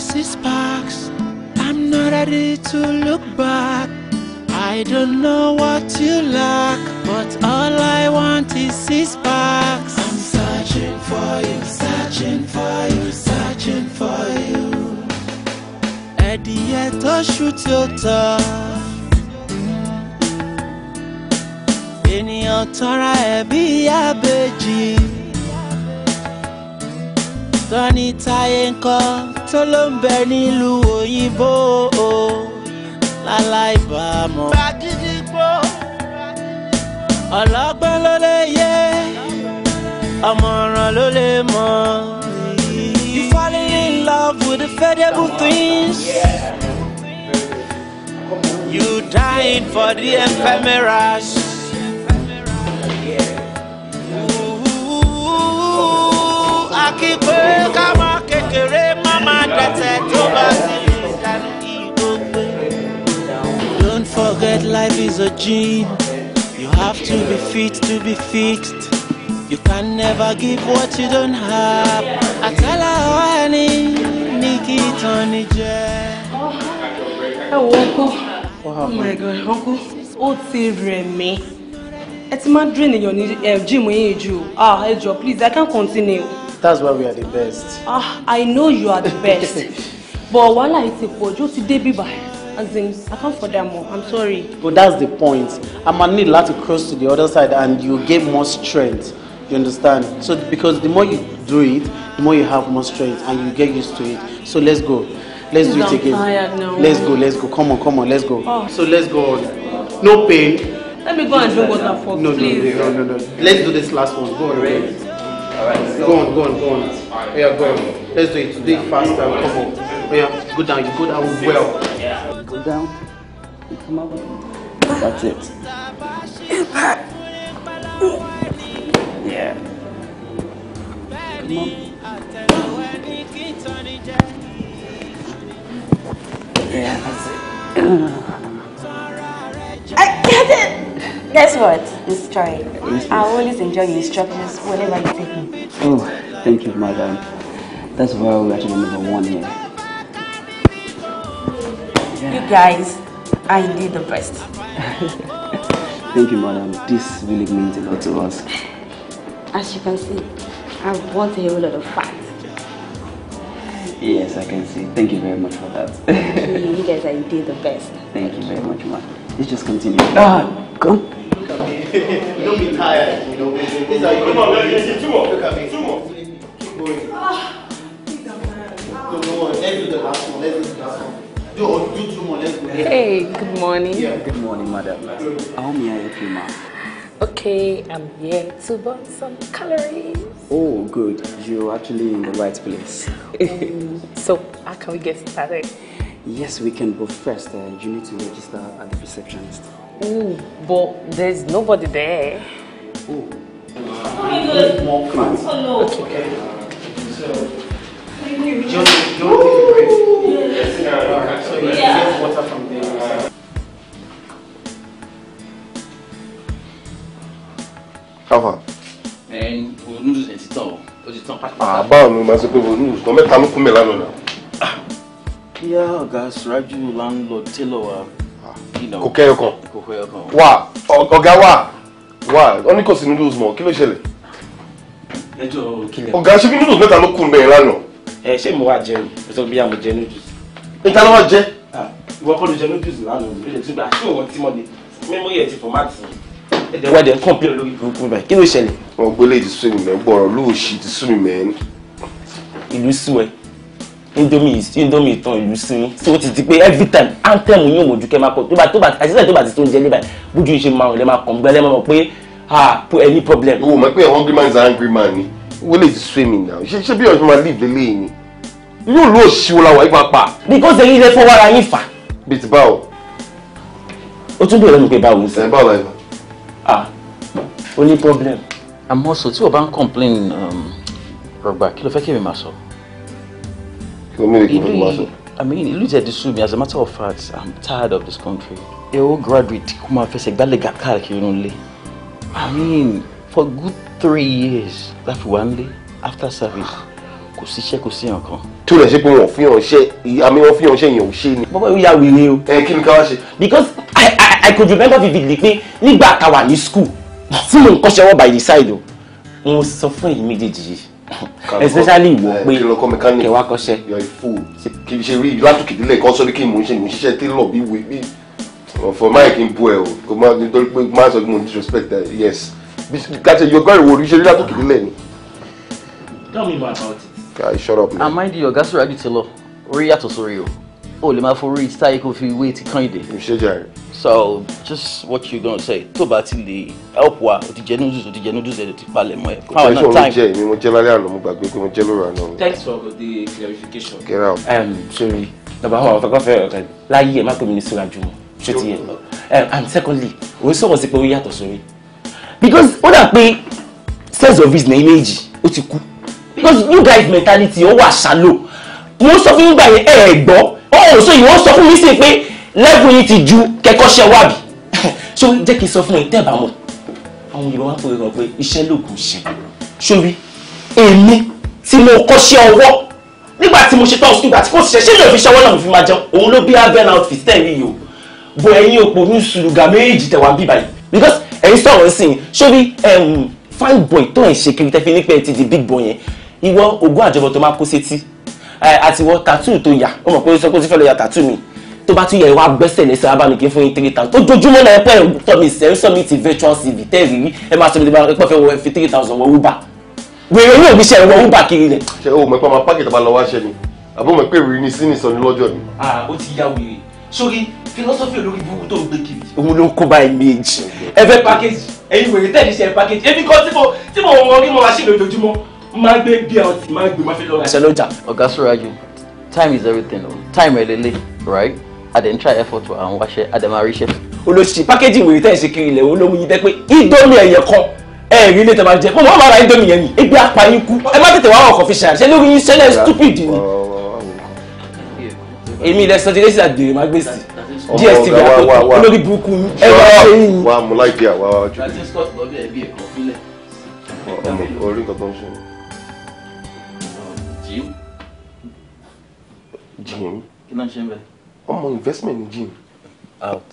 fantasy sparks. I'm not ready to look back. I don't know what you lack, but all I want is six packs. I'm searching for you, searching for you, searching for you. Ẹdìyẹ tó ṣú tí ó tọ́. Ènìyàn tọ́ra ẹ̀ bí abẹ́jì. Tọ́ni tó ló ń bẹ nílùú òyìnbó o ọlọ́gbọ́n ló lè yé ọmọràn ló lè mọ̀. You falling in love with the fedible things. Yeah. You dying for the ephemeras. Ooh, akípe ká má kékeré. Don't forget life is a gym. You have to be fit to be fixed. You can never give what you don't have. Àtàlà wà ní ní kí ìtàn Oh my God, Uncle, Ó ti rẹ̀ It's my dream in your gym yín jù. Ah, please, I can't continue that's why we are the best. ah i know you are the best but while I say for just ó ti as in i can't for that more i'm sorry. but that's the point i ma need to cross to the other side and you get more strength you understand so because the more you do it the more you have more strength and you get used to it so let's go let's do it again tired now. let's go let's go come on come on let's go oh. so let's go on no pain. let me go and drink water for no, please no no no no let's do this last one go on. Right. All Go on, go on, go on. Yeah, go on. Let's do it. Do it faster. Come on. Yeah, go down. You go down well. Yeah. Go down. You come up. That's it. Yeah. Come on. Yeah, that's it. I get it! Guess what? It's Troy. I always enjoy your instructions whenever you take me. Oh, thank you, madam. That's why we're actually number one here. Yeah. You guys I did the best. thank you, madam. This really means a lot to us. As you can see, I've bought a whole lot of fat. Yes, I can see. Thank you very much for that. Thank you. you guys I did the best. Thank you very much, madam. Let's just continue. Ah, come. Look at me. Don't be tired, you know. These are Come on, let's two more. Look at me. Two more. Keep going. Ah, no, no, let's do the last one. Let's do the last one. Hey, good morning. Yeah. Good morning, madam. How may I help you, ma'am? Okay, I'm here to burn some calories. Oh, good. You're actually in the right place. um, so, how can we get started? Yes, we can, but first, uh, you need to register at the receptionist. Oh, but there's nobody there. Oh. More plants. Hello. Okay. okay. So, don't, don't take a Yes, yeah. All right. So, let's yeah. get water from there. How far? And we'll lose it. Ah, báwo ni màá ṣe pé wọ́n ní ìtàn mẹ́ta ló kún mi lánàá. Ah, kíá ọ̀gá Sùrájú landlord tailor wa kò kẹ́ ọkàn wà ọ̀gá wà wà ó ní kò sí noodles mọ́ kí ló ṣẹlẹ̀ ọ̀gá ṣe bí noodles mẹ́ta ló kún bẹ́ẹ̀ lánàá. ẹ ṣé mo wá jẹun ètò bí àmọ jẹ noodles. níta ló wá jẹ. ìwọ kọ́ ló jẹ noodles lánàá ló lè tún gbà ṣé òun ti mọ̀ ní mímúyẹ̀ ti fọ̀mátì ẹ̀dẹ̀ wá dẹ̀ ń kọ̀m̀pé lórí burúkú báyìí kí ló ṣẹlẹ̀. wọn gbélé ti sún mi mẹ́ gbọ́rọ̀ lóòṣì ti sún indomie indomie tán ìlú sí so ó ti di pé every time anthem yóò mọ̀ ju kẹ́ máa kọ tó bá tó bá àṣìṣe tó bá ti tó ń jẹ́ lébàá bójú ṣe máa rìn lẹ́ máa kàn gbẹ́lẹ́ mọ̀ pé ah any problem. o mọ̀ pé hungry man is angry man ni wọ́n lè sue mi náà ṣé ṣé bí ọ̀ṣun máa leave lélẹ́yìn ni yóò lọ ṣíwọ́ la wà yí pàápàá. because èyí lè fọwọ́ ara yín fà. bí ti báwo. ó tún bèèrè mi pé báwo sí. ẹ báwo la yẹ. ah ó ní problem. àmọ́ sọ tí o bá ń complain um, rọgbà kí ló fẹ́ kí èmi máa sọ. I mean it tẹ̀ ti sú mi as a matter of fact I'm tired of this country. A old graduate come kó face a gbálẹ̀ ga character only. I mean for good three years láfi one day after service kò síṣẹ́ kò sí nǹkan. tó lè ṣe pé wọn ò fi hàn ṣe àmì wọn fi hàn ṣe yẹn ò ṣe ni. bọ́bá yóò yà wíwí o. because I, I, I could remember vividly pé nígbà tá a wà school Someone mo ń by the side Oh, mo sọ fún especially ìwọ eh, pé kẹwàá kọ́ṣẹ́. kì í ṣe rí látòkè délé kan sọ pé kí mò ń ṣe mò ń ṣiṣẹ́ télọ̀ bí wé bí for mike n bu ẹ o kò má nítorí pé má sọ pé mo disrespect ẹ yes láti ẹyọ gbọ́ ìwò oríṣiríṣi látòkè délé ni. tell me more about it. guy shut up man. àmọ́ ìdí ọ̀gá sọ̀rọ̀ àjù ti lọ orí yàtọ̀ sórí o o lè máa forí táyé kó fi wé ti kán ìdè. ìṣèjà rẹ̀ so just what you gonna say tó bá ti lè help wa o ti jẹ noodles o ti jẹ noodles ẹ ti palẹ̀ mọ́ ẹ. kò tẹ́ sọ̀rọ̀ jẹ́ èmi mo jẹ́ lálẹ́ àná mo gbàgbé pé mo jẹ́ lóru àná. thanks for the clarification. get out. Um, sorry bàbá wa ọ̀fẹ́ kọ́fẹ́ ọ̀tẹ̀ láyé ẹ̀ má pè mí ní síwájú mọ́ ṣé ti yẹ um, and secondly òun sọ̀rọ̀ sí pé ó yàtọ̀ sórí because ó dà pé sense of his ní méjì ó ti kú because you guys mentality ó wà shallow mo sọ fún yín gbà yẹn ẹ̀ ẹ̀ gbọ́ ó sọ yìí wọ́n sọ fún mi sí pé lẹ́gùn yìí ti ju kẹ́kọ́ṣẹ́ wábì so jẹ́ kí n sọ fún ẹ tẹ́ẹ̀bà mọ̀ àwọn Yorùbá máa ń pòwe kan pé iṣẹ́ lògùn ìṣègùn sórí èmi tí mo kọ́ṣẹ́ ọwọ́ nígbà tí mo ṣe tọ́ ìgbà tí kò ṣiṣẹ́ ṣé lè fi ṣọwọ́ náà fi máa jẹun òun ló bí abẹ́nà outfit tẹ̀ yìí o bọ ẹ̀yin òpó ní sùlùgà méjì tẹ̀wá bíbá yìí because ẹ̀yin sọ̀rọ̀ sí i sórí fine boy tó ẹ̀ ṣe kiri tẹ́fi nípa ẹ̀ ti di big boy yẹn ìwọ ogún àjọbọ tó máa kó sétí àtiwọ́ tattoo tó yà ó mọ̀ pé ó sọ pé ó ti fẹ́ lọ ya tattoo mi tó bá tún yẹ wá gbẹ́sẹ̀ lẹ́sẹ̀ abánikí fún yín three thousand tó jojúmọ́ náà ẹ pẹ́ tọ́ mi sẹ́ ń sọ mi ti virtual cv tẹ́ẹ̀rì rí ẹ máa sọ mi ẹ pẹ́ fẹ́ wọ fi three thousand wọ uber wèrè ní òbí ṣe wọ uber kiri rẹ̀. ṣe o mọ̀ pé ọmọ pákẹ́tì bá lọ wá ṣe ni àbọ̀ mọ̀ pé ìrírí ni sí ni sọ ni lọ́jọ́ mi. ó ti ya wèrè sórí philosophy olórí burúkú tó ń gbé kiri. òun ló ń kó bá image. ẹ fẹ́ package ẹ̀yin wèrè tẹ̀lé iṣẹ́ package èmi kan tí mo tí mo wọ orí mo wá sí lójoojúmọ́ máa gbé bí ọtí máa gbé máa fi lọ. àṣẹ lọ́jà. ọ̀gá sọ́ra jù time is everything o time ẹ̀ lélẹ̀ right. I ń try effort wa àwọn wáṣẹ́ adẹ̀mọ̀ àríṣẹ́. olóṣì pákéjì wèrè tẹ́ ẹ̀ ṣe kiri ilẹ̀ olóhùn yìí dẹ́ pé ídómi ẹ̀yẹ kan ẹ rí ilé tẹ́lẹ̀ máa jẹ fún mọ́ ara ídómi yẹn ni ebi apá yín kú ẹ má tètè wá ọkọ̀ fi ṣàṣẹ lórí yín ṣẹlẹ̀ stupid ni. èmi ilẹ̀ sọ délé sí àgbèrè má gbé sí dstv àpòtò olórí burúkú ẹ wá ṣe yín. wà á mú láì díà wà á jù. orí nǹkan tó ń ṣe. jim. jim. kí ló ń ṣe ń bẹ́ẹ̀ ọmọ investment ní gym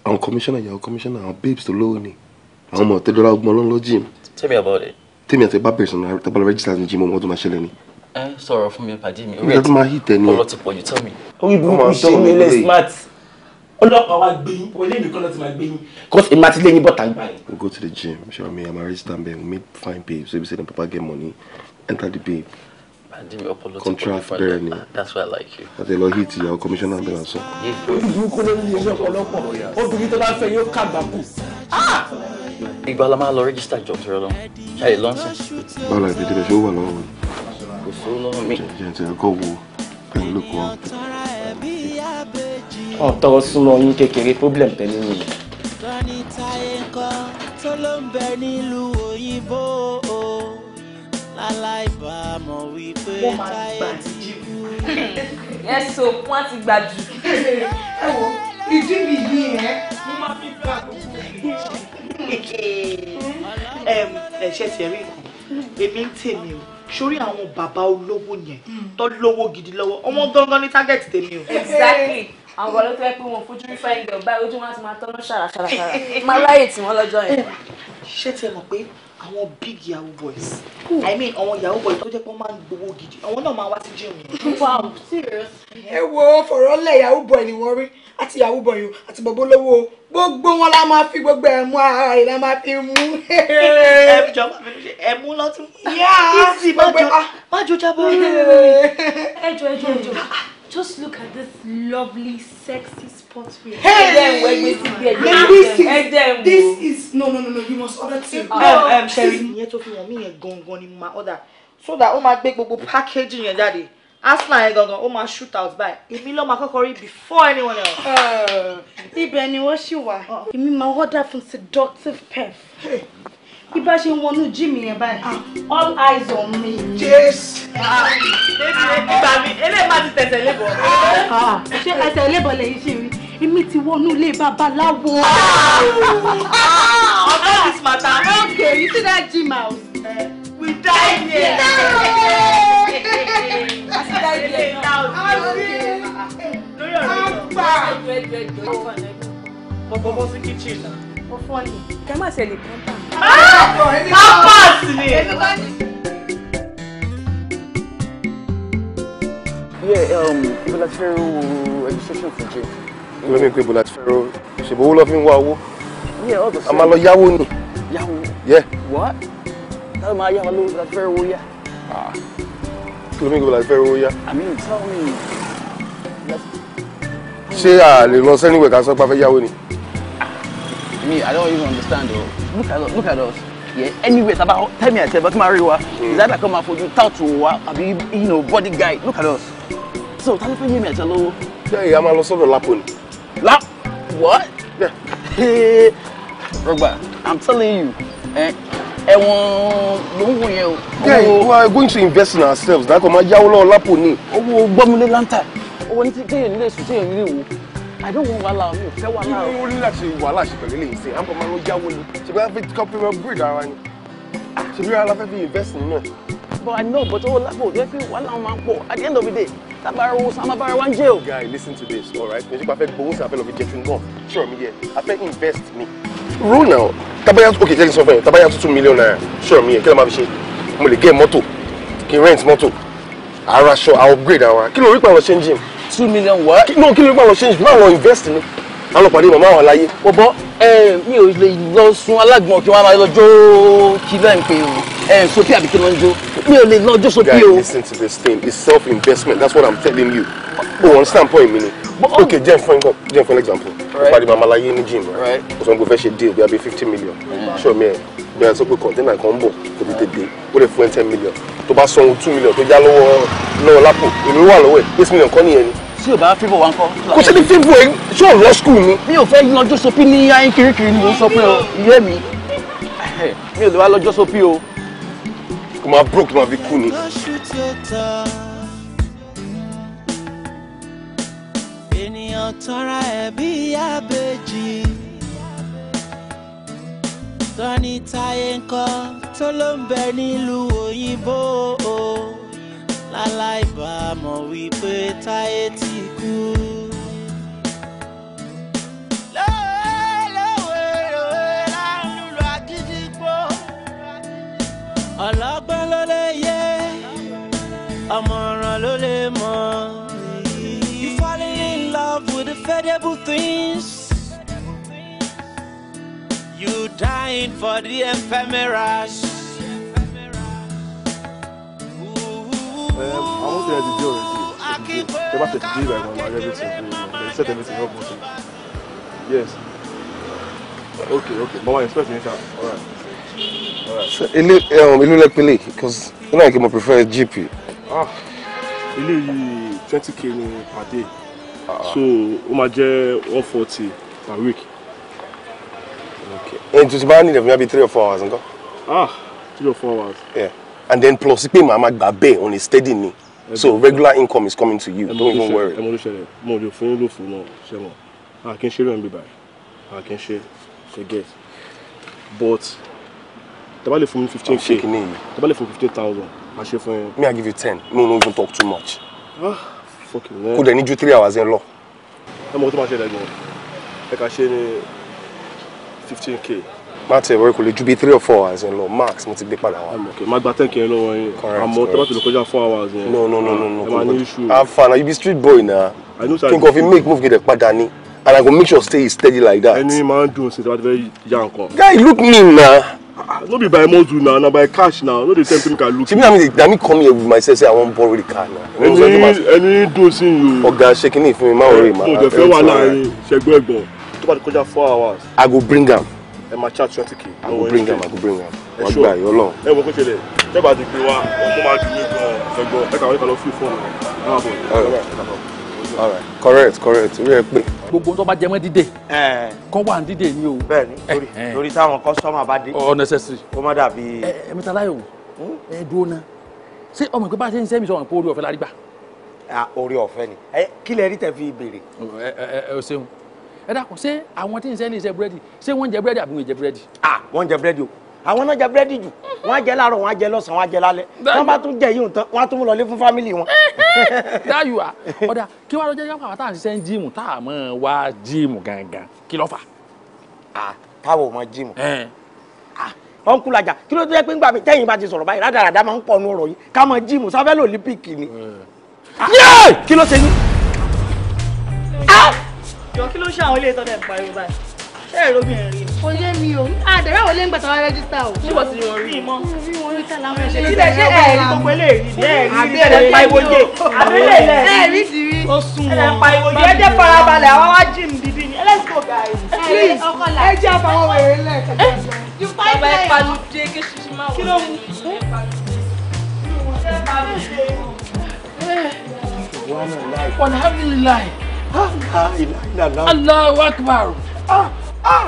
àwọn commissioner ìyàwó commissioner àwọn babes tó lówó ni àwọn ọmọ tẹ́lẹ̀ ọgbọ́n ló ń lọ gym. tell me about it. tèmi àti bábẹ̀rẹ̀ sọ̀rọ̀ tábàlà register ní gym ọmọ ọdún máa ṣẹlẹ̀ ni. ẹ sọ̀rọ̀ fún mi pàdé mi. orí ẹ̀ ọlọ́ ti pọ̀ jù tell me. orí burúkú ṣe mi lè smart ọlọ́pàá wa gbé yín wọlé mi kọ́lọ́ ti máa gbé cause èmi àti lẹ́yìn bọ́ta gbà yín. we go to the gym ṣe wa i'm a register member we make fine babe so you say dem papa get money enter the babe Contract mi ọpọlọ uh, that's why I like you. àti lọ hit ìyàwó kọmíṣánná abẹ́rẹ́ sọ. burúkú ló ní iṣẹ́ ọ̀pọ̀lọpọ̀ obìnrin tó bá fẹ́ yóò kàgbàkù. Ah! ìgbà la máa lọ register job rẹ lọ ṣáà lọ́nsìn. bọ́lá ìdílé ṣé ó wà lọ́wọ́ mi. kò sówó lọ́wọ́ mi. jẹ́ ti ẹ̀kọ́ wo pẹ̀lú lóko wọn. súnmọ́ yín kékeré problem pẹ̀lú mi. tọ́ni táyé ńkọ́ tó ló ń bẹ nílùú òyìnbó láláì bá mọ̀ wípé táyé ẹ so wọn ti gbà jù. ẹ wo ìdí mi yìí ẹ mo máa fi gbà gbogbo ẹ ṣe ti ẹrí nǹkan èmi ń tèmi o sórí àwọn bàbá olówó yẹn hmm. tó lówó gidi lọ́wọ́ ọmọ gangan ní tágẹ́tì tèmi o. exactly àwọn ọ̀rọ̀ tó yẹ pé wọn fojú rí fáyín gẹ̀ ọ̀bá ojú wọn á ti máa tọ́nú ṣàràṣàràṣàrà máa láyè tí wọ́n lọ́jọ́ yẹn. ṣé tiẹ̀ mọ̀ pé àwọn big yahoo boys i mean àwọn yahoo boys tó jẹ́ pé wọ́n máa ń gbowó gidi àwọn náà máa wá sí gym yẹn. wow serious. ẹ wo fọ̀rọ̀lẹ̀ yahoo boy ni wọ́n rí àti yahoo boy o àti bọ̀bọ̀ lówó gbogbo wọn la máa fi gbogbo ẹ̀mú ara rẹ̀ la máa fi mú. ẹ̀mú lọ tún. easy májò ah. jábọ̀. ẹjọ ẹjọ ẹjọ just look at this lovely sexy sports wear. Hey, hey, this is no no no no you must order two. ṣẹ́rí ìyẹn tó fi hàn mí yẹn gangan ni mo order so that ó máa gbé gbogbo package yẹn jáde aslan yẹn gangan ó máa shoot out by èmi ló máa kọ́kọ́ rí before anyone else. ibẹ̀ ni wọ́n ṣì wà èmi máa order from seductive pef bí bá ṣe ń wọnú jíìmù yẹn báyìí all eyes on me. jésù. lébi ìgbà mi eléyìí má ti tẹ̀sẹ̀ lébọ̀. ṣé ẹsẹ̀ lébọ̀ lẹ́yìn ṣì rí èmi ti wọnú ilé babaláwo. Ah! Ah! ọ̀gá this matter. okay you see that gym house. Uh, we die here. lórí ọ̀rẹ́ yìí. bọ́bọ́ sí kitchen náà. mo fọ́ ni kẹ́ má ṣe lè kọ́ńtà. pampers ni. Yeah, um, Ibola Cheru registration for Jake ló ní pé bọ́lá ti fẹ́ ro ṣèbó owó lọ́ fi ń wá owó a máa lọ yáwó ni. yáwó wọ́n táwọn máa yáwó lówó láti fẹ́ owó yá. Ah. kí ló ní pé ti fẹ́ owó yá. I mean tell me. ṣé a lè lọ sẹ́niwẹ̀ ká sọ pé a fẹ́ yáwó ni. I I don't even understand o look at us look at us yeah anyway taba tell me àti ẹ̀bọ̀ tí màá rí wa hmm. is that like a man ọmọ àfojú tààtù wa àbí you know body guy look at us so ta ló fẹ́ yé mi àti ẹ lọ́wọ́. bẹ́ẹ̀ ìyá máa lọ sọ́dọ̀ lápò ni. La what? Rogba, I'm telling you. Eh, ẹ̀wọ̀n ló ń wò Yeah, we are going to invest in ourselves. Dákọ̀ máa yáwó lọ́wọ́ lápò ní. Owó gbọ́mulé láńtà. Owó ní téèyàn nílé sùn téèyàn nílé wò. I don't want wàhálà mi ò fẹ́ wàhálà. Ní orí láti wàhálà ṣe pẹ̀lú ilé ìsìn, àǹkọ̀ máa lọ yáwó ni. Ṣé bí wọ́n fi kọ́pì wọn búrìdì ara ni? Ṣé bí wọ́n á la fẹ́ fi invest nínú ẹ̀? but I know but owó lápò jẹ́ pé wàhálà wọn máa at the end of the day tábàárọ̀ owó sáà máa bára wá ń jail. guy listen to this all right mẹjọ pa fẹ gbowó sáà fẹ lọ fi jẹ fún sure me, yẹ a fẹ invest me. rule now tabaya ok jẹ́ kí n sọ fún yẹn tabaya two two million naira sure me, yẹ kí ló máa fi ṣe mo lè gẹ́ mọ́tò kí n rent mọ́tò ara aṣọ i upgrade our. kí ló rí pàwọn ṣe ń two million what. No, ló kí ló rí pàwọn ṣe ń invest ni àwọn pàdé màmá àwọn aláyé. bọ̀bọ̀ ẹ eh, mi ò lè lọ sun alágbọ̀n kí wọ́n máa lọ jó kí bẹ́ẹ̀ ń pè é uh, sopi ló ń jó mi ò lè lọ jó o. guy listen to this thing it's self investment that's what i'm telling you o oh, understand point mi ni oh. okay jẹ́ fún jẹ́ fún example pàdé màmá láyé ní gym o sọ pé o fẹ́ ṣe deal bí a bí fifty million ṣé mi ẹ̀ bí a sọ pé container kan ń bọ̀ kò tètè dé ó lè fún ẹ ten million tó bá sanwó two million tó já lọ́wọ́ náà lápò èmi wà lọ́wọ́ ẹ̀ eight million kọ́ nìyẹn ni tí o bá fífò wá ń kọ́. kò sí ní fífò ẹ ṣé ò lọ skul ni. mi ò fẹ́ lọ́jọ́ sopí ní ayé kirikiri ni mo sọ pé o ìyé mi mi ò lè wá lọ́jọ́ sopí o kò máa broke tó máa fi kú ni. ènìyàn tọ́ra ẹ̀ bí abẹ́jì tọ́ni táyé ńkọ́ tó ló ń bẹ nílùú òyìnbó o láláì ọlọ́gbọ́n ló lè yé ọ̀mọ̀ràn ló lè mọ̀. You falling in love with the fedible things. You dying for the ephemeras. Um, I want to hear the deal with you. They want to deal like my everything. They set everything up for me. Yes. Okay, okay. Mama, expect me, sir. All right ilé um, ilé lẹ́pínlẹ̀ because you know I can prefer GP. Ah, ilé yìí twenty k ni per day ah, ah. so ó máa jẹ́ one forty per week. ẹ̀ tuntun bá nílẹ̀ fún mi àbí three or four hours nǹkan. ah three or four hours. Yeah. and then plus pé màá máa gbà bẹ́ẹ̀ on a steady ni so regular income is coming to you don't even worry. ẹ mọ ló ṣẹlẹ̀ mo lè fún ló fún náà ṣe mọ a kì í ṣe rẹ̀ ń bíbá a kì í ṣe ṣe get but tẹ́bá lè fún mi fifteen k tẹ́bá lè fún fifteen thousand máa ṣe for yín. me i give you ten no no even talk too much. Ah, kó dẹ̀ ní ju three hours yẹn lọ. ẹ mọ̀ kó tó máa ṣe lẹ́gbọ̀n ẹ kà ṣe fifteen k. Mate, tẹ̀ wọ́n You be three or four hours in law. max mo ti gbé padà I'm okay. Max, but ten k in law. yín àmọ́ tẹ́bá ti lè kọjá four hours yẹn. no no no no no kò gbọdọ̀ afa you be street boy now? I know kí Think of fi make move gẹ̀dẹ̀ padà ni and i go make sure stay steady like that. ẹni máa ń dùn sí i tí wọ́n ti guy look me now. Ah, no be by modu now na by cash now no dey tempt me can look. See me, I mean, let me come here with myself say i want borrow the car now. Any, any dùn sí i o. ọ̀gá ṣe kí ni ìfún mi má wọrí eh, ma. mo jẹ fẹ́ wà láàrin ṣẹgbẹ́ ẹ̀gbọ́n tó bá ti four hours. i go bring them. And my charge twenty k. i go bring them. i go bring them. am. wọ́n gbà yọ lọ. ẹ wọ kó ṣẹlẹ̀ tẹ́gbà ti gbé wa ọmọ máa dùn mí gan-an ẹ̀gbọ́n ẹ̀ka wọ́n ẹ̀ka lọ fún fóònù correct correct orí ẹ pé. gbogbo tó bá jẹ mọ́ dídè kọ́ wà ní dídè ni o. bẹ́ẹ̀ni lórí lórí táwọn kọ́sọ́mà bá dé. ọ necessary. kó má dàbí. ẹ ẹ mẹ́ta láyò ẹ dúró náà ṣé ọmọ ìpínpá ṣe ń sẹ́mi sọ̀rọ̀ pé orí ọ̀fẹ́ la rí gbà. orí ọ̀fẹ́ ni kí lẹ rí tẹ fi béèrè. ẹ ẹ ẹ o ṣeun ẹ dákun ṣé àwọn tí ń sẹ́ni ṣe búrẹ́dì ṣé wọ́n ń jẹ búrẹ́dì àbí wọ́n ń jẹ búrẹ́dì. ah wọ́n ń jẹ búrẹ́dì o àwọn náà jẹ búrẹ́dì jù wọ́n á jẹ láàárọ̀ wọ́n á jẹ lọ́sàn-án wọ́n á jẹ lálẹ́ wọ́n bá tún jẹ yìí tán wọ́n á tún lọlé fún fámìlì wọn. dáyù à ọ̀dà kí wàá lọ jẹ́ káwọn àtàwọn ṣiṣẹ́ ń jíìmù tá a mọ̀ wá jíìmù gangan kí ló fà. táwọn ò mọ jíìmù wọn kú lajà kí ló tó yẹ pé ńgbà mi tẹ́yìn bá ti sọ̀rọ̀ báyìí rádaràdá máa ń pọ̀ nu ọ̀rọ̀ yìí ká mọ jíìmù sáfẹ́ lò lípìkì ni ah, ẹ̀rọ obìnrin rí o lé mi o àdàrà wo lé ń gbàtà wá rẹ́jísítà o. ṣé wọ́n ti rí wọn rí mọ́ rí wọn rí tàlà wọn ṣe sílẹ̀ ṣé ẹ̀ rí gbogbo eléyìí ni ẹ̀ rí rí ẹ̀ pa ìwò jẹ àbílẹ̀ ilẹ̀ ẹ̀ rí ti rí ó sún wọn ẹ̀ pa ìwò jẹ ẹ̀ jẹ́ farabalẹ̀ àwa wá jìm bíbí ni let's go guys. please ẹ jẹ́ àfàwọn wèrè lẹ̀ kẹ́kẹ́. bàbá ẹ panu dé kí ṣíṣí máa wọ Alhamdulillah. Allahu akbar. Ah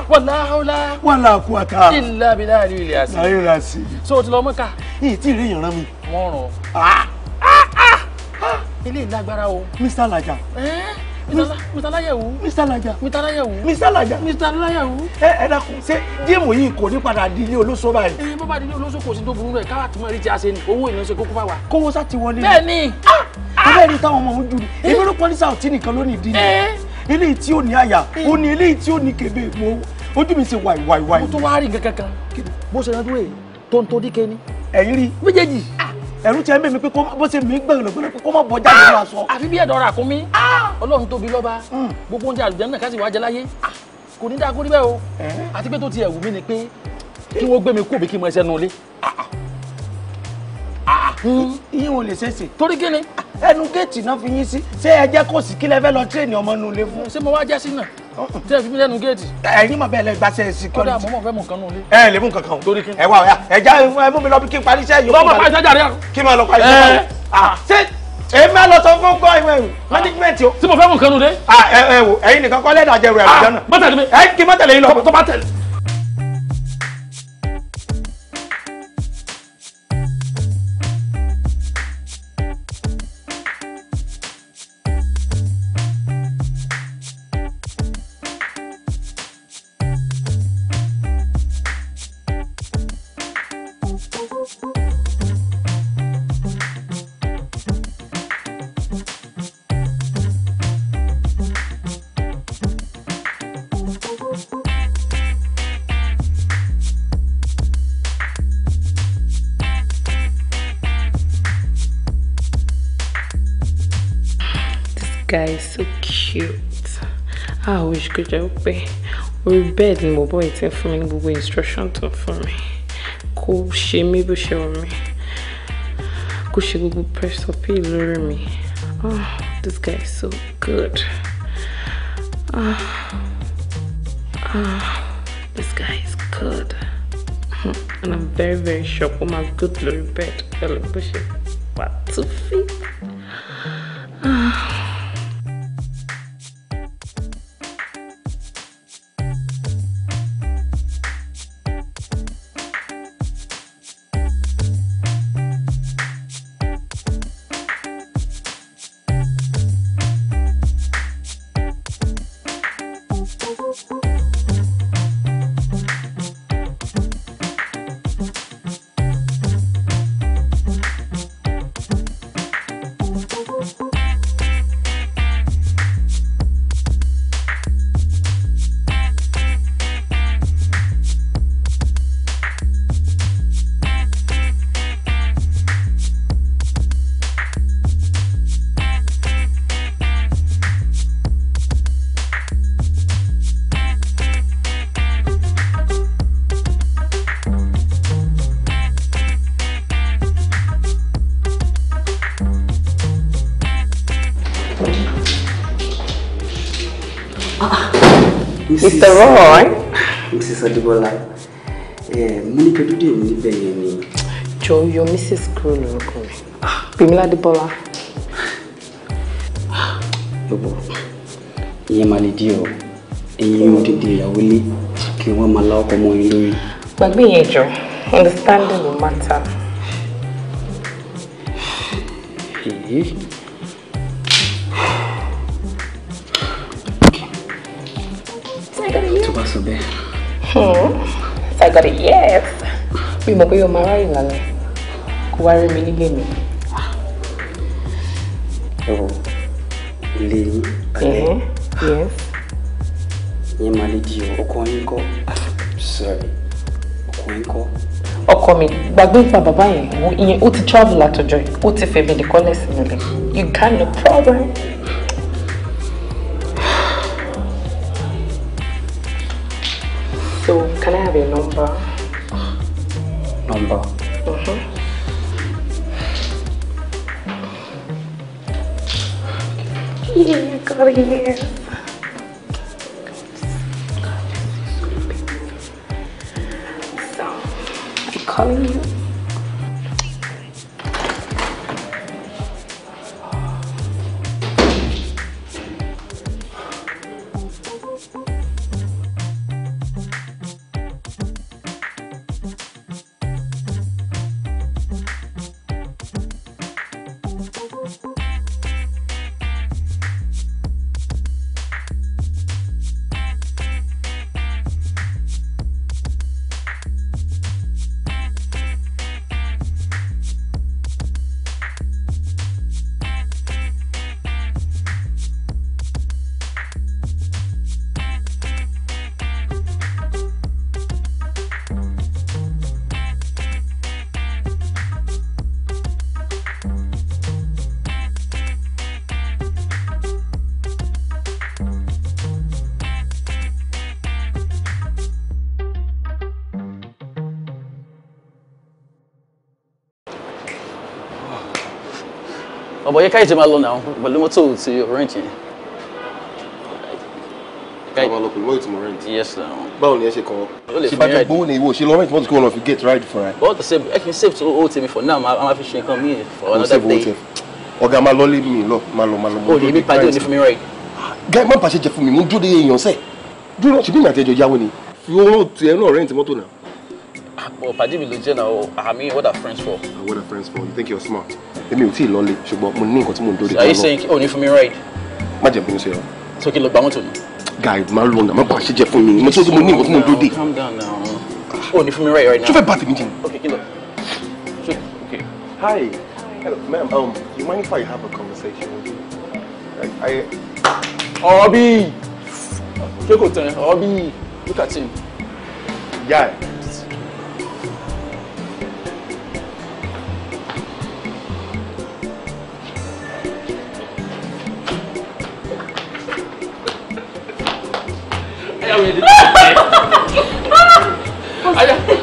wàlá hawlá. wàlá kú aka. ilà bí láàrin ilé àṣẹ. láàrin ilé àṣẹ. so o ti lọ mọ́ka. ní ìtì ìrìn ìran mi. wọ́n rọ. ilé ìlágbára o. mr laja. mr layawu. mr laja. mr layawu. mr laja. mr layawu. ẹ ẹ dákun ṣé géèmù yìí kò ní padà di ilé olóṣó báyìí. ẹ bọ́bá di ilé olóṣó kò sí tó burú rẹ̀ káwá tó mọ̀ rí ti àṣẹ ni owó ìrìnsẹ̀ kókó fáwa. kówó sá ti wọlé. bẹ́ẹ̀ ni. Ah, ah. abẹ́rẹ́ ni táwọn ọmọ òun jù ní. èmi eléyìí tí ó ní àyà ó ní eléyìí tí ó ní kébé mo ojú mi ṣe wàì wàì wàì. mo tún wá rí nǹkan kan bó ṣe rántí rèé tó ń torí ké ní. ẹ̀yin rí méjèèjì ah! ẹ̀rù tiẹ̀ mẹ́mi pé bó ṣe mí gbẹ̀rẹ̀ lọ́gbẹ̀rẹ̀ pé kó má bọ́ jáde lọ́wọ́ aṣọ. àfi bí ẹ̀dọ̀ ra kún mi ah! ọlọ́run tóbi lọ́ba hmm. gbogbo oúnjẹ àlùjẹ́ náà kásìwá jẹ láyé ah! kò ní dáa kó rí bẹ́ẹ̀ o àti pé tó ti ẹ̀wù mi ni pé kí wọ́n gbé mi kúrò bí kí n ẹsẹ̀ nu iye wo lè ṣe é ṣe. torí kí ni ẹnu géètì náà fi yín sí ṣé ẹ jẹ́ kò sí kí lẹ fẹ́ lọ tírèèni ọmọ nù lé fún. ṣé mo wá jẹ́ sí náà tí ẹ fi mí lẹ́nu géètì. ẹ̀yin mọ̀ bẹ́ẹ̀ lẹ gbàṣẹ security. ọ̀dà mọ̀mọ́ fẹ́ mú nǹkan nù lé. ẹ lè mú nǹkan kan o. torí kí n. ẹ wá ọ̀yà ẹ já ẹ mú mi lọ bí kí n parí iṣẹ́ yìí. lọ́mọ parí iṣẹ́ jàre. kí n máa lọ parí iṣẹ́ náà. ṣé èmi máa lọ sọ fún gbọ́ ìwé management o. tí mo fẹ́ mú nǹkan nù lé. ẹ wò ẹ̀yin nìkan kọ́ lẹ́nu àjẹrò ẹ̀rọ jẹ́ mọ́tẹ̀lẹ́ mi. ẹ kí mọ́tẹ̀lẹ́ yín lọ. tó bá wish kó jẹ́ pé orí bẹ́ẹ̀ ni mo bọ́ ìtì fún mi ní gbogbo instruction tó fún mi kó ṣe mí bó ṣe wù mí kó ṣe gbogbo press up yìí lórí mi oh this guy is so good ah oh, this guy is good and I'm very very sure Oh my good lórí bed pẹ̀lú bó ṣe wà tó fi. Mr. Roy. Mrs. Adébọ́lá eh, mo ní pẹ̀lúdé mi níbẹ̀ yẹn ni. Joe, your Mrs. kúrò lórúkọ mi Pèmílá Adébọ́lá. yọ̀bọ̀ ìyẹn máa lè di ọ ẹ̀yin yóò dìde ìyàwó lé kí wọ́n máa lá ọkọ mọ́ yín lórí. gbàgbé yẹn jọ understanding will matter. èyí. mọ̀ pé o máa ráyè lálẹ́ kó wá rí mi nílé mi. ilé yín alẹ́ yẹn máa lè di ọkọ yín kọ́ sorry ọkọ yín kọ́. ọkọ mi gbàgbé ìfà bàbá yẹn ìyẹn ó ti travel látọjọ́ yìí ó ti fẹ̀mí nìkan lẹ́sìn nílẹ̀ you got no problem. here. àbọ̀yẹ káyìí jẹ́ máa lọ náà pẹ̀lú mọ́tò ti rent yẹn. káyìí lọ pẹ̀lú mọ́tò ti mo rent. yes na. báwo ni ẹ ṣe kọ́. ṣe bá jẹ gbówó ni ìwọ ṣe lọ rent mọ́tò kí wọ́n lọ fi gate ride fúnra ẹ. bọ́ọ̀tù save ẹ kì í save owó tèmi for now a máa fi ṣe nǹkan míì for another day. ọ̀gá máa lọ lé mi lọ máa lọ máa lọ. o lè mi pàdé òní fún mi right. guy má pàṣẹ jẹ fún mi mo dúró de èèyàn sẹ́ẹ̀ dúró ṣùgbọ́n ìgbà tẹ́jọ yáwó ni. fi owó tiẹ̀ náà rent mọ́tò náà. àpò pàdé mi ló jẹ́ náà àmì what a friend for. Ah, what a friend for you think you're smart èmi ò tí ì lọlé ṣùgbọ́n mo ní nǹkan tí mò ń dórí kan lọ. are you saying o oh, ní fún mi ride. má jẹ́ bínú sí ọ. so kí n lọ gba mọ́tò mi. guy máa ń lọ nà má bàa ṣe jẹ fún mi mo tó mo ní nǹkan tí mò ń dóde. calm down now o oh, ní fún mi ride right now. ṣọfẹ bá tèmi jìn. okay kí lọ. okay hi hello ma'am um, you mind if I have a conversation with you. I, I... ọ̀rọ̀ bíi ṣé kò tẹ̀ ọ̀rọ̀ look at him. guy. Yeah. mi ní tààyè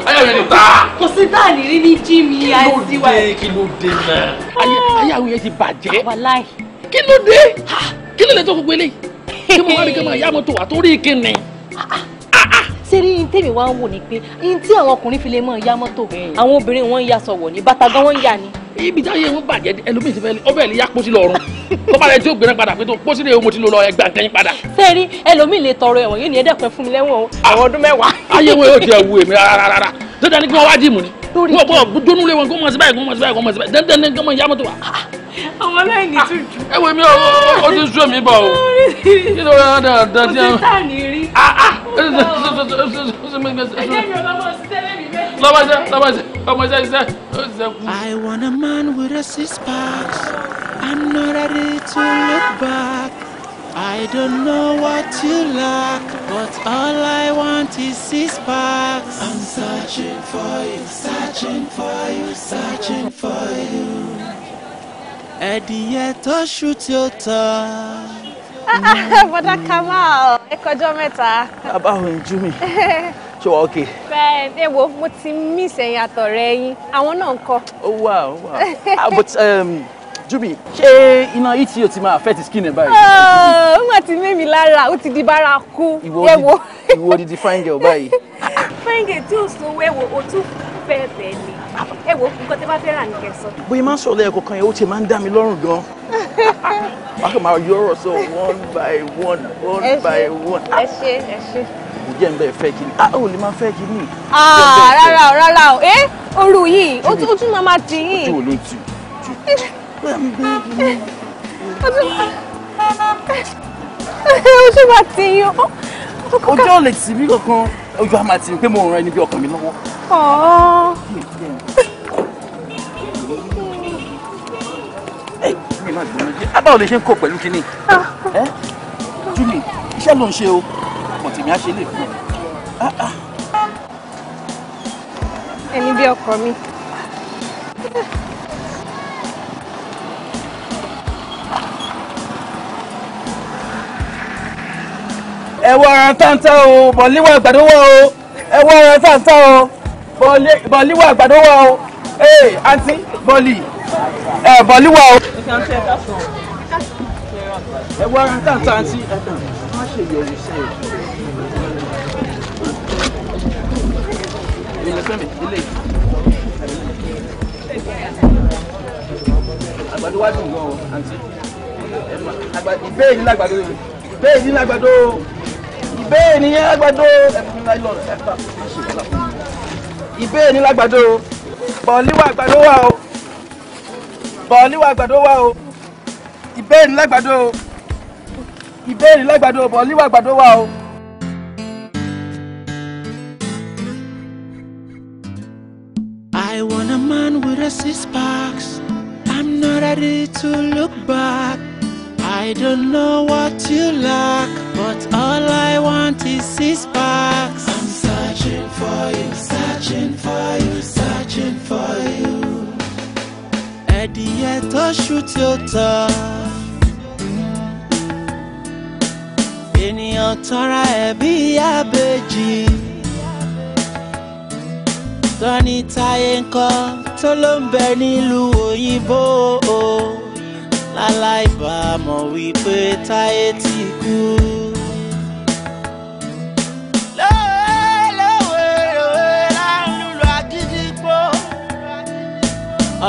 ayé mi ní tàá. kò sí tá a lè rí ní jí mi àìsíwá. kí ló dé kí ló dé náà ayé àwọn yẹn ti bàjẹ́. kí ló dé kí ló lè tó gbogbo eléyìí kí mo wá rí kí n máa yá mọ́tò àtórí kí ni ṣé rí ní tèmi wá ń wò ni pé ní tí àwọn ọkùnrin fi lè mọ ya mọ́tò àwọn obìnrin wọn ń ya sọ̀wọ̀ ní bàtà gan wọn ń ya ni. ibi tí ayé wọn bàjẹ́ ẹlòmíì ti fẹ́ ọbẹ̀ ẹ̀lì yá pósí lọ́rùn tó bá rẹ tí ó gbéra padà pé tó pósí lè mo ti lò lọ ẹgbà nkẹyìn padà. ṣé rí ẹlòmíì lè tọrọ ẹ̀wọ̀n yóò ní ẹ̀dẹ̀pẹ̀ fún mi lẹ́wọ̀n ah. àwọn ọdún mẹ́wàá. ayé wọn yóò tiẹ̀ wù èmi rárá rárá tó dání pé wọ́n wá jìmù ni lórí kí. bọ́ọ̀ dónú lé wọn kó mọ̀ sí báyìí kó mọ̀ sí báyìí kó mọ̀ sí báyìí dẹ́ndẹ́ndẹ́ kí wọ́n yá mọ́tò wa. ọmọ náà ní tuntun. ẹ wo mi o o ti sún mi bọ̀ o kí ló rẹ̀ dáadáa tí a. o ti tà ní rí. lọ́bàṣẹ́ lọ́bàṣẹ́ ọmọṣẹ́ iṣẹ́ ó ti sẹ́kù. I want a man with a six pack I'm not ready to look back. I don't know what you lack, but all I want is six packs. I'm searching for you, searching for you, searching for you. Eddie, yet ṣù shoot your tongue. Bọ́dá Kamal, ẹ kọjọ́ mẹ́ta. Bàbá òun jú mi. Ṣé wà ókè? Bẹ́ẹ̀ ni èwo mo ti mí ìsẹ̀yìn àtọ̀rẹ́ yín. Àwọn náà ń kọ́. Ó wà ó wà. Ah, um, Jubi ṣé iná yìí e tí o ti máa affect skin ẹ báyìí. Ah, ọ̀hún àti mímí lára ó ti di bárakú ẹ̀wọ̀. ìwọ di di fine girl báyìí. fine girl tí o sanwó ẹ̀wọ̀ o tún fẹ́ bẹ́ẹ̀ ni ẹ̀wọ̀ nǹkan tí bá fẹ́ rà ní kẹsàn. bóyá máa ń sọ lẹ́ẹ̀kọ́ kan yẹn ó ti máa ń dá mi lọ́rùn gan. wàá kàn máa yọ ọ̀rọ̀ sọ one by one one by one. ẹ ṣe ẹ ṣe jẹ́ ń bẹ̀ fẹ́ kí ni ah o lè máa fẹ́ kí ni. Ah, rárá o rárá o ẹ eh, òru yìí ó tún máa ti yín. ojú wo ló ti. ojú máa ti yín o. ojú ò lè tì mí kankan ojú àmà tì mí pé mo ràn ẹni bí ọkàn mi lọ́wọ́. báwo lè ṣe ń kó pẹ̀lú kínní. júlì iṣẹ́ ló ń ṣe o ọ̀pọ̀ tèmi á ṣe lè ah. ọ. Ah. ẹni bí ọkọ mi. ẹ̀wọ́ ara táǹtà o bọ̀líwà àgbàdo wà o ẹ̀wọ́ ara táǹtà o bọ̀líwà àgbàdo wà o ee àǹtí bọ̀lì ẹ̀ bọ̀líwà o. ẹ̀wọ́ ara táǹtà àǹtí ẹ̀kan má ṣe yọrí sẹ́yìn. ilé fẹ́mi ilé àgbàdo wá dùn gan o àǹtí ìbéèrè lágbàdo ìbéèrè lágbàdo o ìbéèrè ni lágbàdo ìbéèrè ni lágbàdo bọ̀ọ̀líwà àgbàdo wà o bọ̀ọ̀líwà àgbàdo wà o ìbéèrè ni lágbàdo o ìbéèrè ni bọ̀ọ̀líwà àgbàdo wà o. I want a man with a six packs. I'm not ready to look back. I don't know what you lack, but all I want is six packs. I'm searching for you, searching for you, searching for you. Ẹ̀dìyẹ tó ṣú tí ó tọ́. Ènìyàn tọ́ra ẹ̀ bí abẹ́jì. Tọ́ni táyé ńkọ́ tó Oh aláìbámọ̀ wípé táyé ti kú.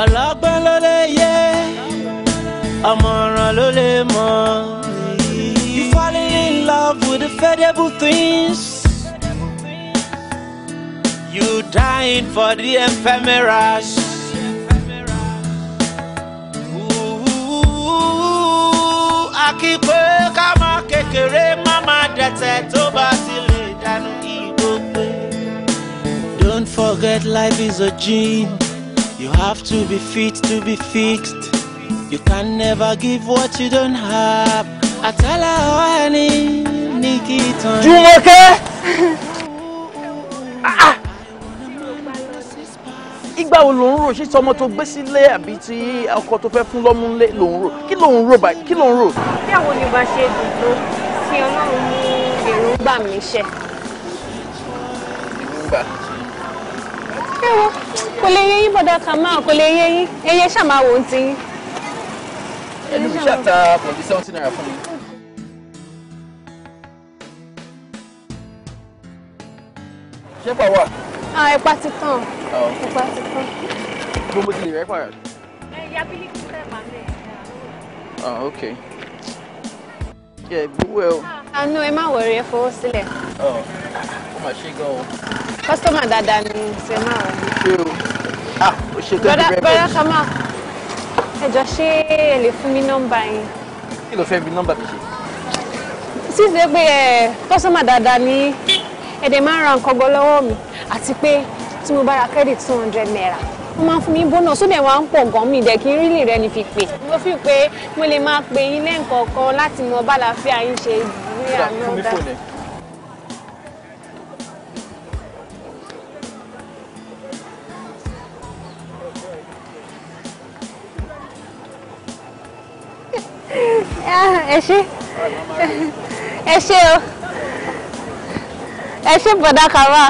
ọlọ́gbọ́n ló lè yé ọmọràn ló lè mọ̀. You falling in love with the fedible things. You dying for the ephemeras. kí pé ká má kékeré má má dẹ̀tẹ̀ tó bá ti lè dànù ìgbó pé. Don't forget life is a gym. You have to be fit to be fixed. You can never give what you don't have. Àtàlà ọ̀hání ní kí tán. Jùmọ̀kẹ́. Ah, ah! ìgbà wo ló ń rò ṣé tọmọ tó gbé sílé àbí tí ọkọ tó fẹ́ fún lọ́mú ńlẹ̀ ló ń rò kí ló ń rò báyìí kí ló ń rò. bí àwọn oníbà ṣe dùn tó tí ọlọ́run mú èròǹgbà mi ṣẹ. èròǹgbà. ẹ wo kò lè yé yín bọ́dọ̀ kà máa kò lè yé yín ẹyẹ ṣàmà wò ó ti yín. ẹnu bí ṣàtà pọ̀jù seventy naira fún mi. ṣé pàwọ́ à ah ẹ̀pà ti tán oh. ẹ̀pà ti tán. gbogbo ti lè rẹ́ É ẹ̀yà bílíkì fẹ́ẹ̀ máa ah ok. yẹ gbogbo ẹ o. àánú ah, ẹ má wẹ̀rẹ̀ ẹ fowó sílẹ̀. ọ ó mà ṣe gan o. kọ́sítọ́mà dáadáa ni ṣe máa ah o ṣe é ti rẹ́ bẹ́ẹ̀. chamar. É ẹ jọ ele ẹ lè fún Ele nọ́mbà yín. kí ló fẹ́ bí nọ́mbà mi ṣe. sísè pé ẹ eh, kọ́sítọ́mà dáadáa ni ẹ̀dẹ̀ máa ń ra nǹkan mi àti pé tí mo bá ra credit two hundred naira wọ́n máa ń fún mi bónà sódẹ̀ wá ń pọ̀ gan mi dẹ̀ kí n rílì rẹ ni fi pè mo fi pé mo lè máa pè yín lẹ́ǹkọ̀ọ̀kan láti mọ bálàáfíà yín ṣe ní àná dá. ẹ ṣé ẹ ṣé o ẹ ṣé bọ̀dá kàwá.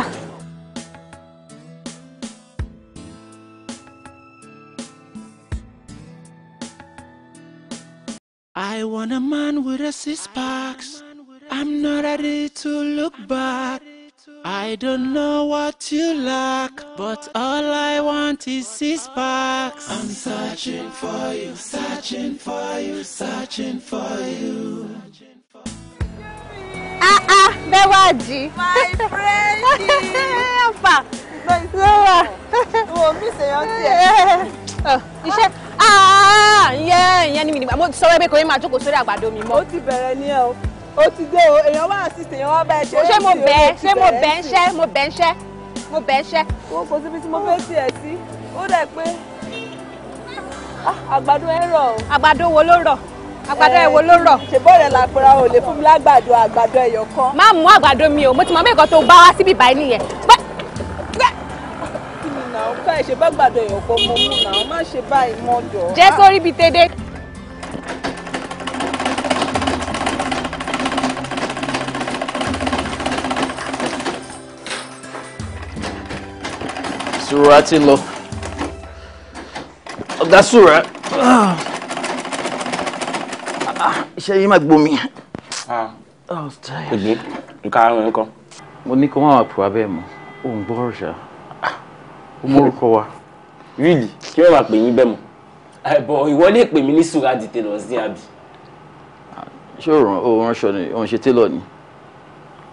I want a man with a six packs. I'm not ready to look back. I don't know what you lack, but all I want is six packs. I'm searching for you, searching for you, searching for you. Ah ah, Bewaji. My friend. Lora. Oh, Miss Eyonte. iṣẹ́ ìyẹn ah, ìyẹn ni mi nígbà mo ti sọ pé kò ní máa jókòó sórí àgbàdo mi mọ́. ó ti bẹ̀rẹ̀ ní ẹ o ó ti dé o èèyàn wá assist èèyàn wá bá ẹ ṣe é ṣe mo bẹ́ẹ̀ ṣe mo bẹ́ẹ̀ ṣẹ́ mo bẹ́ẹ̀ ṣẹ́ mo bẹ́ẹ̀ ṣẹ́. wọn kò síbi tí mo fẹ́ tiẹ̀ sí ó dẹ̀ pé ah, àgbàdo ẹ rọ̀ o. àgbàdo wo ló rọ̀ àgbàdo ẹ wo ló rọ̀. ṣèbọ̀ rẹ̀ la pera o lè fún mi lágbàdo àgbàdo ẹ̀yọ̀ kan. má mú àgbàdo mi o mo ti mọ mẹ́kọ̀ọ́ tó bá wá síbí báyìí nìyẹn náà ká ẹ ṣe bá gbàdọ̀ èèyàn pọ̀ mọ́ mú náà má ṣe báyìí mọ́ jọ. jẹ́ kó rí ibi tẹ́dẹ́. ti lọ. Ọ̀gá Sura. Iṣẹ́ yìí máa gbomi. Ah. Oh, Ògbé, nǹkan àrùn ẹ̀ kọ́. Mo ní kó má wà pùwá bẹ́ẹ̀ mọ́, òun gbọ́ ọ̀ṣà kó mórúkọ wa really. kí wọ́n máa pè yín bẹ́ẹ̀ mọ́ àìbọ̀ ìwọ lè pè mí ní suradi tailor sí àbí. ṣé òun òun ránṣọ ni òun ṣe tailor ni.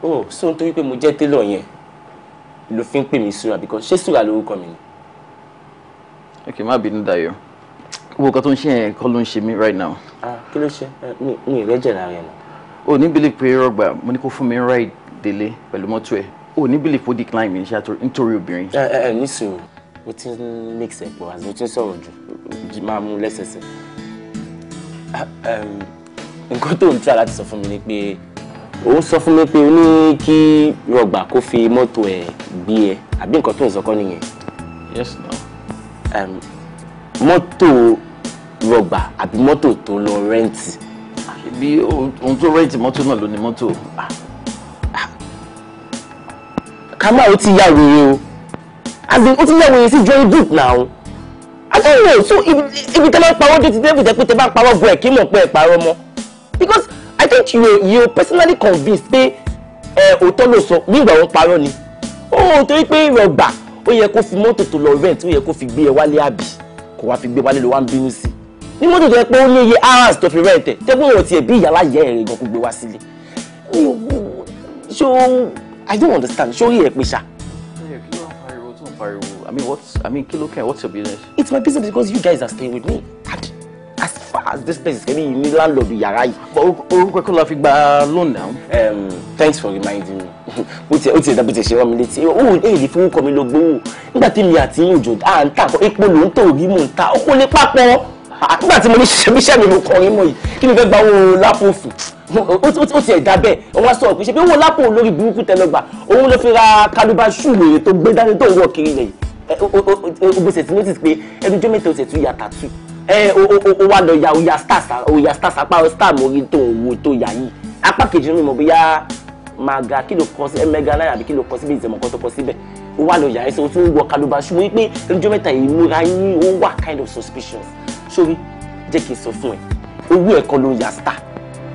oh so nítorí pé mo jẹ́ tailor yẹn ló fi ń pè mí sura because ṣé sura lórúkọ mi ni. ok má bínú Dayọ̀ owó kan tó ń ṣe yẹn kọ́ ló ń ṣe mí right now. ah kí ló ṣe mi mi ìrẹ́jẹ̀ lára ẹ̀ nà. o ní bílí pé rọgbà mo ní kó fún mi ride délé pẹ̀lú mọ́tò ẹ̀ o oh, ní belief ó decline mi níṣẹ́ nítorí obìnrin. ẹ ẹ nísìnyí o ti ń make sense pọ̀ àti o ti ń sọ̀rọ̀ jù máa mú lẹ́sẹsẹ. nǹkan tó ń tíra láti sọ fún mi ni pé ó sọ fún mi pé ó ní kí rọgbà kó fi mọ́tò ẹ̀ gbé ẹ àbí nǹkan tó ń sọkọ́ nìyẹn. yes no. mọ́tò rọgbà àbí mọ́tò tó lọ rẹ́ǹtì. àbí ohun tó rẹ́ǹtì mọ́tò náà ló ní mọ́tò. Ah, kàmá ó ti ya wèrè o as in ó ti ya wèrè sí join group now i don't know so ibi tẹ́ bá ń parọ́ dé ti débù jẹ́ pé tẹ́ bá ń parọ́ bọ̀ ẹ̀ kí mọ̀ pé ẹ̀ parọ́ mọ́ because i think you were you personally convinced pé ẹ òótọ́ ló sọ nígbà wọn parọ́ ni ó torí pé ìrọ̀gbà ó yẹ kó fi mọ́tò tó lọ rent ó yẹ kó fi gbé ẹ wálé àbí kó wá fi gbé wálé ló wá ń bínú sí i ní mọ́tò tó yẹ pé ó ní iye hours tó fi rent ẹ̀ tẹ́gbọ́n wọn tiẹ̀ bí ìyá láyé ẹ̀rẹ̀ gan kó gbé wá sílé I don't understand. Show orí ẹ̀ I mean what's, I mean kilo ken? what's your business? It's my business because you guys are staying with me. And as far as this place is getting you need landlord yàrá yìí. But orúkọ ẹ̀kọ́ la fi loan now. Um, thanks for reminding me. Bó tiẹ̀ ó tiẹ̀ dábò tiẹ̀ ṣe rán mi létí. Owó èyí lè fowó kọ mi lọ gbowó. Nígbà tí mi àti yín òjò à ń tà epo ló ń tò rí mò ń ta. Ó kó lè papọ̀ àtúntà tí mo ní ṣiṣẹ́ mi mo kọrin mọ́ yìí kí ni fẹ́ gba owó lápò òfò ó ti ẹ̀dá bẹ́ẹ̀ wọ́n wá sọ̀rọ̀ pé ṣe pé owó lápò olórí burúkú tẹlọgbà òun ló fi ra kálíbà ṣùgbọ́n èrè tó gbé dání tó ń wọ̀ kiri yẹn ogbèsè tí notice pé ẹnu jọ́ mẹ́ta ọ̀sẹ̀ tún yà tàtú ó wá lọ ya oya stars oya stars apá star mórí tó ń wo tó yà yìí apá kejì ló mọ̀ bóyá maga kí ló kọ sí mega náírà àbí kí ló kọ síbi ìtẹ̀mọ̀ kan tó kọ síbẹ̀ ó wá lọ yà ẹsẹ̀ ó tún wọ kálíbà ṣùgbọ́n wípé ẹnu jọ́ mẹ́ta ìmúra yín ó wà kind of suspicious sórí jẹ́ kí n sọ fún ẹ owó ẹ̀kọ́ ló ń ya star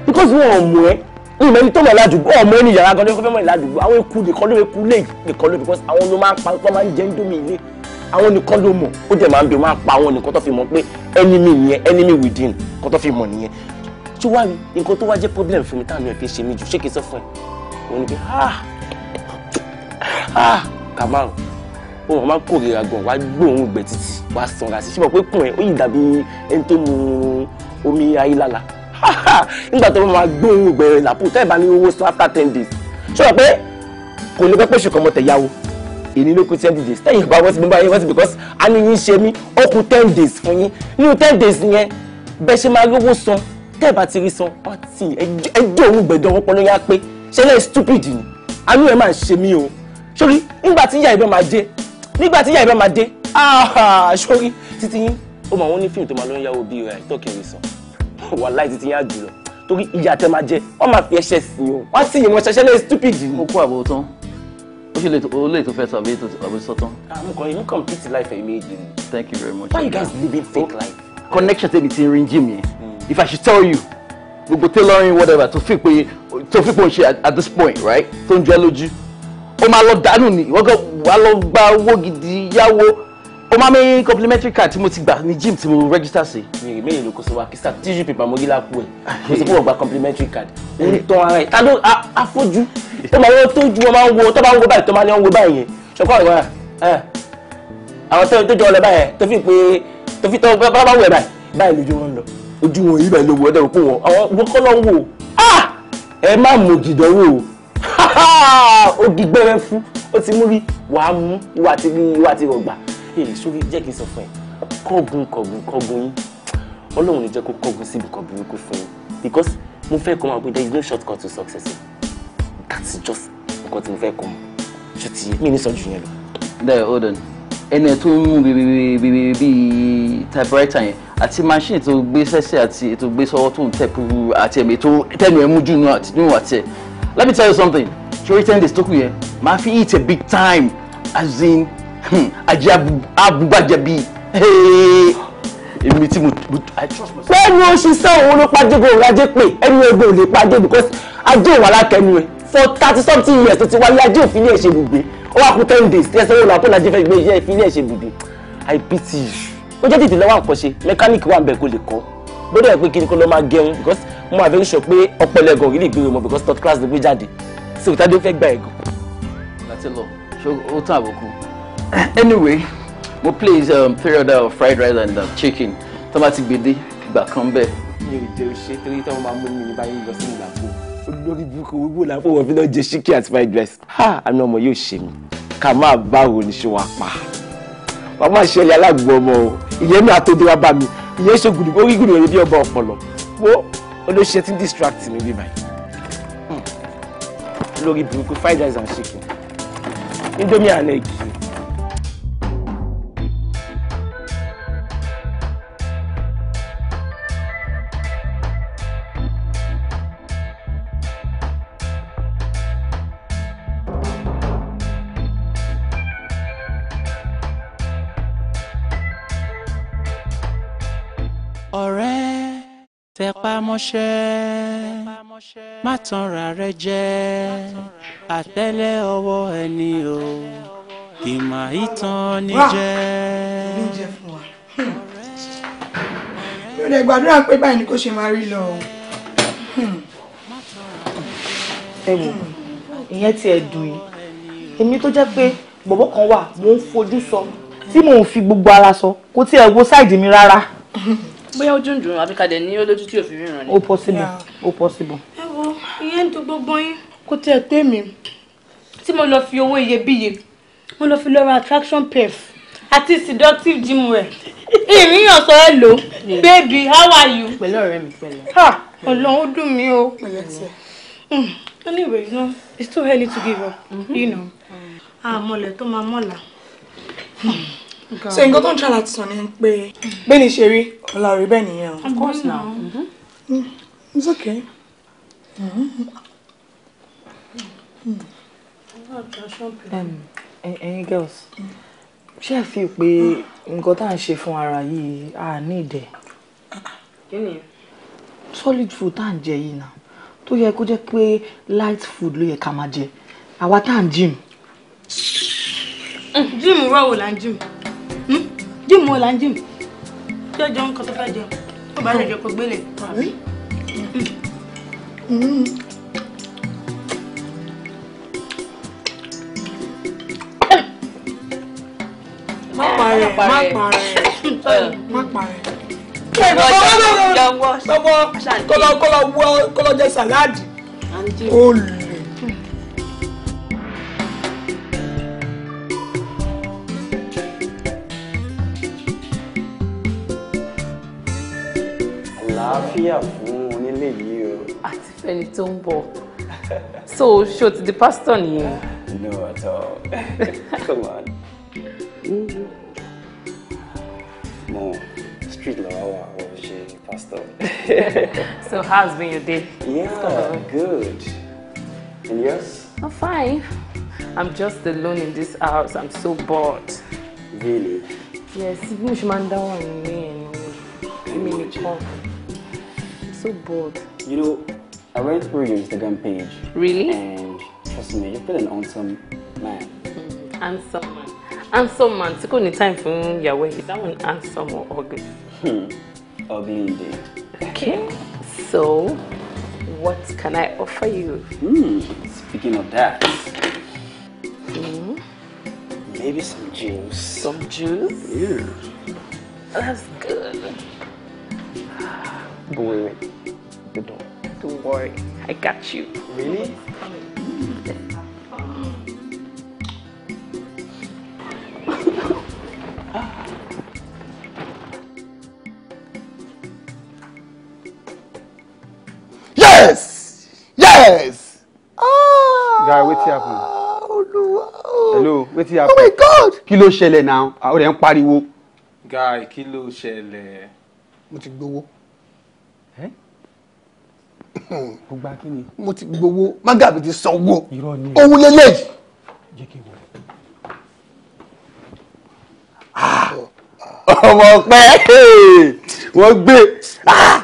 because wọn ò mú ẹ ní ìmọ̀ ẹni tó mọ̀ ládùúgbò ọmọ ẹni yàrá gan ló fẹ́ mọ̀ ládùúgbò àwọn eku nìkan ló eku lé nìkan ló because àwọn ló máa ń pa tó máa ń jẹ́ ń dómi ilé àwọn nìkan ló mọ̀ ó dẹ̀ máa ń bẹ máa pa àwọn nìkan tó fi mọ̀ pé enemy nìyẹn enemy within kan tó fi mọ̀ nìyẹn tí wàá rí nǹkan tó wá jẹ́ problem fún mi táwọn ẹ̀fẹ́ ṣe mí jù ṣé kìí sọ fún ẹ òun ni pé ah ah kàmáà wọn máa kórìíra gan wá gbóhùn gbẹ títì wá sanra sí ṣùgbọ́n pé kùn ẹ̀ ó yìí dàbí ẹni tó mu omi ayélujára nígbà tó máa gbóhùn gbẹ làpò tẹ́ ẹ̀ bá ní owó san after ten days ṣọ́ọ̀ pé kò ní pẹ́ pé ṣùkọ́ mọ́ tẹ̀yàwó èyí ló kù ten days tẹ́yìn bá wọ́n ti mú báyìí wọ́n ti because a ṣe mí ó kù ten days fún yín nínú ten days yẹn bẹ́ẹ̀ ṣe máa rówó san tẹ́ẹ̀ bá ti rí san pátì ẹjọ́ òun gbẹ̀dọ̀ wọn nígbà tí ìyá ìbá máa dé sórí títí yín ó mọ àwọn onífíìmù tó máa lọ ń yáwó bíi rẹ̀ tọ́kìrì sàn wàláì títí yín á jùlọ torí ìyá tẹ máa jẹ wọ́n máa fi ẹsẹ̀ sí o wọ́n sì yìnbọn ṣẹṣẹ lẹ́yìn stupid ni. ó kó àbò tán ó ṣe lè tó fẹ́ sọ àbí àbí sọ́tán. àmọ́ ah, kan you complete life ẹ̀ méjì ni. thank you very much. why you guys living fake oh, life. connection tẹ̀mí ti rin gym yẹn hmm. if i should tell you gbogbo tailoring whatever to fi pé to fi pé òun ṣe at this point right tó ń jẹ́ lójú. O máa lọ dànù ni ìwọ́gọ̀ wà lọ gba owó gidi yáwó ó máa mẹ́rin complimentary card tí mo ti gbà ní gym tí mo register sí. mi ì mẹ́rin ló kó sọ wa kí sá tissue paper mo rí lápò ẹ̀ mo sì kúrò gba complimentary card ó ń tọ́ ara ẹ̀ ta ló afọ́jú ó máa wọ́n tó ju wọn máa ń wo tó bá ń wo báyìí tó máa ń wo báyìí yẹn ṣọkọ́ ìwọ́n ẹ̀ àwọn tó jọ ọlẹ báyẹn tó fi pé tó fi tọ́ bá bá wù ẹ̀ báyìí báyìí lójú wọn lọ ojú wọn yìí báyìí ló wù ọ́ dẹ̀rù pé wọn àwọn wọn kọ́ odi gbẹrẹ fún ó ti mú rí wàá mú ìwà ti rí ìwà ti rọgbà èyí sórí jẹ́ kí n sọ fún ẹ kọ́gun kọ́gun kọ́gun yín ọlọ́run ní jẹ́ kó kọ́gun síbi kan burúkú fún yín because mo fẹ́ kọ́ máa pé there is no shortcut to success That is just nǹkan tí mo fẹ́ kọ́ mọ́ ṣé ti mí ní sọ́jú yẹn lọ. there hold on ẹni tó ń mú bíi typewriter yẹn àti machine tó gbé sẹ́sẹ́ àti tó gbé sọ́wọ́ tó ń tẹ̀ púpù àti ẹ̀mí tó tẹnu ẹ̀ mú jù nù àti ẹ̀ let me tell you something sori ten days tó kù yẹn màá fi eat a big time as in ajé hmm, abúgbàjẹbí èmi tí mo i trust myself. lẹ́nu oṣù sẹ́wọ̀n ló pàdégò ìrajé pé ẹnu ẹgbẹ́ ò lè pàdé because ajé ìwà lákẹ́nu ẹ̀ for thirty something years tó ti wáyé ajé òfin ilé ẹ̀ṣẹ̀ gbùgbé ó wá kú ten days tí ẹsẹ̀ wò lọ́wọ́ àpọ́nlá jẹ́ fẹ́ gbé iṣẹ́ ìfin ilé ẹ̀ṣẹ̀ gbùgbé i pity you ó jẹ́ tètè lọ́wọ́ àkọ́ṣe mẹkáníìkì wà ń bẹ̀ kó lè kọ́ bóde ẹ̀ pé kí ni kó lọ́ máa gẹrun because mo àfẹ́ sọ pé ọpọlọ ẹ̀gàn òrílẹ̀ ìgbéró mọ́ because third class ló gbé jáde so tade fẹ́ gba ẹ̀gàn. láti lọ ṣé ó tán àbùkù. anyway mo please um, period of fried rice and um, chicken tó bá ti gbèdé ìgbà kan bẹ́ẹ̀. mi ò jẹ́ ṣe torí tí wọ́n máa mú mi ní báyìí lọ sí ìlàpò. olórí burúkú wíwò làpò wọn fi náà jẹ ṣíkì àti fried rice ha àmì ọmọ yóò ṣe mí ká máa bá òun ṣe wá pa wàá má ṣe ẹyà alágbó ọmọ o ìyẹn náà tó dé wá bá mi ìyẹn ṣe gùdùgbò orí gùdùgbò rẹ bí ọba ọpọlọ wo olóṣèlú ti distract mi bí báyìí lórí burúkú fried rice and chicken indomie and egg tẹpá mọ́ṣẹ́ má tanra rẹ jẹ àtẹ́lẹ̀ ọwọ́ ẹni o ìmọ̀ ìtàn ni jẹ. Hmm. mi lè gbàdúrà pé báyìí ni kò ṣe máa rí lọ. Hmm. ẹ wò ìyẹn ti ẹ̀ dùn yìí èmi tó jẹ́ pé bọ̀bọ̀ kan wà mò ń fojú sọ tí mò ń fi gbogbo ara sọ kò tiẹ̀ wo sáìdì mi rárá bóyá ojú ń dùn àbí kalẹ̀ ní olójú tí òfin ríran ni. ó possible ó possible. ẹ wo ìyẹn ń dùn gbogbo yín kò tiẹ̀ pé mi tí mo lọ fi owó iyebíye mo lọ fi lọ ra attraction pef àti seductive gym wear ìrìnyàn sọ ẹ lò baby how are you. pẹ̀lú ọ̀rẹ́ mi pẹ̀lú. ọlọ́run ó dùn mí o. Hmm. anyway no it's too early to give up. Mm-hmm. you know. àmọ̀lẹ̀ ah, tó máa mọ̀lá. Hmm so nǹkan tó ń tra láti sọ ni pé bẹ́ẹ̀ ni ṣe rí ọ̀la bẹ́ẹ̀ nìyẹn o. of course now. Mm-hmm. mm-hmm. Mm, it's okay. Any mm-hmm. um, eh, eh, girls ṣé ẹ fi pé nǹkan tá à ń ṣe fún ara yìí a ní ìdẹ solid food tá à ń jẹ yìí náà tó yẹ kó jẹ́ pé light food ló yẹ ká máa jẹ àwa tá à ń gym. gym rọ̀ wò là ń gym jíìmù hmm? ọ̀la ń jíìmù jẹ́jọ́ nǹkan tó fẹ́ jẹ tó bá lè jẹ kó gbélé. má parẹ́ má parẹ́ má parẹ́. Kọlọ kọlọ wọ kọlọ jẹ sàláàdì. Olè. àlàáfíà fún onílé yìí o. àti fẹ́ni tó ń bọ̀ so ṣó ti di pásítọ̀ nìyẹn. no at all come on. mo street lọ wá wà ó ṣe pásítọ̀. so how's been your day. yeah good and yours. i'm fine i'm just alone in this house i'm so bored. really. yes bí mo man down. ń dá wà nínú ẹ̀ nínú èmi nìkan so bored. You know, I went through your Instagram page. Really? And trust me, you've been an awesome man. Mm, handsome man. Handsome man. Tí kò time for your way. Is that one handsome or ugly? Hmm. Ugly indeed. Okay. So, what can I offer you? Hmm. Speaking of that. Mm. Maybe some juice. Some juice? Yeah. That's good. But wait, wait the door. Don't worry, I got you. Really? yes yes ah! Oh. guy wetin happen hello wetin happen oh my god kí ló ṣẹlẹ̀ now ó dẹ̀ ń guy kí ló ṣẹlẹ̀. mo ti kò gba kí ni. mo ti gbowó magabi ti san owó òun lélẹ́yìí. Ah! ọmọ pẹ́ wọ́n gbé ah!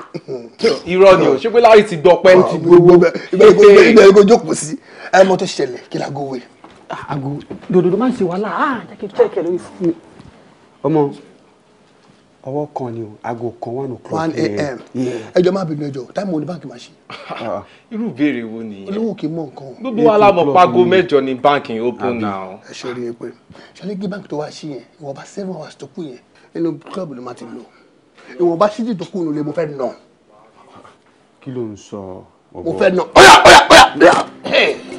irọ́ ni o ṣé pé láì ti dọpẹ́ ti gbowó. ìbẹ̀rẹ̀ kò jókòó sí ẹ mọ tó ṣẹlẹ̀ kí la gòwé. Ah, àgò dòdòdó máa ń ṣe wàhálà á jẹ́ kí n tẹ́kẹ̀ lórí fún mi. ọmọ ọwọ́ kan ni o aago kan one o'clock one a.m. ẹjọ́ máa bínú ẹjọ́ táìmù ní báńkì máa ṣe. Ah. irú ìbéèrè wo nìyẹn. olówó kì í mọ nǹkan. gbogbo wa la pago mẹ́jọ ni báńkì open now. ẹ ṣe orí yẹn pé ṣọlẹ́ gbé báńkì tó wá sí yẹn ìwọ̀nba seven hours tó kù yẹn nínú club ló máa ti lò ìwọ̀nba ṣíjì tó kù ló lè mo fẹ́ nà. kí ló ń sọ. mo fẹ́ nà ọ̀yà ọ̀yà ọ̀yà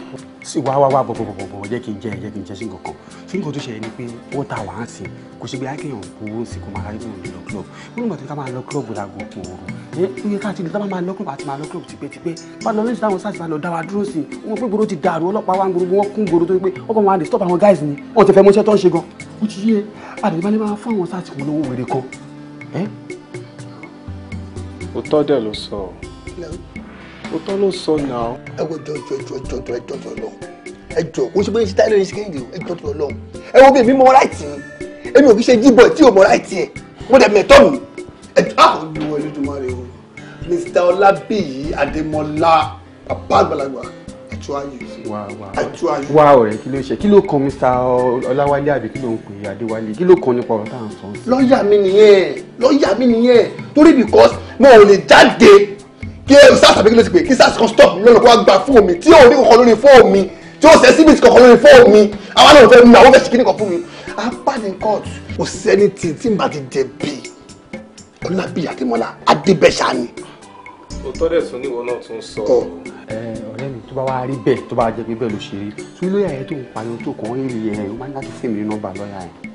sí wá wá wá bọ̀bọ̀bọ̀bọ̀ jẹ́ kí n jẹ jẹ́ kí n jẹ sí nǹkan sí nǹkan tó ṣẹlẹ̀ ni pé wọ́n ta wàá sí kò ṣe pé akéèyàn gbowó sí kò máa ráyè lọ club ó nígbà tó ká máa lọ club làgbo òru ẹ iye ká ti lè tá máa lọ club àti máa lọ club tipẹ́tipẹ́ bá lọ lẹ́sìn táwọn sáàsì bá lọ dá wa dúró sí i wọ́n pé gbòòrò ti dàrú ọlọ́pàá wa ń gbòòrò wọ́n kún gbòòrò tó pé ọkọ̀ wọn á lè stop àwọn guys ni wọ́n ti fẹ́ mọ́ṣẹ́ tó ń ṣe gan ó ti yé àdèmánì máa fún àwọn sáàsì wọn lówó wèrè kan. òótọ́ dẹ̀ ló sọ ọ́ òótọ́ ló sọ náà. ẹ wo jọ jọ jọ jọ jọ ẹjọ tó lọ ẹjọ kò ṣe bóyá sítá lórí skin yìí ẹjọ tó lọ ẹ wo bí èmi mọ ráìtì mi èmi ò kí ṣe jíbọ tí ò mọ ráìtì ẹ mo dẹ̀ mẹ̀tọ́ mi ẹjọ àwọn ah, olùwọ̀ ẹlẹ́dùnmọ́ rẹ o Mr Ọlábíyí Adémọ́lá bàbá àgbàlagbà wá ọ̀rẹ́ kí ló ṣe kí ló kan mr ọláwálé àbí kí ló ń pè adéwálé kí ló kan nípa ọ̀rọ̀ tá à ń sọ. lọ́ọ̀yà mi nìyẹn lọ́ọ̀yà mi nìyẹn torí because mo ò lè jáde kí ẹ sars àbí kí ló ti pè kí sars kan stop lọ́nà kó wá gba fóònù mi tí ò ní kọ̀ọ̀kan lórí fóònù mi tí ó sẹ́ síbìtì kọ̀ọ̀kan lórí fóònù mi àwa náà fẹ́ mi àwọn fẹ́ ṣe kíní kan fún mi apáni court kò sẹ́ni tí tí n bá ti jẹ bíi ọlábíyà tìmọ́lá adébẹ̀ṣà ni. òótọ́ dẹ̀ tún níwọ náà tún sọ. ọ̀rẹ́ mi tó bá wá rí bẹ́ẹ̀ tó bá jẹ́ pé bẹ́ẹ̀ ló ṣe rí tún lóyà yẹn tó ń pariwo tó kàn ó rí ẹ̀ ó máa ń láti fèmí nọ́mbà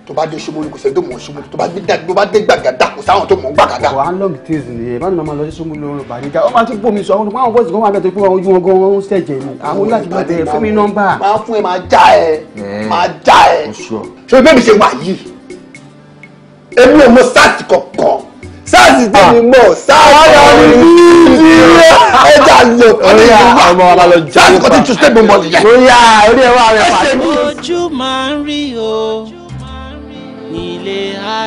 tó bá dé Ṣómólú kò sẹ́ni tó mọ̀ Ṣómólú tó bá dé dàgbà tó bá dé gbàgàdà kò sáwọn tó mọ̀ gbàgàdà. ọ̀hán lọ́ọ̀gì tíìsì ni ẹ̀ bá nínú ọmọ lọ sí Ṣómólú ọ̀rọ̀ bàdíjà ó máa ti bómi sọ àwọn àwọn fọ́ọ̀sì kan máa bẹ̀ tó pé àwọn ojú wọn gan wọn ń ṣẹ̀jẹ̀ ni àwọn ojú àti bàtẹ̀ fún mi nọ́mbà. máa fún ẹ máa já ẹ máa já ẹ ṣé o bẹ́ẹ̀ ṣe wà yìí èmi ò mọ sáàtì kọ̀ọ̀kan sáàtì tí mi mọ̀ sáàtì mi ẹja lò pàdé ọmọ ọmọ lọ já sáàtì kan ti tún ṣe gbọmọ nìyẹn. ojú máa ń rí o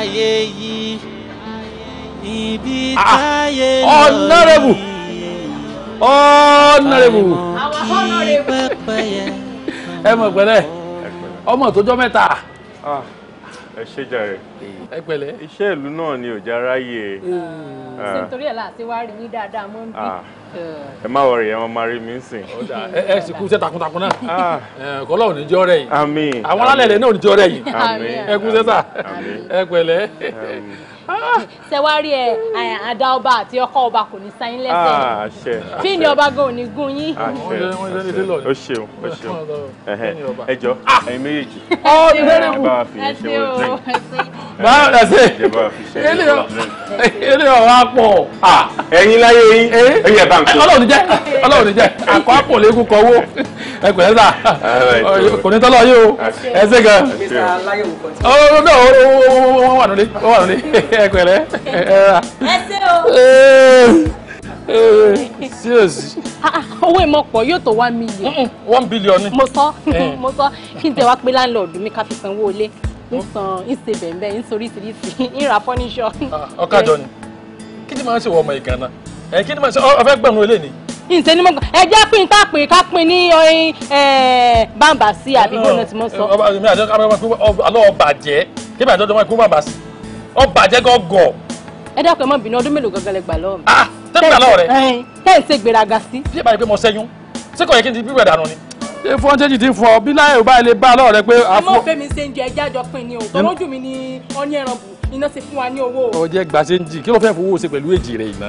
ayé yìí ibi ah, ah. táyé lọ yìí ọ̀nàrẹ́bù ọ̀nàrẹ́bù kí pẹ́pẹ́yẹ. ẹ mọ̀ pẹ̀lẹ́ ọmọ tó jọ mẹ́ta. Ah ẹ ṣe jàre. ẹ pẹ̀lẹ́. iṣẹ́ ìlú náà ni òjá ráyè. ṣé ah, ah. nítorí ẹ̀ láti wá rí mi dáadáa mọ́ bí. Ah. Eh. ẹ má wọrí ẹ máa rí mi sìn. ẹ sì kú iṣẹ́ takuntakun náà eh, kọ́lá ò ní jẹ́ ọ̀rẹ́ yìí. àmín. àwọn alálẹ̀ rẹ̀ náà ò ní jẹ́ ọ̀rẹ́ yìí. àmín. ẹ kú iṣẹ́ ẹ pẹ̀lẹ́ ṣe wá rí ẹ àdá ọba àti ọkọ ọba kò ní sáyín lẹ́sẹ̀ bí ni ọba gan ò ní gún yín. o ṣeun o ṣeun ẹ jọ ẹyin méjèèjì ẹ bá wa fi ṣe wọ́n báwo la ṣe ilé ọ̀rọ̀ apọ̀ ẹ̀yin láyé yín ẹ̀yin ẹ̀ bá ń kó ọlọ́run jẹ́ ọlọ́run jẹ́ àkọ́ apọ̀ lẹ́kùn kan wó ẹ pẹ̀lẹ́ sà kò ní tọ́lọ́ yìí o ẹ ṣe gan. ọ̀rọ̀ náà ó wà nílé ó wà nílé ẹ pẹ̀lẹ́ ẹ ra. ẹ ṣé o. serious. owó ìmọ̀ pọ̀ yóò tó one million. one billion ni. mo sọ mo sọ kí n tẹ wá pé láńlọ́ọ̀dù mi ká fi sanwó ilé ń san ìṣe bẹ̀m̀bẹ̀ ń sorí ìṣiríṣi ń ra fọ́níṣọ́. ọ̀kadọ̀ ni kí ni màá ṣe wọ ọmọ ìgànnà ẹ kí ni màá ṣe ọfẹ́ gbẹ̀rún ilé ni. ǹṣe ni mo gbọ́ ẹ jẹ́ pín ká pín ká pín ní ọyìn bàǹbà sí àbí bóun náà ti mọ̀ sọ. ọba mi àti ọba mi kú alọ́ ọba jẹ́ kí ni àjọ ọjọ́ máa kú bàǹbà sí ọ bàjẹ́ gọ́gọ́. ẹ dákun ẹ má bínú ọdún mélòó gangan lẹ gbà lọ́wọ́ ah tẹ́gbà lọ́wọ́ rẹ. tẹ́ ẹ̀ ṣe gbéraga sí. bí ẹ bá yẹ pé mo ṣẹ́yún ṣé kò yẹ kí n ti bí wẹ̀dà nù ni. ṣé fún ọ́njẹ́jì ti fún ọ bí láyé ò bá lè bá lọ́wọ́ pé. ẹ mọ̀ mi ṣe ń jẹ ẹja jọ ni o tọ́lọ́jù mi ni ọ ní ẹran bù iná ti fún wa ní owó. ọjẹ gbàṣẹ ń jì kí ló fẹ́ fowó ṣe pẹ̀lú èjì rẹ ìná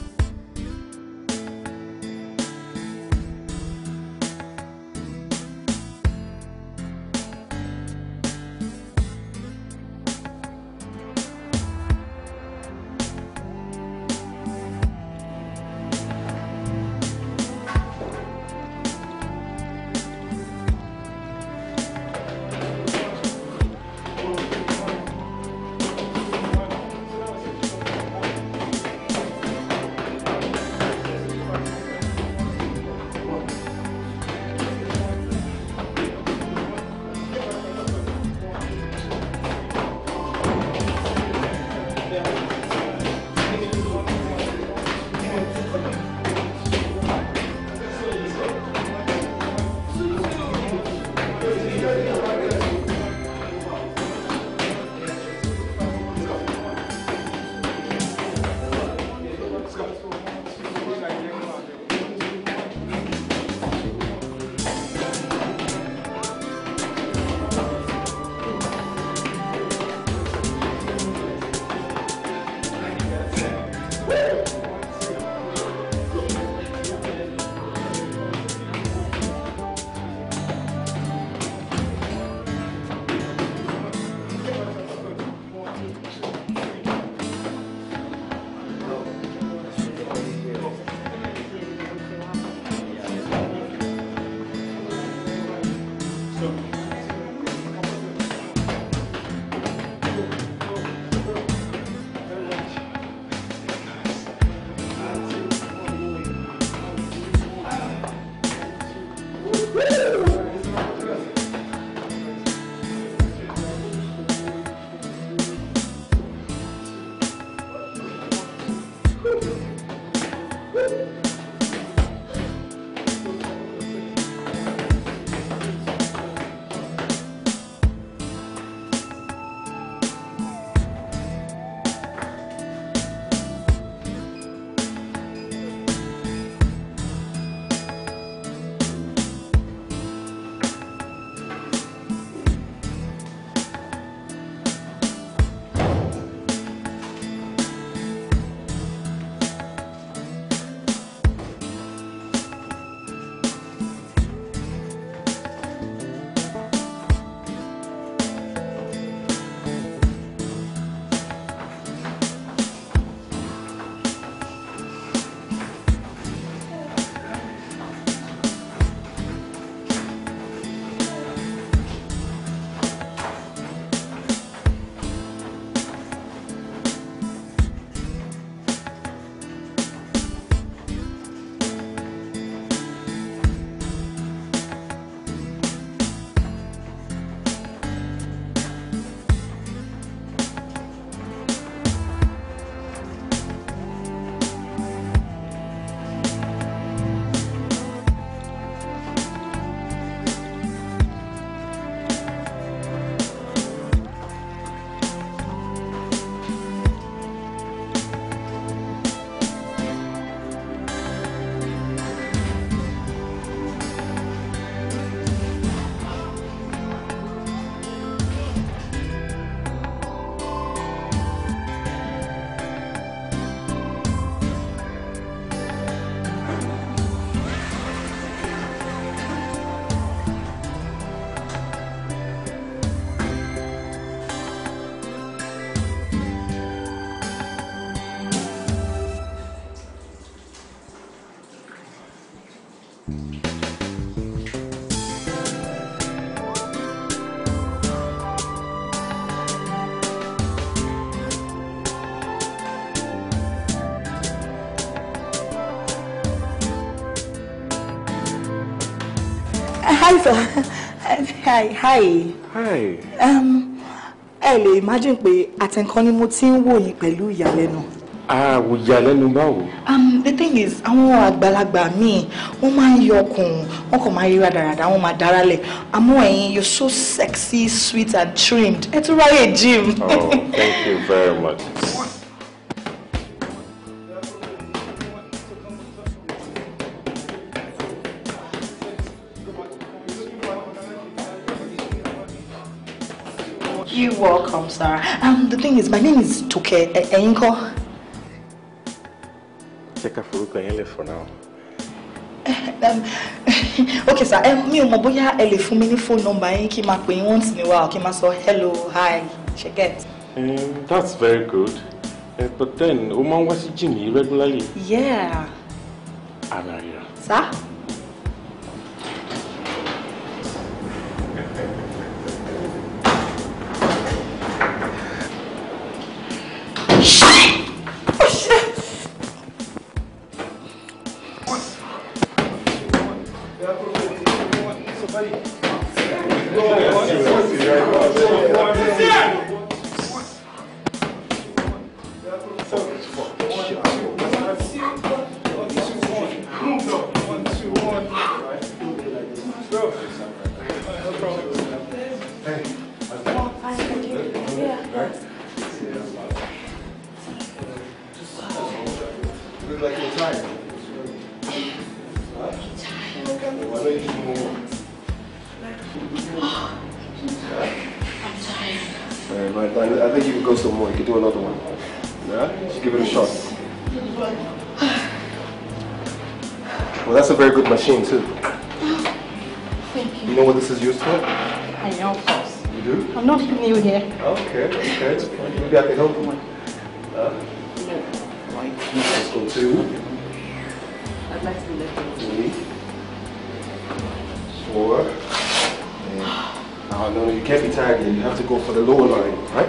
sir. Hi. Hi. Hi. Um, ẹ lè imagine pé àtẹ̀kọ́ ni mo ti ń wò yín pẹ̀lú ìyàlẹ́nu. àwòyà lẹ́nu báwo. um the thing is àwọn àgbàlagbà míì wọ́n máa ń yọ ọkùn wọn kò máa ríra dáradára wọ́n máa dára lẹ̀ you're so sexy sweet and trimmed ẹ tún ráyè gym. oh thank you very much. thing is my name is Toke e, e, Enko. Check a ká forúkọ yẹn for now. Um, okay, sir um, mi ò mọ̀ bóyá ẹ lè fún phone number yín kí n máa pè yín once in a while kí hello hi Check it. Um, that's very good uh, but then o máa ń wá sí regularly. yeah. àmì sir. machine too. Thank you. You know what this is used for? I know, of course. You do? I'm not new here. Okay, okay. Maybe I can help you. Uh, no. Right. Let's go I'd like to be left. Three. Four. And no, no, you can't be tired here. You have to go for the lower line, right?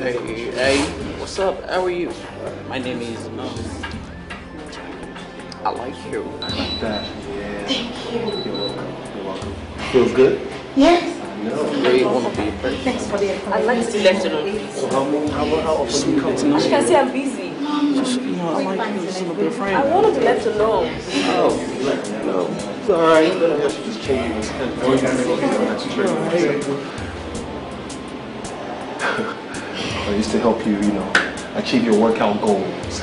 Thank you. Hey, hey, what's up? How are you? My name is. Um, I like you. I like that. Yeah. Thank you. You're welcome. You're welcome. Feels good? Yes. No, really want to be Thanks for the effort. I'd like to let you know. So how many, how, how often you come to know? As you can see, I'm busy. Just, you know, I like you as a good friend. I wanted to let you know. Oh, no. It's all right. I I used to help you, you know, achieve your workout goals.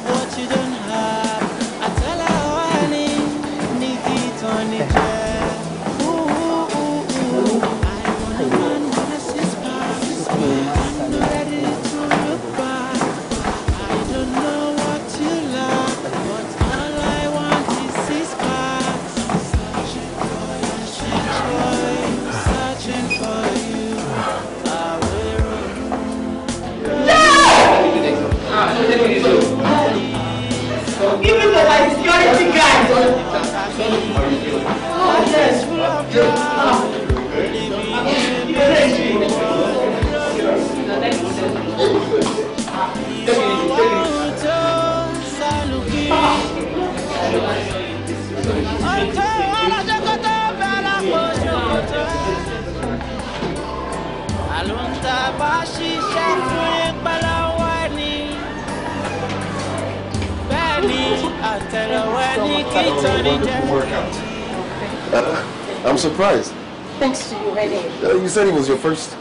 Uh, I'm surprised. Thanks to you, really. Uh, you said it was your first,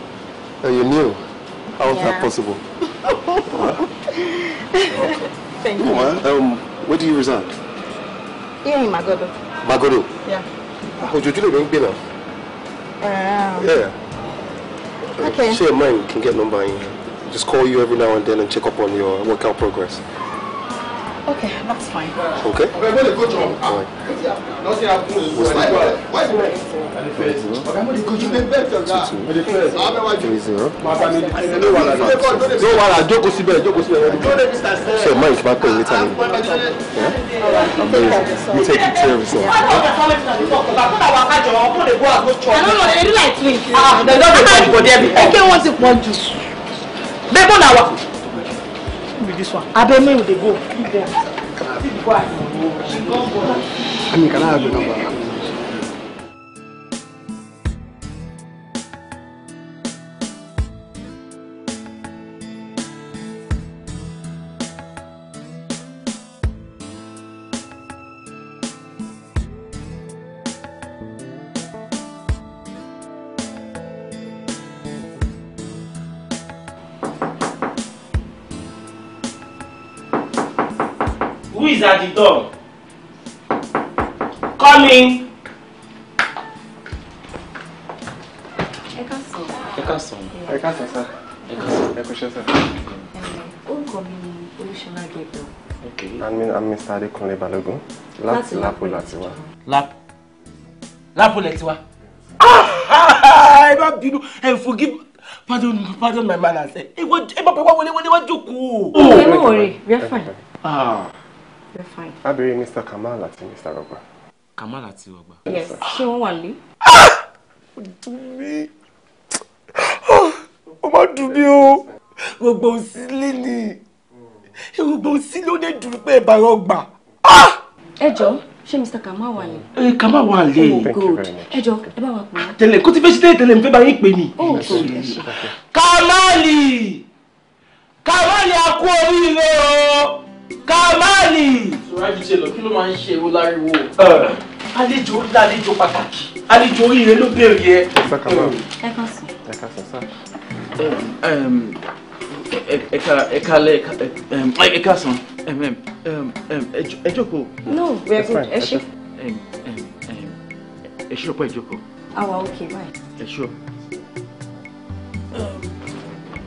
and uh, you're new. How is that possible? Thank you. Um, where do you reside? Here in Magodo. Magodo? Yeah. How ah, Ojojule don't be now. Yeah. Okay. Share mine, you can get number in. Just call you every now and then and check up on your workout progress. Okay, that's fine. Okay. Okay, go to Nothing happened. What's that? Why is it red? Okay, I'm going this one. Abe, me, we go. Leave them. Leave the She gone, boy. I mean, can I have your number? is at the door. Come in. Ẹ káàsán. Ẹ káàsán. Ẹ káàsán sá. Ẹ káàsán. Ẹ kúṣẹ́ sá. Orúkọ mi ni Olúṣọlá Gabriel. Okay. I'm, I'm Mr. Adekunle Balogun. Láti Lápò láti wá. Lápò. Lápò lẹ ti wá. Ah! Ẹ má bínú, ẹ forgive pardon pardon my manners. Ẹ wọ́n ẹ bá pẹ́ wá wọlé wọlé wá jókòó. Ẹ mú òrè, we are fine. Ah. We're fine. Abiri Mr. Kamal àti Mr. Ogba. Kamal àti Ogba. Yes, ṣé wọ́n wà lé? Ó dùn mí. Ó máa dùn mí o. Rogba ò sí lé ni. Rogba ò sí ló dé dùn pé ẹ̀bà Rogba. Ah! Ẹ jọ̀ọ́, ṣé Mr. Kamal wà lé? Ẹ eh, Kamal wà lé. Oh, Good. Ẹ jọ̀ọ́, ẹ bá wa pè é. Tẹ̀lé kó ti fẹ́ ṣe tẹ́lẹ̀ tẹ́lẹ̀ ń fẹ́ bá yín pè ní. Kamali! Kamali a kú oríire o! kamali. sùrájì ṣe lọ kí ló máa ń ṣe ewu láriwo. àlejò lálejò pàtàkì àlejò oríire ló bèrè yẹ. ẹ kàn sí. ẹ kàn sí sá. ẹ kára ẹ kálẹ́ ẹ kásán ẹ jókòó. no we are good ẹ ṣe. ẹ ṣe ọ̀pọ̀ ẹ jókòó. àwa ah, òkè báyìí. ẹ ṣe ọ.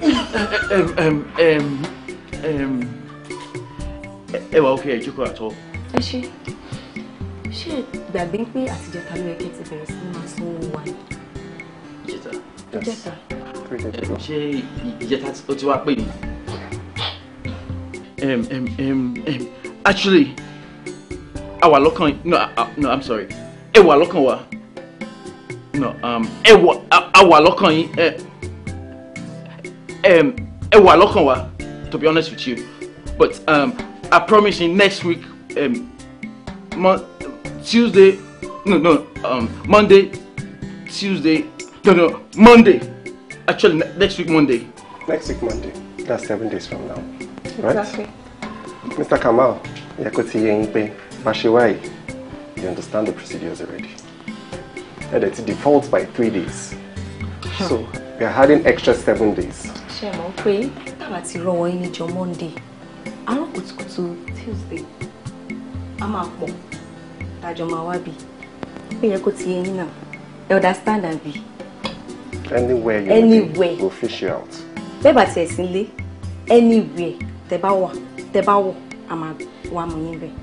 Um, um, um, um, um, um, um, um, um ẹ wà ókè ẹjú kọ àtọ. ẹ ṣe ṣe gbàgbé pé àtijọ́ta ló yẹ kí ẹ ti bẹ̀rẹ̀ sí ní máa sanwó wa ni. ìjẹta ìjẹta ṣé ìjẹta ó ti wá pè mí. Um, actually, ẹ wà lọ́kàn no, uh, no, I'm sorry. Ẹ wà lọ́kàn wa. No, um, ẹ wà, ẹ wà lọ́kàn yín. Eh, um, ẹ wà lọ́kàn wa. To be honest with you, but um, I promise you next week, um, Mon Tuesday, no, no, um, Monday, Tuesday, no, no, Monday. Actually, next week, Monday. Next week, Monday. That's seven days from now. Right? Exactly. Mr. Kamal, you understand the procedures already. And it defaults by three days. Sure. So, we are adding extra seven days. Ṣé mo pé àti rọwọ́ yín Monday àárọ̀ kùtùkùtù Tuesday a máa pọ̀ tàjọ máa wá bí ó yẹ kó ti yẹ yín náà ẹ understand àbí. anywhere you anywhere. go fish out. bẹ́ẹ̀ bá tiẹ̀ sí ilé anywhere tẹ bá wà tẹ bá wọ̀ a máa wà mọ̀ yín bẹ́ẹ̀.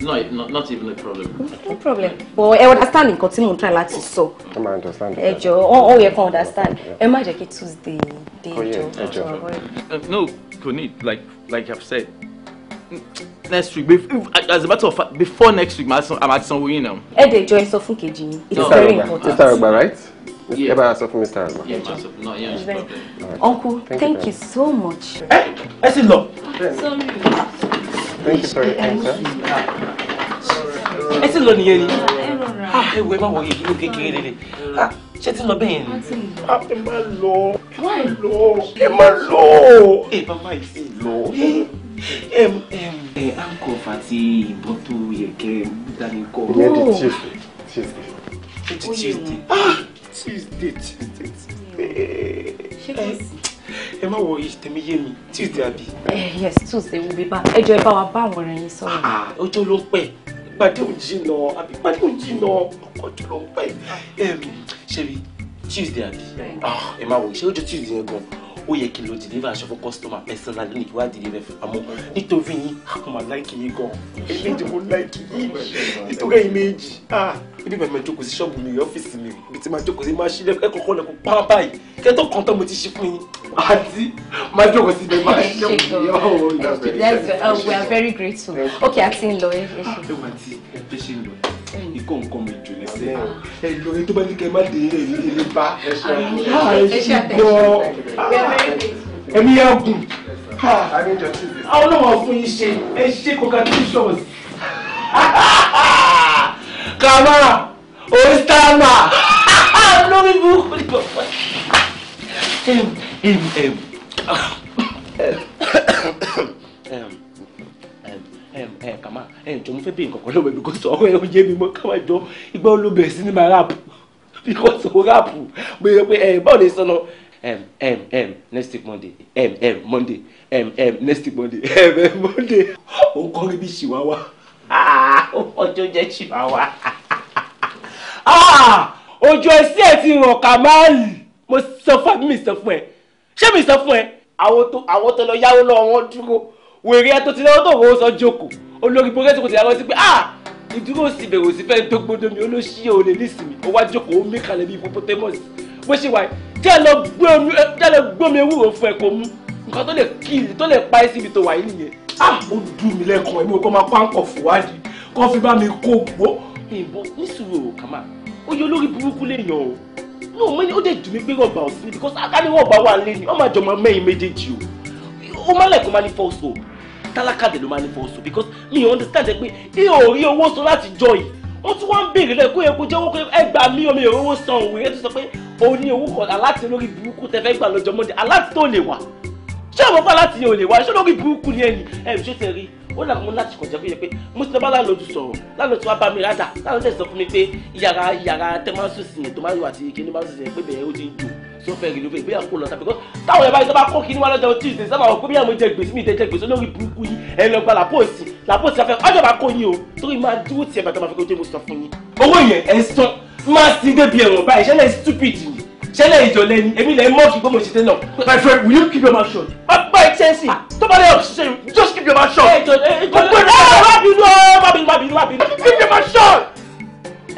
No, not, not even a problem. No problem. But I understand nǹkan tí mo try láti sọ. I ma understand. Ẹ jọ̀ọ́, all all can understand. Ẹ má jẹ́ kí Tuesday dey jọ. Uh, no, kò need like like I've said, next week as a matter of fact before next week i'm at sanwó yìí now. ẹ dẹ̀ jọ ẹ sọ fún kejì yín it's no. very important. mr arugba right. ẹ bá a sọ fún mr arugba. uncle thank, thank you, you so much. ẹ ẹ sì lọ. thank you sorry enter. ẹ sì lọ nìyẹn ni ẹ ah, wọ ẹ má wọ yìí kékeré lélẹ̀ ṣé ti lọ bẹ́ẹ̀ yẹn ni. a ẹ má lọ ẹ má lọ ẹ má lọ. ẹ bá má ìfẹ́ lọ. ankọf àti ìbọn tó yẹ kẹ dání kọ. ìyẹn di tuesday tuesday. tuesday tuesday tuesday. ṣé kò ẹ má wọ tèmi yé mi tuesday àbí. Eh, yes tuesday wo bí bá ẹjọ ẹ bá wa bá àwọn ọ̀rẹ́ yín sọ̀rọ̀. Ah, ọjọ́ ló ń pẹ́ ìpàdé ò jìnà àbí ìpàdé ò jìnà ọkọ̀ jùlọ ń pẹ́. ṣebí tuesday àbí ah, ẹ má wò ṣé ó jẹ́ tuesday yẹn gan-an ó yẹ kí n lọ deliver aṣọ fún customer personal ní ìwà deliver fún àmọ́ nítorí yín mo láìkì yín gan eléyìí mo láìkì yín nítorí ẹ̀yin méjì ah, ibi bàbá mi jókòó sí ṣọ́ọ̀bù mi ọ́fíìsì mi ibi tí máa jókòó sí máa ṣí lẹ́kọ̀ọ́ kọ́ lẹ́kọ̀ọ́ pa báyìí kẹ́tọ́ kan tán mo ti ṣí fún yín àti máa jókòó sí bẹ́ẹ̀ máa oh, ṣe ọ̀hún. Oh, we are very grateful. okay àti ń lọ ẹ ṣe. Ah, ẹ wà tí ẹ ṣe ń lọ ikọ̀ nǹkan mi jù lẹ́sẹ̀ ẹ lọ ní tó bá ní kẹ́ ẹ má dé ilé ilé bá ẹ ṣe àìsíkọ́ ẹ̀mí yà gùn àwọn ọlọ́wọ́ fún yín ṣe ẹ ṣe congratulations kàmá ostama lórí burúkú ni bàbá ẹ ẹ ẹ kàmá ẹ jọ mo fẹ́ bí nǹkan kan lọ́wọ́ because ọ̀rọ̀ ẹ yé mi mọ́ káwá jọ ìgbà olóbẹ̀ sí ni máa rap because o rap mo yẹ pé ẹ báwo lè sọnà um, um, um, next week monday um, um, monday um, um, next week monday um, um, monday ó ń kọrin bí chihuahua ọjọ́ jẹ́ chihuahua ah! ojú ẹsẹ̀ ẹ̀ ti ràn kàmáàlì mo sọ fún mi sọ fún ẹ ṣé mi sọ fún ẹ àwọn tó lọ yáwó lọ wọn dúró wèrè ẹ tó ti lọ́wọ́ tó wọ́ sọ jókòó olórí progress kò ti lọ́wọ́ sí pé ah ìdúró sí bẹ̀rù sí fẹ́ẹ́ tó gbódó mi olóṣì ò lè nísìmí ó wá jókòó ó mí kalẹ̀ bí hippopotamus bó ṣe wà jẹ́ lọ gbómi ewúro fún ẹ kó mú nǹkan tó lè kíìlì tó lè pa ẹ́ síbi tó wà nìyẹn ah ó dùn mí lẹ́kọ̀ọ́ èmi ò kọ́ máa pánkọ̀ fòwádìí kọ́ fi bá mi kó gbó ìbọn nísìrò kàmá ó olórí burúkú lèèyàn o ní òun mẹ́ni ó dẹ̀ dùn mí pé rọ̀gbà òfin because ni wọ́n máa jọ máa mẹ́yìn tálákàdé ló máa ní fọwọ́sọ because mi ò understand pé ẹ ò rí owó san láti jọ yìí wọ́n tún wá ń béèrè lẹ́yìn kó yẹ kó jẹ́wọ́ pé ẹ gbà mí omi ò rówó san òwe ẹ tún sọ pé o ní owó kan aláti olórí burúkú tẹ fẹ́ gbà lọ́jọ́ mọ́dé aláti tó lè wà ṣé àwọn bá láti yẹn ò lè wá ṣé olórí burúkú ni ẹni ẹ ṣé tẹ rí ó là mú láti kọjá fún yẹ pé mo ti bá láńlọ́ọ̀dù sọ̀rọ̀ láńlọ́ọ̀dù wa bá mi rádà láńlọ́ọ̀dù sọ fún mi pé yàrá yàrá tẹ́ máa ń sùn sí yẹn tó máa ń wà sí kí ni máa ń sùn sí yẹn pé bẹ̀rẹ̀ ó ti ń dùn tí ó fẹ́ rí ló fẹ́ ìgbéyàwó kó lọ sábẹ́ kọ́ táwọn yẹn bá yẹn tó bá kó kí ni wá lọ́jọ́ tuesday sábà wọ́n gbé àwọn jẹ gbèsè mi jẹ gbèsè lórí burúkú yìí ẹ lọ gba làpọ́ọ̀sì làpọ́ọ̀sì afẹ́ ọjọ́ bá kó yín o torí máa dúró tiẹ̀ bàtà máa fi kojú mo sọ fún yín. owó yẹn ẹ sán máa sin débi ẹ̀wọ̀n báyìí ṣẹlẹ̀ stupid ni ṣẹlẹ̀ ìjọlẹ̀ ni èmi lẹ̀ mọ́ gbọ́mọ̀ ṣiṣẹ́ náà. my friend will you keep your mouth shut. má bá ẹ tẹ́sí ah. tó bá lè ọ̀ just keep your mouth shut. ẹ jọ ẹ jọ ẹ má bínú má bínú má bínú má bínú. keep your mouth shut.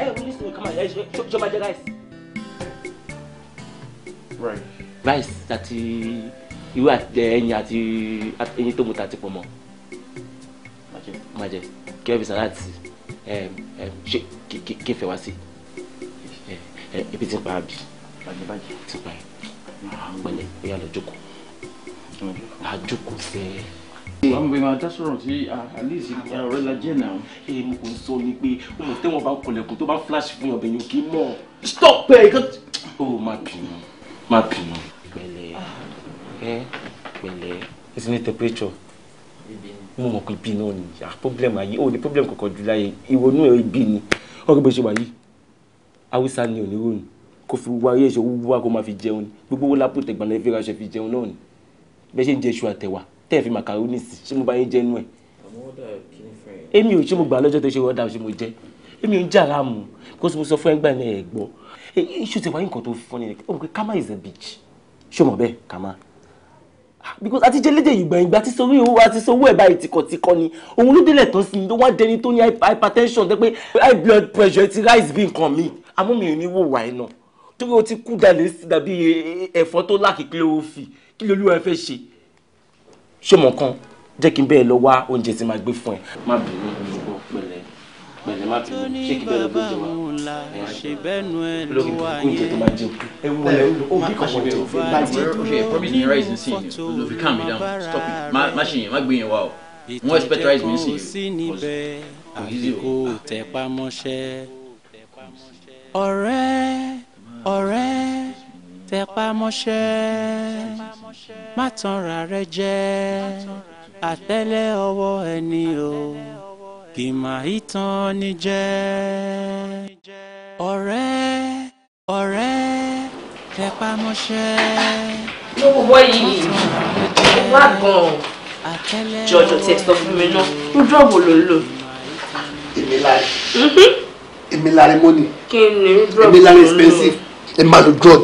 ẹ wọ́n ní sọ̀rọ̀ kama ẹ ṣọ́ máa jẹ́ láìsí rice àti irú eh, ẹyin àti ẹyin tó mu ta ti pọ̀ mọ́ máa jẹ kí wọ́n fi salad sí ṣe kí n fẹ́ wá sí eh, eh, ebi ti ń pa àbí ti pa ẹ̀ pẹ̀lẹ́ bóyá lọ jókòó àjókòó fẹ́ẹ́ wọ́n bẹ máa dá sọ̀rọ̀ sí alice ọ̀rẹ́ la jẹ́ náà. ẹ mo kò ń sọ ni pé mo tẹ́wọ̀n bá kọlẹ̀kùn tó bá flash fún ọbẹ̀ yìí kì í mọ̀ stop ẹ̀ oh má bínú má bínú. pẹ̀lẹ́ ẹ pẹ̀lẹ́. èsì ní temperature mo mọ̀ pé ibi náà ni problem ayé o ní problem kankan jù láyé ìrònú ẹ̀ ibi ni ọ̀rọ̀ bó ṣe wà yìí haúsá ni òní ròyìn kó fi wá ayé ẹ̀ṣọ́ wúwá kó máa fi jẹun ni gbogbo owó lápò tẹ̀gbọ́n lẹ́fẹ́ ránṣẹ́ fi jẹun náà ni bẹ́ẹ̀ ṣe ń jẹ iṣu àtẹ̀wà tẹ́ẹ̀ fi màkàrónì sí ṣé mo bá yín jẹ́ inú ẹ̀. èmi ò ṣe mo gbà lọ́jọ́ tó ṣe wọ́dà ṣe mo jẹ́ èmi ò ń jà láàmú kó sọ fún ẹgbẹ́ ẹ̀ gbọ́ iṣu eh, eh, ti wáyé nǹkan tó fún ni ó mọ̀ pé kama is a bitch ṣé o mọ̀ bẹ́ẹ̀ kama ah, because àti jẹlẹjẹ ìgbà ìgbà tí sọ owó àti sọ owó ẹ̀ báyìí tìkọ̀tìkọ̀ ni òun ló délẹ̀ tán sí i ló wá dẹni tó ní hypertension tẹ́ pé high blood pressure ti rise bí nǹkan mi àmọ́ mi ò ní wò wáyé náà torí o ti kú dalẹ̀ sí dàbí e, e, ẹ̀fọ́ tó lákìkílẹ̀ òfì kí ló lúwa fẹ́ ṣe ṣé mọ̀ kan jẹ́ kí n bẹ́ẹ̀ lọ wá oúnjẹ tí máa gbé fún ẹ má bínú ìlú pẹ̀lẹ́ pẹ̀lẹ́ má bínú ṣé kí bẹ́ẹ̀ lọ gbé jẹ wá ńlá ṣe bẹ́ẹ̀ nu ẹ ló wà yẹn. má ṣe tó bá dé dúró nínú fọ́tò rẹ̀ ìtọ́jọ́ kò sí níbẹ̀ àbíkó tẹ̀ pamọ́ṣẹ́. ọ̀rẹ́ ọ̀rẹ́ tẹpámọ́ṣẹ́ má tanra rẹ jẹ àtẹ́lẹ̀ ọwọ́ ẹni o kì máa ìtàn ni jẹ́. ọ̀rẹ́ ọ̀rẹ́ tẹpá mọ́ṣẹ́. ló wọ wọ yìí wá gan-an jọjọ tí ẹ sọ fún mi náà ń dùn wò ló ń lò. èmi láre èmi láre mọ́nì èmi láre expensive èmi máa lo drug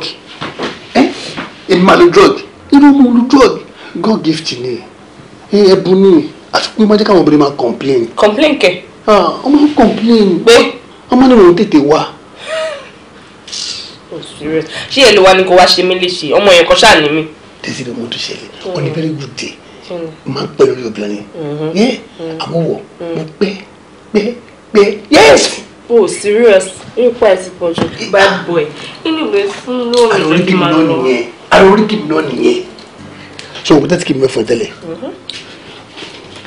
èmi máa lo drug irú mo lo drug god gift ni ẹ̀bùn ni àti pé májẹ́ káwọn obìnrin máa complain. complain kẹ. Ah, ọmọ ń complain. pé ọmọ ni wọn tètè wá. Oh, ṣé èlò wa ni kò wá ṣe mí léṣe ọmọ yẹn kan ṣáà ní mi. tẹ́sí ló mú tó ṣẹlẹ̀ ọ hmm. ní very good day máa ń pẹ́ lórí obìnrin mm-hmm. yẹ mm-hmm. àmọ́ wọ̀ mm. mo pẹ́ pẹ́ pẹ́ yes. oh serious ipa ẹ̀sìn pọ̀ jù eh, bad ah. boy inú ìwé fún lóòrùn ìjọba máa ń lọ. àròrí kìnnìún nìyẹn so òkúta ti kì í mẹ́fọ̀ tẹ́lẹ̀. Mm-hmm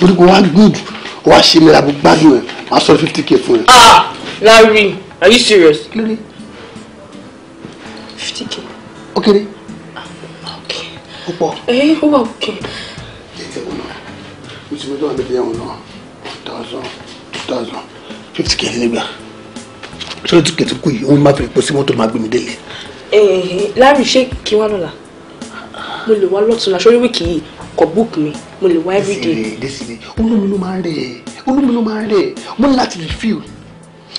torí pé wá good wá ṣe mi ra gbádùn ẹ máa sọ fifty k fún ẹ. ah Larry are you serious. lórí fifty k. ó kéré. Ah, ó pọ̀. ẹ eh, ó wà òkè. ẹ̀ẹ́dẹ̀ wọn náà mo ti mẹ́tọ́ àbẹ̀tẹ̀ yẹn wọn náà one thousand two thousand fifty k nígbà sọ́dọ̀ tí kẹ̀tù kù yìí òun máa fi pọ̀ sí mọ́tò máa gbé mi délé. Eh, Larry ṣé kí wọ́n la? mo lè wá lọ́tún aṣọ́rí wíìkì yìí kọ book mi mo lè wá everyday. desire olómi ló máa ń rẹ̀ olómi máa ń rẹ̀ mo ní láti refill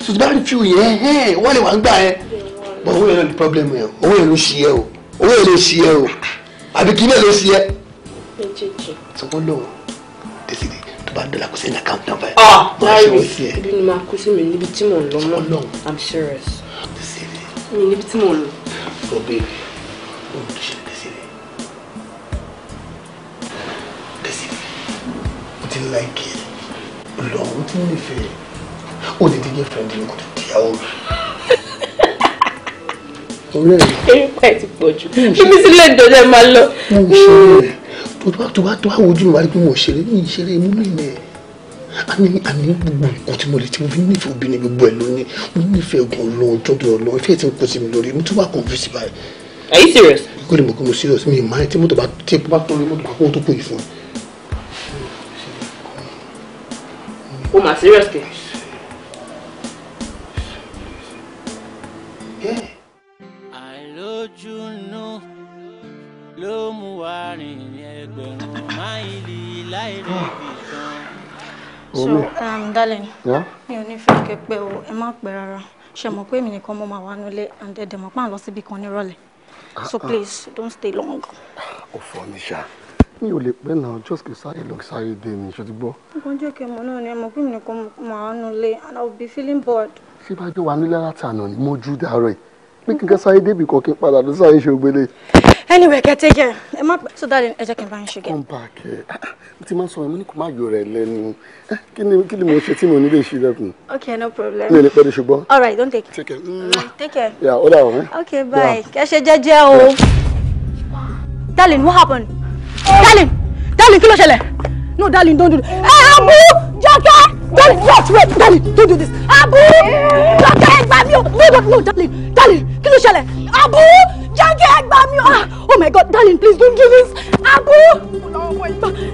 so ti bá refill yẹn wọ́n lè wá ń gbà ẹ́ but owó yẹn ló ní problem yẹn owó yẹn ló ṣe yẹ o owó yẹn ló ṣe yẹ o àbí kí náà ló ṣe yẹ. sọ wọn lọ desire tó bá dọ̀là kó sẹ́yìn account number ẹ̀. ah láì rí ibi ni màá kú sí mi níbi tí mò ń lọ mọ́ i'm serious mi níbi tí mò ń lọ. like it lòun ti nífẹ̀ẹ́ ó Oh, díje fẹ́ndì ní kò tó to àwọn orí rẹ̀. erépa ẹ̀ ti pọ̀ jù bíbí sílẹ̀ ìdọ́jà máa lọ. mo ń ṣeré hmm. tó bá tó bá tó bá wojú mi wá rí pé mo ṣeré mi ṣeré mú mi nìyẹn àní àní gbogbo nǹkan tí mo lè ti mo fi nífẹ̀ẹ́ obìnrin gbogbo ẹ̀ lónìí mo nífẹ̀ẹ́ gan lọ́wọ́ jọ́dọ̀ ọlọ́wọ́ ìfẹ́ tí mo kó sí mi lórí mo tún wà confuse báyìí. are you serious? kó lè serious mi ì máa Oh my serious case. àìlójúnú so um, darling Yeah. ò ní fẹ́ kẹ́ pẹ́ o ẹ má pẹ́ rárá ṣe mọ̀ pé èmi nìkan mo máa wà nílé and ẹ̀dẹ̀ mọ̀ pé à ń lọ so ah, ah. please don't stay long. Oh, for me, ṣáà mi ò lè pẹ́ náà just kì í lọ sáré dé ni ṣe ti gbọ́. nǹkan jẹ́ náà ni mo pín nìkan máa ń lé and I will be feeling bored. ṣé bá jọ wà nílé látànà ni mo jú dàárọ̀ ẹ̀ pé kí n débì kan kí n padà lọ sáré ṣe anyway kẹ́ take care ẹ má pẹ́ so dáadé ẹ jẹ́ kí n bá yín ṣe kẹ́. come back ẹ mo ti máa sọ ẹ̀mí kò má yọ rẹ̀ lẹ́nu kí ni mo ṣe tí mo nílé ìṣílẹ̀kùn. okay no problem. mi ò lè pẹ́ de ṣùgbọ́n. all right don't take it. take care. Mm. take care. yeah ó dà wọ́n. okay bye kẹ́ ṣe jẹ́jẹ́ o. darling what happened darling darling kí ló ṣẹlẹ̀ no darling don't do this ẹ eh, abu jọkẹ́ darling wait wait darling don't do this abu jọkẹ́ gbà no no no darling darling kí ló ṣẹlẹ̀ abu jọkẹ́ gbà ah oh my god darling please don't do this abu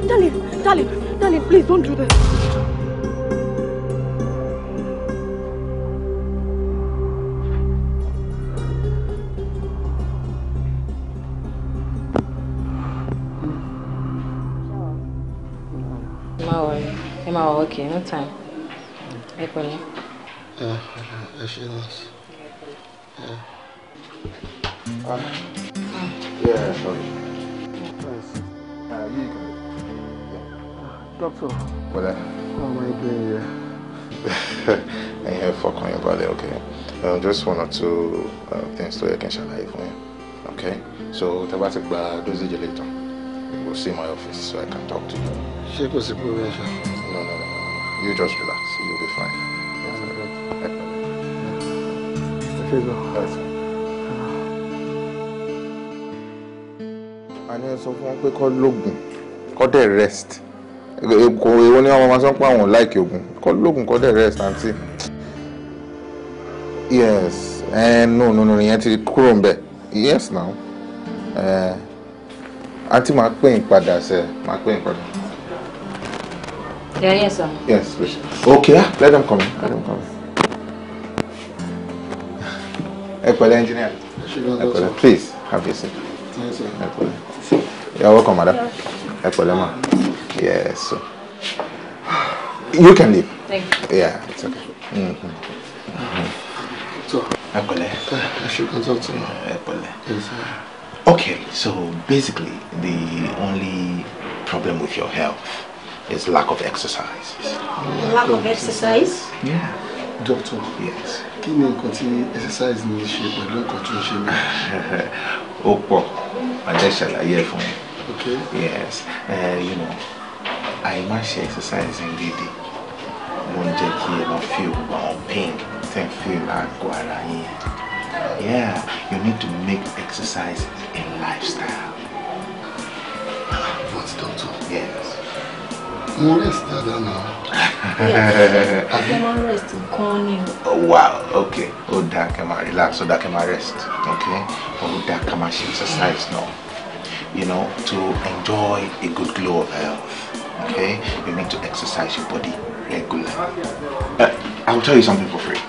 darling darling darling please don't do this. má wọlé ẹ má okay. no time ẹ pẹ̀lẹ́. ẹ ṣe nọọsì. Ah. Ah. Yeah, sorry. Yes. Uh, you can. Yeah. Doctor. Wọlé. How am I doing here? Ẹ̀yin fọkàn yín balẹ̀, okay? Um, just one or two uh, things so I can n ṣàlàyé fún you, okay? So, tẹ́ bá ti gba dosage later, We'll see my office so I can talk to you ṣé kò sí pé wíwá ṣá. no no no you just relax You'll be fine. ẹ ṣe gan. àní sọ fún wọn pé kó lóògùn kó dẹ̀ rest kò èwo ni wọn máa sọ pé àwọn láìkì oògùn kó lóògùn kó dẹ̀ rest àǹtí yes eh, no no no ìyẹn ti kúrò ń bẹ̀ yes now àǹtí máa pè yín padà sẹ́ máa pè yín padà. Yeah, yes, sir. Yes, please. Okay, ah, let them come in. Let them come in. Ẹ pẹ̀lẹ́, engineer. Ẹ pẹ̀lẹ́, please, have your seat. Yes, sir. Ẹ pẹ̀lẹ́. You're welcome, madam. Ẹ pẹ̀lẹ́, ma. Yes, sir. You can leave. Thank you. Yeah, it's okay. Mm -hmm. Mm -hmm. So, Ẹ pẹ̀lẹ́. I should consult to you. Ẹ Yes, sir. Okay, so basically, the only problem with your health is lack of exercise. Lack of exercise? Yeah. Doctor, yes. Kí ni nǹkan tí exercise ní ṣe pẹ̀lú nǹkan tó ń ṣe mí? Ó pọ̀, màá jẹ́ ṣàlàyé ẹ̀ fún Okay. Yes, uh, you know, I must exercise ń dédé ló ń jẹ́ kí ẹ feel àwọn pain then feel àgọ́ ara yín. Yeah, you need to make exercise a lifestyle. What, doctor? Yes. mo rest dáadáa náà. kẹ́ rest gan ni Oh wow ok Oh, that can I relax ó that can I rest ok Oh, that can I exercise now? you know to enjoy a good glow of health okay you need to exercise your body regularly uh, I will tell you something for free.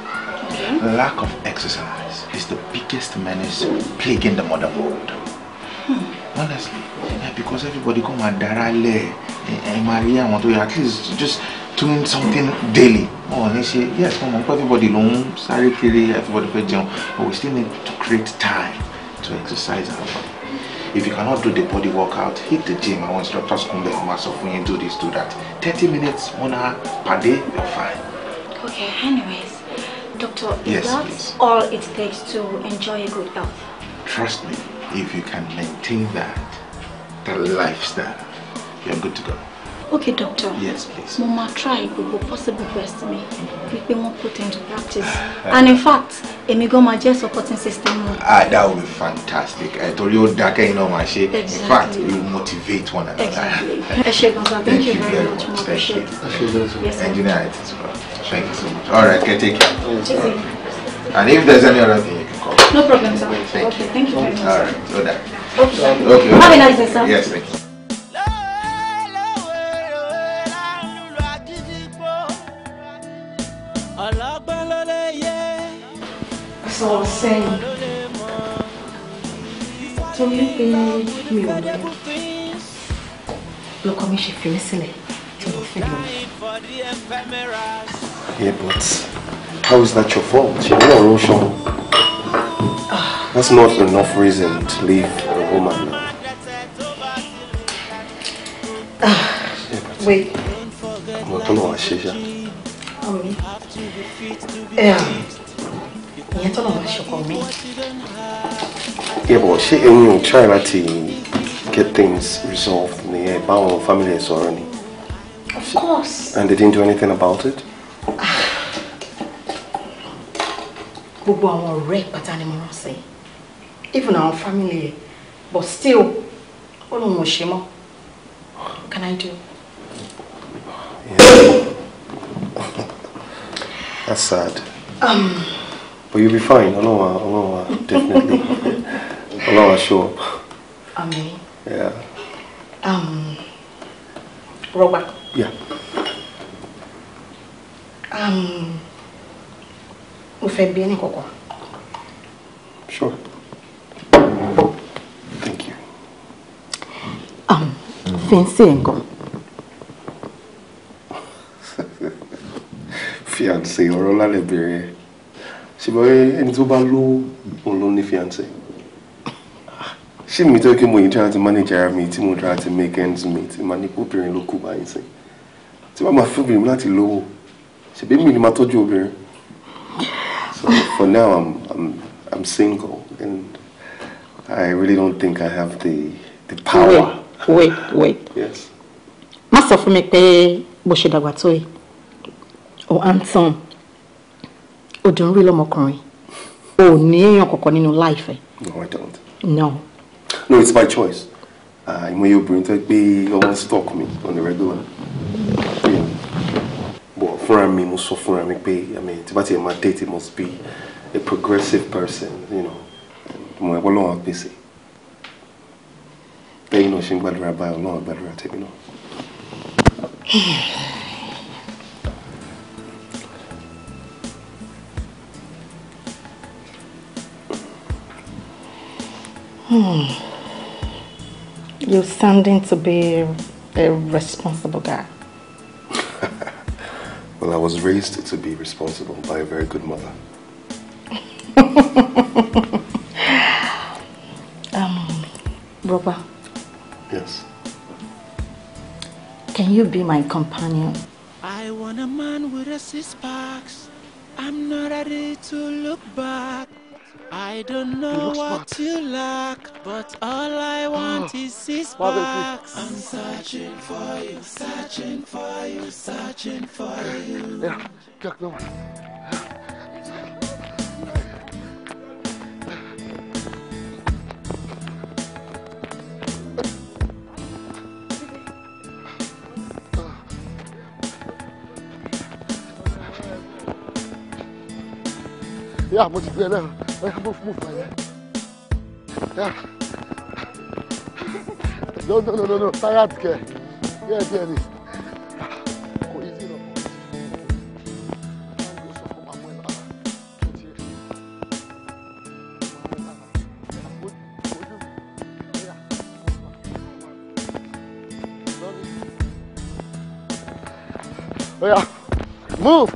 Okay. Lack of exercise is the biggest menace plaguing the modern world. Hmm. honestly yeah, because everybody come adara lẹ ẹ máa rí at least just doing something daily wọn ò ní yes come on, pé everybody ló ń sáré everybody fẹ́ jẹun but we still need to create time to exercise our body if you cannot do the body workout hit the gym I want instructors kun bẹ ọmọ sọ fún yín do this do that thirty minutes one hour per day you're fine. okay anyways doctor yes, that's please. all it takes to enjoy a good health. trust me if you can maintain that that lifestyle you're good to go. Okay, doctor. Yes, please. Mama, máa try gbogbo possible best mi mm-hmm. wípé wọ́n put into practice. And in fact, èmi gan máa jẹ́ supporting system Ah, that would be fantastic. Eh, torí ó dá kẹ́yìn náà máa ṣe. Exactly. In fact, we will motivate one another. Exactly. Ẹ thank you very much. Mo appreciate it. Yes, Engineer, it is well. Thank you so much. All right, get take care. And if there's any other thing. No problem, sir. Thank okay, you. thank you very much. All right, go that. Okay, sir. okay. Have a nice day, sir. Yes, thank you. sọ sẹ́yìn torí pé mi ò lọ lọkọ mi ṣe fi mí sílẹ̀ tí mo fẹ́ lọ. Yeah, but how is that your fault? You're not rò ó ṣan? That's not enough reason to leave a woman now. Ah, wait. Mo tún lọ wá ṣe ṣá. Omi. Ìyẹn tó lọ wá ṣọkọ mi. Yeah, but she ain't ò try láti get things resolved ní ẹ̀ báwọn family is already. Of course. And they didn't do anything about it? Ah. Bubu àwọn ọ̀rẹ́ rape at any more sí even our family but still ó lóun ò ṣe mọ́ what can I do. Yeah. That's sad. Um, but you'll be fine. Olawa, Olawa, definitely. Olawa, show up. Amen. Yeah. Um, Robert. Yeah. Um, mo fẹ́ bi ẹ́ ní Sure. fiancé ẹ̀ gan. fiancé ọ̀rọ̀ lálẹ́ bẹ̀rẹ̀ ṣùgbọ́n ẹni tó bá lówó òun ló ní fiancé ṣé mi tó kí mo yìí try to manage ara mi tí mo try to make ends meet tí màá ní obìnrin ló kú báyìí sí tí wọ́n máa fún obìnrin láti lówó ṣèbí mi ni máa tọ́jú obìnrin so for now I'm, I'm, I'm single and I really don't think I have the, the power. Yeah wait wait má sọ fún mi pé bó ṣe dàgbà tó yìí o handsome o dùn rí lọ́mọkùnrin o ní èèyàn kankan nínú life no i don't. no. no it's my choice ah, ìmọ̀ye obìnrin tó gbé ọmọ stock mi on the regular bọ̀ fúnra mi mo sọ fúnra mi pé tí bá ti yẹ máa date it must be a progressive person you know mo ẹ̀kọ́ lọ́wọ́ àpèsè. Hmm. You're sounding to be a responsible guy. well, I was raised to be responsible by a very good mother. um, Robert. Yes. Can you be my companion? I want a man with a six packs. I'm not ready to look back. I don't know what back. you lack, but all I want oh. is six packs. I'm searching for you, searching for you, searching for you. Yeah, yeah. yà mo ti gbé ẹ lẹ́rọ ẹ̀yà mo fún fún no no no no no tired kẹ díẹ̀ díẹ̀ ni. Move!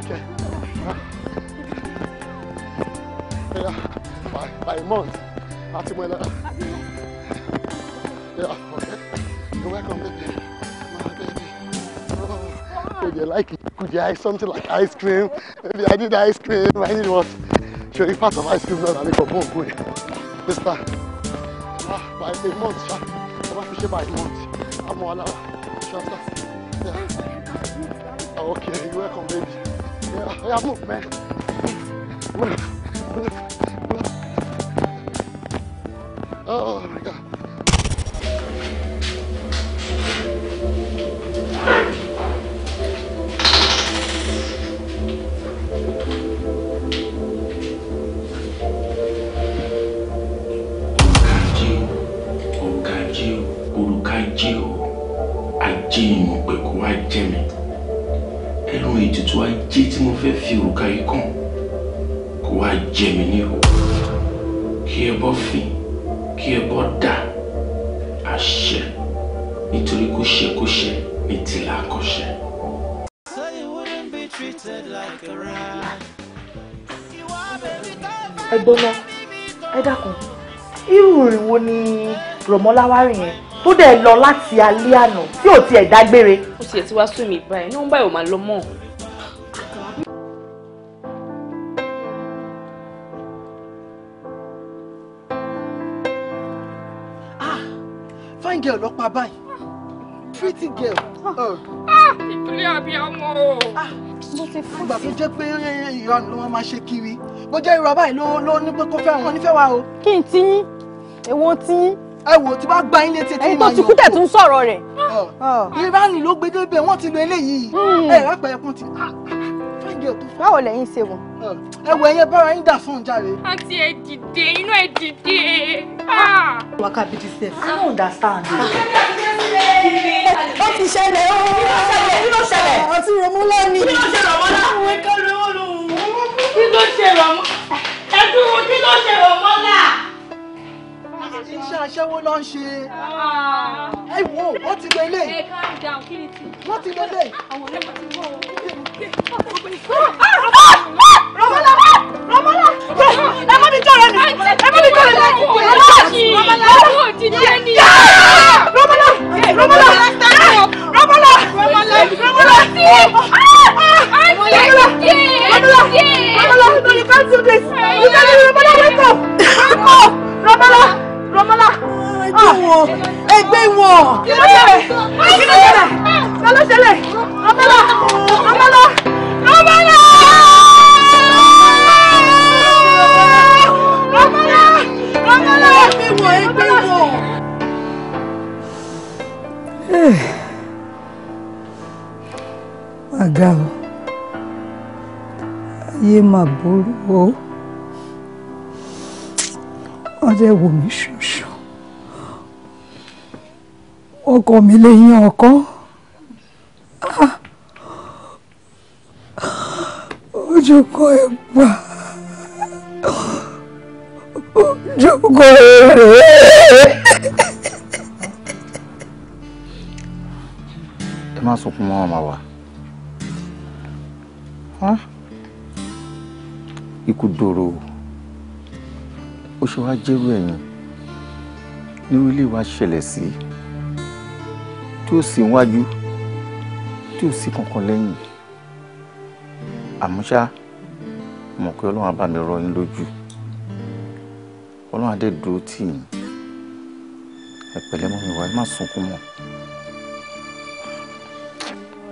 back. Yeah, by, by a month. After my letter. Yeah, okay. You're welcome, baby. My baby. Oh, baby, you like it. Could you ice something like ice cream? Maybe I need ice cream. I need what? Should be part of ice cream now. I need for more good. This time. By a month, sir. I'm going to by a month. I'm all out. Shut up. Yeah. Okay, you're welcome, baby. Oya move, man. Move. rọ̀mọ́láwárì yẹn tó dẹ̀ lọ láti alẹ́ àná tí ò tiẹ̀ dágbére. ó tiẹ̀ ti wá sún mi báyìí ní wọ́n báyìí ò máa lọ mọ́ ah, fine girl ló pa báyìí pretty girl. Ah. Oh. Ah, ìdílé àbí ọmọ o. ìgbà tó jẹ́ pé eh, eh, ìran ló wọ́n máa ṣe kiri bó jẹ́ ìrọ̀ báyìí ló ní pé kó fẹ́ wọn nífẹ̀ẹ́ wa o. kí n tí èwo tí ẹ wò tí bá gba yín létí tí màá yọ. ẹni tó ti kú tẹ̀ tún sọ̀rọ̀ rẹ̀. ìránì ah, ah. ah. ló gbé débẹ̀ wọ́n ti lo eléyìí hmm. ẹ rápẹ̀ ẹkún ti báwo lẹ́yìn ṣe wọ̀. ẹ wọ ẹyẹ bára yín dà fún un jáde. àti ẹ dìde inú ẹ dìde. wákà bíi ṣe I don't understand. ó ti ṣẹlẹ̀ ó. kí ló ṣẹlẹ̀ ọtí romúlá ni. kí ló ṣẹlẹ̀ ọmọlá. kí ló ṣẹlẹ̀ ọmọlá. ẹ dúró kí ló ṣẹlẹ̀ ọmọlá iṣẹ́ aṣẹ́wó ló ń ṣe ah. ẹ wo wọ́n ti lọ ilé wọ́n ti lọ Rọmọlá Rọmọlá ẹ má mi jọ̀rọ̀ mi ẹ má mi jọ̀rọ̀ mi Rọmọlá Rọmọlá Rọmọlá Rọmọlá Rọmọlá Rọmọlá. Rabala, you can't do this. You can't do this. Rabala, wake up. Wake up. Rabala. Rọmọlá. Ah! ẹgbẹ́ wọn kí ló ṣẹlẹ̀ kí ló ṣẹlẹ̀ kí ló ṣẹlẹ̀ Rọmọlá Rọmọlá Rọmọlá. Rọmọlá Rọmọlá ẹgbẹ́ wọn ẹgbẹ́ wọn. àga o ayé máa burú o ọdẹ wò mí ṣoṣo ọkọ mi lẹ́yìn ọkọ ojúkọ ẹgbà ojúkọ ẹrẹ. ẹ má sunkún mọ́ ọmọ wa ikú dòrò o ṣe wá jẹ́rú ẹ̀yìn ní orílẹ̀ wa ṣẹlẹ̀ sí tí ó sì wájú tí ó sì kankan lẹ́yìn àmúṣá mọ̀ pé ọlọ́run á mi rọ yín lójú ọlọ́run á dúró tì yín ẹ mọ́ mi wá ẹ má sunkún mọ́.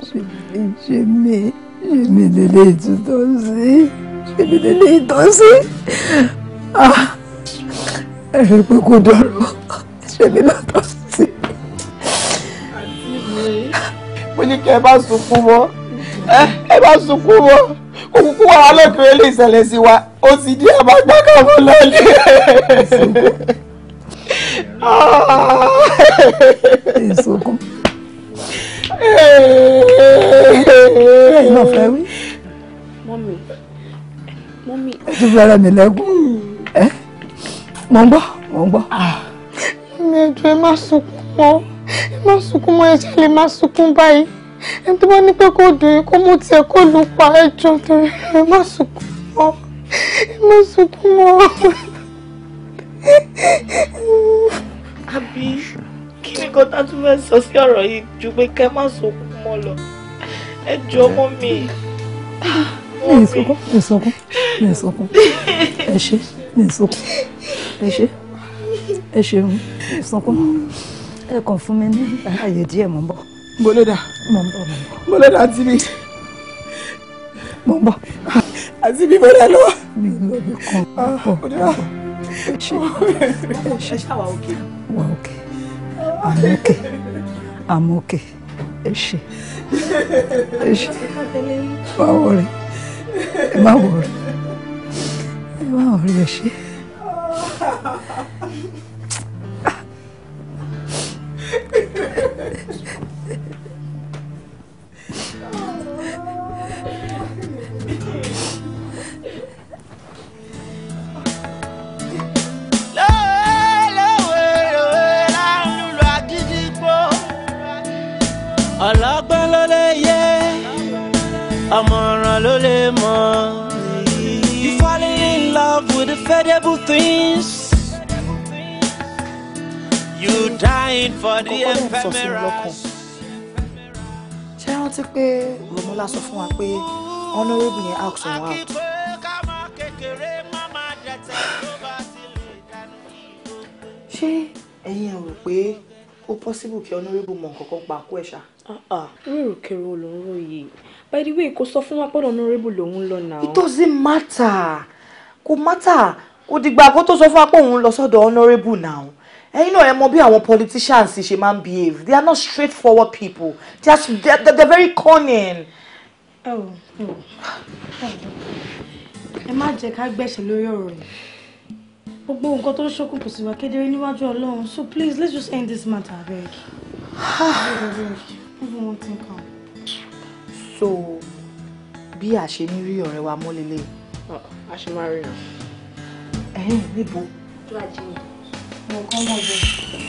ṣèmi ṣèmi ṣèmi lè lè tutọ́ sí ṣèmi lè lè tọ́ sí ẹ̀rí pé kò dọ̀rọ̀ ṣe ní látọ̀ sí. mo ní kí ẹ bá sunkún mọ́ ẹ bá sunkún mọ́ kò kúkú wà wá lọ́kàn ilé ìṣẹ̀lẹ̀ sí wa ó ti di àbá gbàgbọ́ lọ́lẹ̀. ìsunkún ẹ̀yin náà fẹ́ wí. mọ́mí mọ́mí. ẹ ti fi ara mi lẹ́gùn mò ń gbọ́ mò ń gbọ́. Ah. ẹ̀mí ẹ̀jọ̀ ẹ má sunkún mọ́ ẹ má sunkún mọ́ ẹ̀jẹ̀ lè má sunkún báyìí ẹni tó bá ní pé kó dùn yín kó mú tiẹ̀ kó lù pa ẹ̀jọ̀ torí ẹ má sunkún mọ́ ẹ má sunkún mọ́. àbí kí ni kọ́tà tún fẹ́ sọ sí ọ̀rọ̀ yìí ju pé kẹ́ má sunkún mọ́ lọ ẹ jọ̀ọ́ ọmọ mi. mi ò sọkún mi ò sọkún mi ò sọkún ẹ ṣe mi ò sọkún ẹ ṣe ẹ ṣeun ẹ kàn fún mi ní ààyè díẹ̀ mò ń bọ̀. bọ́lódà mò ń bọ̀ mò ń lọ. mi ò lọ bí kan ṣe ah, ẹ ṣe wà òkè. wà òkè àmọ́ òkè ẹ ṣe ẹ ṣe wà wọ̀rẹ̀ ẹ má wọ̀rẹ̀ ẹ wá ọ̀rẹ́ ẹ ṣe. ọlọ́gbọ́n ló lè yé ọmọràn ló lè mọ̀ love with affordable things. You died for the ephemeras. ṣé rántí pé lọ́mọ́lá sọ fún wa pé honourable yẹn ask on wa. ṣé ẹ̀yin ẹ̀ rò pé ó possible kí honourable mọ nǹkan kan pa kó ẹ̀ ṣá. Ah, ah, rírò kẹrù ló ń ròyìn by the way kò sọ fún wa pé honourable lòun lọ nà. it doesn't matter kò mátà kò dìgbà kó tó sọ fún apò òun lọ sọ́dọ̀ honourable now ẹ̀yin náà ẹ mọ̀ bí àwọn politicians ṣe máa ń behave they are not straightforward people they are they are, they are very cunning. ẹ má jẹ́ ká gbẹ̀ṣẹ̀ lórí ọ̀rọ̀ yìí gbogbo nǹkan tó ń ṣokùnkùn sí wa kedere níwájú Ọlọ́run so please let's just end this matter abeg. so bí a ṣe ní rí ọ̀rẹ́ wa mọ́lélẹ́yìn. Uh-uh a ṣe máa rí nà. ẹ̀yìn níbo. tó a jí mi. mo kọ́ mọ́ bẹ́ẹ̀.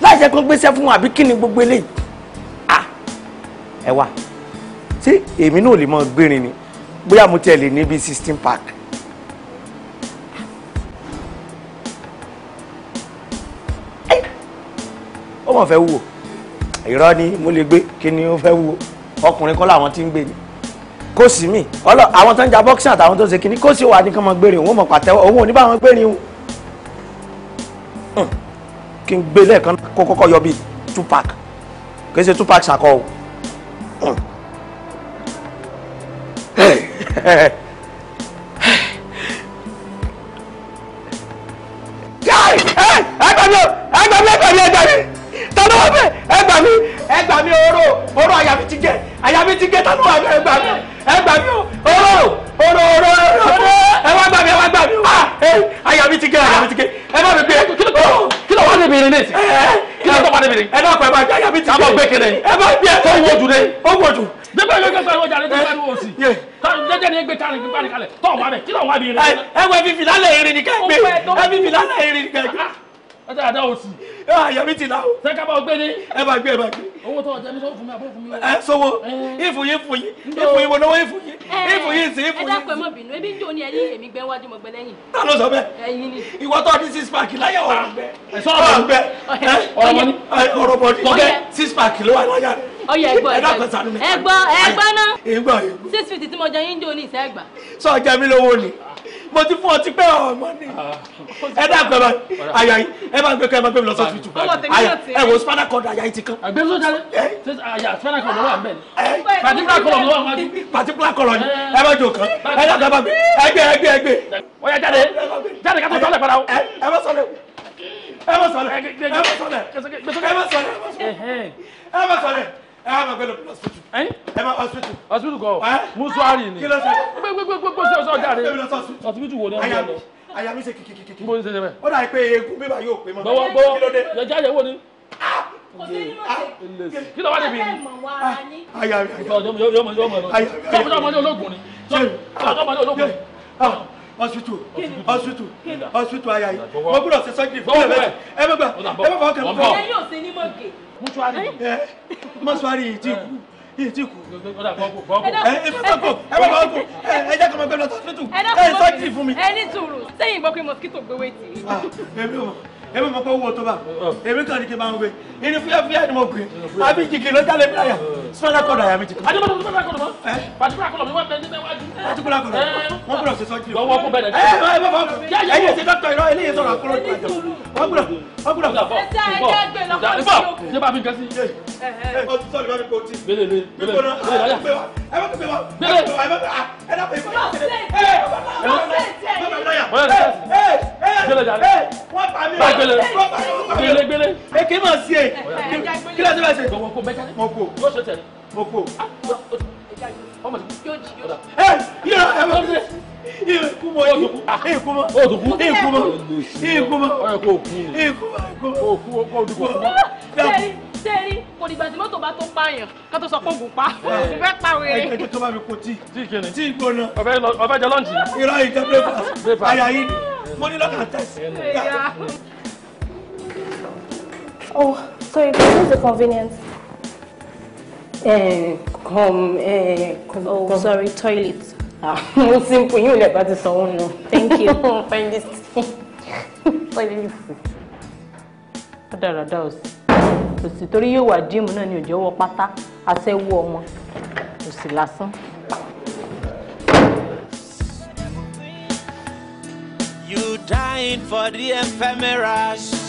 láìsẹ̀ kan gbéṣẹ́ fún àbí kí ni gbogbo eléyìí à ah, ẹ wá ṣé èmi náà lè mọ gbérin ni bóyá mo tiẹ̀ lè ní bíi sixteen pack. ó mọ̀ fẹ́ wúwo irọ́ ni mo lè gbé kí ni ó fẹ́ wúwo ọkùnrin kọ́ làwọn tí ń gbé ni kò sí mi ọlọ àwọn tó ń ja boxing àtàwọn tó ṣe kínní kò sí wà ní kán mọ gbèrè òun mọ pàtẹ́wọ́ òun ò ní bá wọn gbèrè òun kí n gbé lẹ́ẹ̀kan kó kọ́kọ́ yọ bíi two pack kì í ṣe two pack ṣàkọ o. ẹgbà mi ẹgbà mi ẹgbà mi ẹgbà mi tọ́lá wà bẹ́ẹ̀ ẹgbà mi ẹgbà mi oró oró àyà mi ti gé àyà mi ti gé tọ́lá wà bẹ́ẹ̀ ẹ gbà mí o oró oró oró oró ẹ wá gbà mí ẹ wá gbà mí o àyà ah, mi ti gé àyà mi ti gé ẹ bá mi gbé kí ló kí ló wà níbi irin nìyí kí ló tó wà níbi irin ẹ náà pẹ bá gbé àyà mi ti gé àbọ̀ gbé kele ẹ bá gbé ẹ tó wọ jù dé ó wọ jù. débẹ̀ ló gbé pariwo jà lẹ́tọ́ pariwo òsì jẹjẹ ni gbé tani gbé kalẹ̀ tó wà bẹ̀ kí ló wà bí irin. ẹ wọ ẹ fi fìlà lẹ̀ irin ni kẹ́ gbé ẹ fi fìlà lẹ̀ irin ni kẹ́ gbé. Ah, ẹ tẹ́ àdá òsì àyà ah, mi ti là o. sẹ́ka bá o gbé ni. ẹ bá gbé ẹ bá gbé. owó tó ọjà mi sọ fún mi àbọ̀ fún mi. ẹ sọwọ́ ìfòyín fòyín ìfòyín wọn náwó ìfòyín ìfòyín sí ìfòyín. ẹ dákun ẹ mọ bínú ebi ń jó ni ẹyin èmi gbẹ wájú mo gbẹ lẹ́yìn. ta ló sọ bẹ́ẹ̀. ẹyin ni. ìwọ tó ọdún six pack láyà ọ̀rọ̀ gbẹ. ọ̀rọ̀ gbẹ. ọ̀rọ̀ bọ̀dí. six pack ló wà láyà rẹ̀ ọyọ ẹgbọ ẹgbọ ẹgbọ náà six fifty tí mo jẹ yín jó ní ìsẹgbà. sọ ọjà mi lówó ni mo ti fún ọ ti pẹ́ ọmọ ni ẹ dá àgbẹ̀ bá àyà yìí ẹ bá gbé kọ́ ẹ bá gbé mi lọ sọ́ọ̀tù tù ẹ wo spinal cord àyà yìí ti kán. àgbẹ̀ ló dáre àyà spinal cord lọ́wọ́ àmì bẹ́ẹ̀ particular colour lọ́wọ́ àmì bẹ́ẹ̀ particular colour ni ẹ bá jò kan ẹ dá àgbẹ̀ bá gbé ẹ gbé ẹ gbé ẹ gbé. ó yá jáde jáde ká tó sọ́ọ̀lẹ̀ padà o. ẹ bá sọ́ọ̀lẹ̀ ẹ bá sọ́ọ̀lẹ̀ ẹ bá sọ́ọ̀lẹ̀ ẹ bá sọ́ọ̀lẹ̀ ẹ bá sọ́ọ̀lẹ̀ ẹ á máa gbé lọ bí hospital. ẹ máa hospital. hospital kọ musuari ni. kí ló ṣe. gbégbégbégbé sí ọsọ ọjà rẹ. hospital wo ni wọn lọ. àyà mi ṣe kìkìkìkì. n bó ṣe ṣe bẹ. ó dà pé eegun bíbá yóò pé mọ. bọwọ bọwọ yẹjẹ àyẹ̀wò ni. Ah! Ah! kí ló wá débi. àyà ah! mi àyà mi. yọmọ yọmọ yọmọ ọmọdé ológun ni. ọmọdé ológun ni hospital hospital hospital ayayi mo gbọ́dọ̀ ṣe sọgidi fún ẹ bẹ ẹ bẹ gbà ẹ bẹ fọwọ́ kẹ mọ. ẹ yóò ṣe ní mọ̀gẹ̀ mọ́ṣúárì ẹ mọ́ṣúárì yìí ti kú yìí ti kú. ẹ bá bọ̀ ẹ bá bọ̀ ẹ jẹ́ kọ́mọ gbẹ́dọ̀ tó tó tù ẹ sọ́ọ̀tì fún mi. ẹ ní sùúrù sẹ́yìn gbọ́ pé mosquito gbé wẹ́ẹ̀tì. Ah, èmi mọ̀ pé owó tó bá èmi kàn ní kí n máa ń gbé inú fúyàfúyà ni mo gbé àbí jìgì ló jálẹ̀ bí àyà spinal cord àyà mi ti kọ́. àdébàtà mi spinal cord mọ́ pàtíkùlà kọlọ̀ mi wá bẹ níbẹ̀ wájú. pàtíkùlà kọlọ̀ wọ́n gbọ́dọ̀ ṣe sọ́jú. lọ́wọ́ kó bẹ̀rẹ̀ jẹ́. ẹ ẹ bá bá ẹyẹ ṣe dọ́tọ̀ ìrọ̀ eléyìí sọ̀rọ̀ àkúrò ìgbàjọ. wọ́n gbọ́dọ̀ wọ́n gbọ́dọ̀. ẹsẹ̀ ẹ̀jẹ̀ gbé lọ́kọ̀ sí òkú. ṣé bá mi gẹ́ sí. ọtí sọ̀rọ̀ ìbámi kò tí. gbélé gbélé gbélé gbélé gbélé gbélé gbélé gbélé gbélé gbélé gbélé gbélé. ẹ kì í máa sí ẹ kí ló dé bá ṣe. mo kò mẹjáde mo kò yóò ṣe tẹ̀lé mo kò. Ah, ọmọ ti yóò jí yóò dà. ẹ yóò ẹ bá mi ìkúmọ ìkúmọ ìkúmọ ìkúmọ ìkúmọ ìkúmọ ìkúmọ. sẹ́rí sẹ́rí kò dìgbà tí mọ́tò bá tó pààyàn ká tó sọ pé ògùn pa ògùn fẹ́ pa wèrè. ẹjọ́ tó bá mi kó tíì tíì kìnnì tíì gbóná. ọ̀fẹ́ lọ ọ̀fẹ́ jẹ lọ́ọ̀jì. irọ́ ìjẹ́ pépà àyà yìí mo ní lọ́kàn tẹ̀sí. Oh, sorry, this is a convenience. Eh, come, eh. come, oh, come. sorry, toilet. Ah, simple, you never did so no. Thank you. Find this. Toilet. Adara, that was. kò sí torí yóò wà díìmù náà ní òjò wọ pátá aṣẹ́wó ọmọ kò sí lásán. You dying for the ephemeras.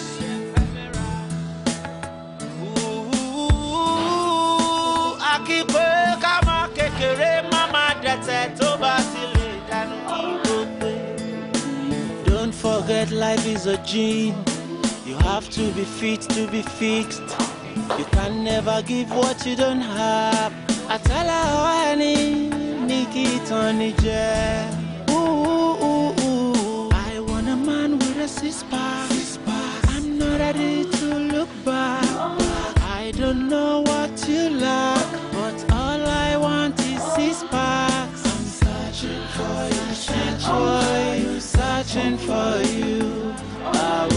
pé. Don't forget life is a gene. You have to be fit to be fixed. You can never give what you don't have. Àtàlà ọ̀hẹ́ ni ní kí tán ni ooh ooh ooh. I want a man with a six Six pack. I'm not ready to look back. I don't know. for you, searching for you. I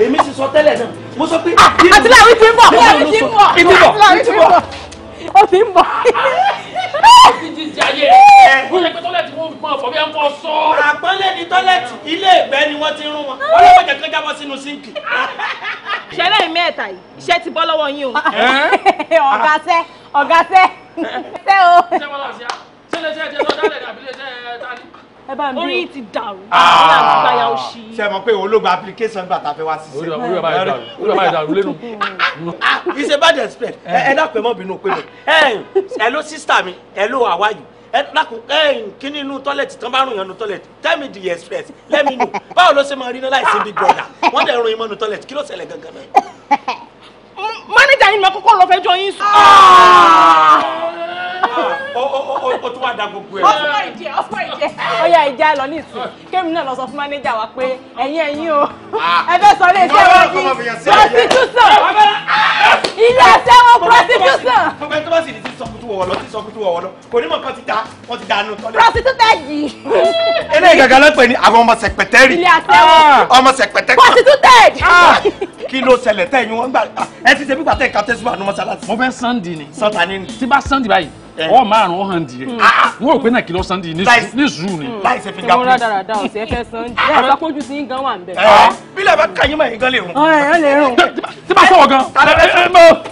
èmi ti sọ tẹ́lẹ̀ náà mo sọ pé. Ah, àti láwí ti ń bọ̀ láwí ti ń bọ̀ láwí ti ń bọ̀ ó ti ń bọ̀. ó ti di jayé ẹ ó ṣe pé tọ́lẹ̀tì wọn mọ ọ̀fọ̀ bí ẹ ń fọ sọ. àpọ́nlé ni tọ́lẹ̀tì ilé ìgbẹ́ ni wọ́n ti rún wọn wọ́n ah. lọ́wọ́ jẹ́ kí wọ́n jábọ́ sínú síǹkì. ìṣẹ̀lẹ̀ yìí mẹ́ẹ̀ta yìí iṣẹ́ ti bọ́ lọ́wọ́ yín o. Eh? ọ̀gá ah. sẹ́ ọ̀gá sẹ́ sẹ́ o. ṣé wọ́n lọ sí a ṣé lè ṣe ẹ̀ ẹ bá ń bí o orí ti dàrú ní àgbáyà òṣì. ṣe mọ̀ pé olóògbé application gbà tá a fẹ́ wá sí. olóògbé bá yà dàrú olóògbé bá yà dàrú lẹ́nu. Ah, it's a bad expect eh. eh, eh, ẹ dápẹ́ mọ́ bínú pé mi ẹ ló sísítà mi ẹ ló àwa yìí ẹ dákun ẹ kíní inú tọ́lẹ̀tì tán bá rùn yàn nù tọ́lẹ̀tì tell me the express let me know báwo ló ṣe máa rí iná láìsí big brother wọ́n dẹ̀ rún imọ́ nù tọ́lẹ̀tì kí ló ṣẹlẹ̀ gangan náà. manager yín máa kọ́kọ́ lọ fẹjọ́ yín sùn. o tún wá da gbogbo ẹ. ọ̀pọ̀ ìjẹ́ ọ̀pọ̀ ìjẹ́ ọ̀yà ìjà lọ ní ìsìn kémi náà lọ sọ fún manager wa pé ẹ̀yin ẹ̀yin o ẹ fẹ́ sọ ilé iṣẹ́ wọn di prostitution ilé iṣẹ́ wọn prostitution. ọgbẹ́ tó bá sì ní sí sọkútù wọ̀wọ̀ lọ sí sọkútù wọ̀wọ̀ lọ kò ní mọ̀ nǹkan ti da wọ́n ti dànù tọ́lẹ̀. prostitute yìí. eléyìí gàgà ló pè ní àwọn ọmọ sẹpẹtẹrì. ilé iṣẹ́ wọn ọmọ sẹpẹtẹrì. prostitute. kí ló ṣẹlẹ̀ tẹ̀yìn wọn gbà ẹ ti ṣe bí pàtẹ́ ìka tẹ́sùbà ní mọ́sálásí. mo fẹ́ sànńdì ni. sọ́ta ni. tí bá sànńdì báyìí ọ márùn ọ hàn dìé ah, ah. n ò pé náà kìlọ sànńdì ní zuu ni. Mm. láì ṣe fi ga kú. tòmọ́ra dára dá ọ̀sẹ̀ fẹ́ sànńdì. yàrá ìsọkójú ti ń gan wà ń bẹ̀. bílẹ̀ bá kàyé mọ̀ ìgan lè rùn. ọ̀rẹ́ ẹ lè rùn. tí bá sọ̀rọ̀ gan.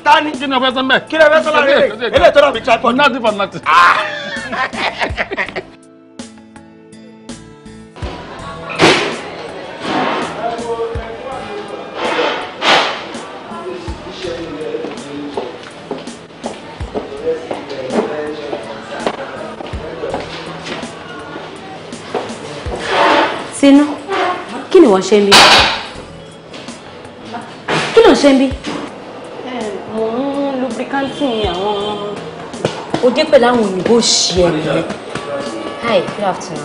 tani kí ni ọ̀fẹ́ sọ́nbẹ̀. kí ni ọ̀fẹ́ sọ́nbẹ̀. ilé ìtọ́jú mi tripod. nothing for nothing. Ah. Sínú, kí ni wọ́n ṣe ń bí? Kí ló ń ṣe ń bí? Mò ń lubricanti àwọn òde pẹ̀lú àwọn òyìnbó ṣì ẹ̀ rẹ̀. Hi, good afternoon.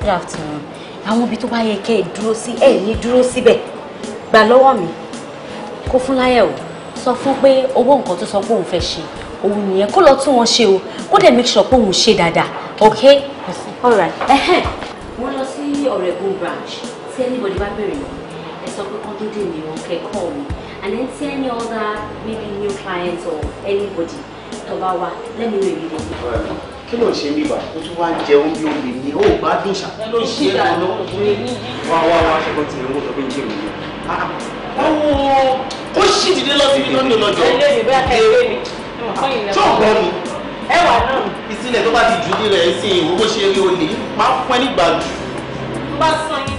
Good afternoon. Àwọn ibi tó bá yẹ kẹ́ ẹ dúró sí ẹ̀ ní dúró síbẹ̀. Gbà lọ́wọ́ mi, kó fún láyẹ̀ o sọ fún pé owó nǹkan tó sọ pé òun fẹ́ ṣe òun nìyẹn kó lọ tún wọn ṣe o kó dẹ̀ make sure pé òun ṣe dáadáa ok all right. wọ́n lọ sí sí Oregon branch tí anybody bá bèrè yìí ẹ sọ pé kán tó dé mi wọn kẹ́kọ̀ọ́ mi and then tí any other maybe new clients or anybody tó bá wá let me rí lẹ́yìn. kí ló ń ṣe bíbà ó tún wá ń jẹun bí omi ni ó bá dùn ṣá. ló ń ṣe é lọ wá wá wá ṣẹ́gun tí ìrànwọ́ tó fi ń jẹ́ mi. báwo ó sì dìde lọ síbi tó ń lò lọ́jọ́. ẹ lè ní bẹ́ẹ̀ kẹ́ ẹ ní. tó ń bọ́ mi ẹwà náà. ìsílẹ̀ tó bá ti jù nílẹ̀ sí ìwúwo ṣe rí olè máa fún ẹ nígbà jù tó bá sọ yín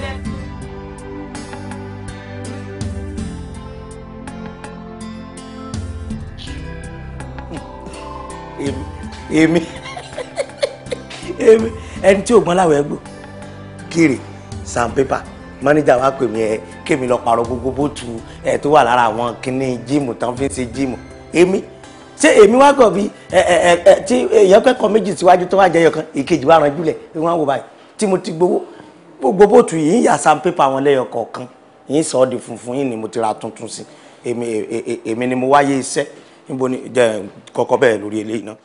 lẹ́nu. èmi èmi ẹni tí ò gbọ́n ẹgbò kiri sandpaper manager wa pè mí ẹ kémi lọ pààrọ̀ gbogbo bóòtù ẹ tó wà lára àwọn kinní jíìmù tán fi ń ṣe jíìmù èmi ṣé èmi wá gọ̀ bí ẹ ẹ ẹ tí èèyàn kẹ́kọ̀ọ́ méjì síwájú tó wá jẹyọ kan ìkejì wa ranjú lẹ̀ ẹ wọ́n wò báyìí tí mo ti gbowó gbogbo bóòtù yìí ń yà sandpaper wọn lẹ́yọ kọ̀ọ̀kan yìí sọ ọ́ di funfun yìí ni mo ti ra tuntun sí èmi ni mo wáyé iṣẹ́ níbo ni jẹ́ kọ́kọ́ bẹ́ẹ̀ lórí eléyìí náà.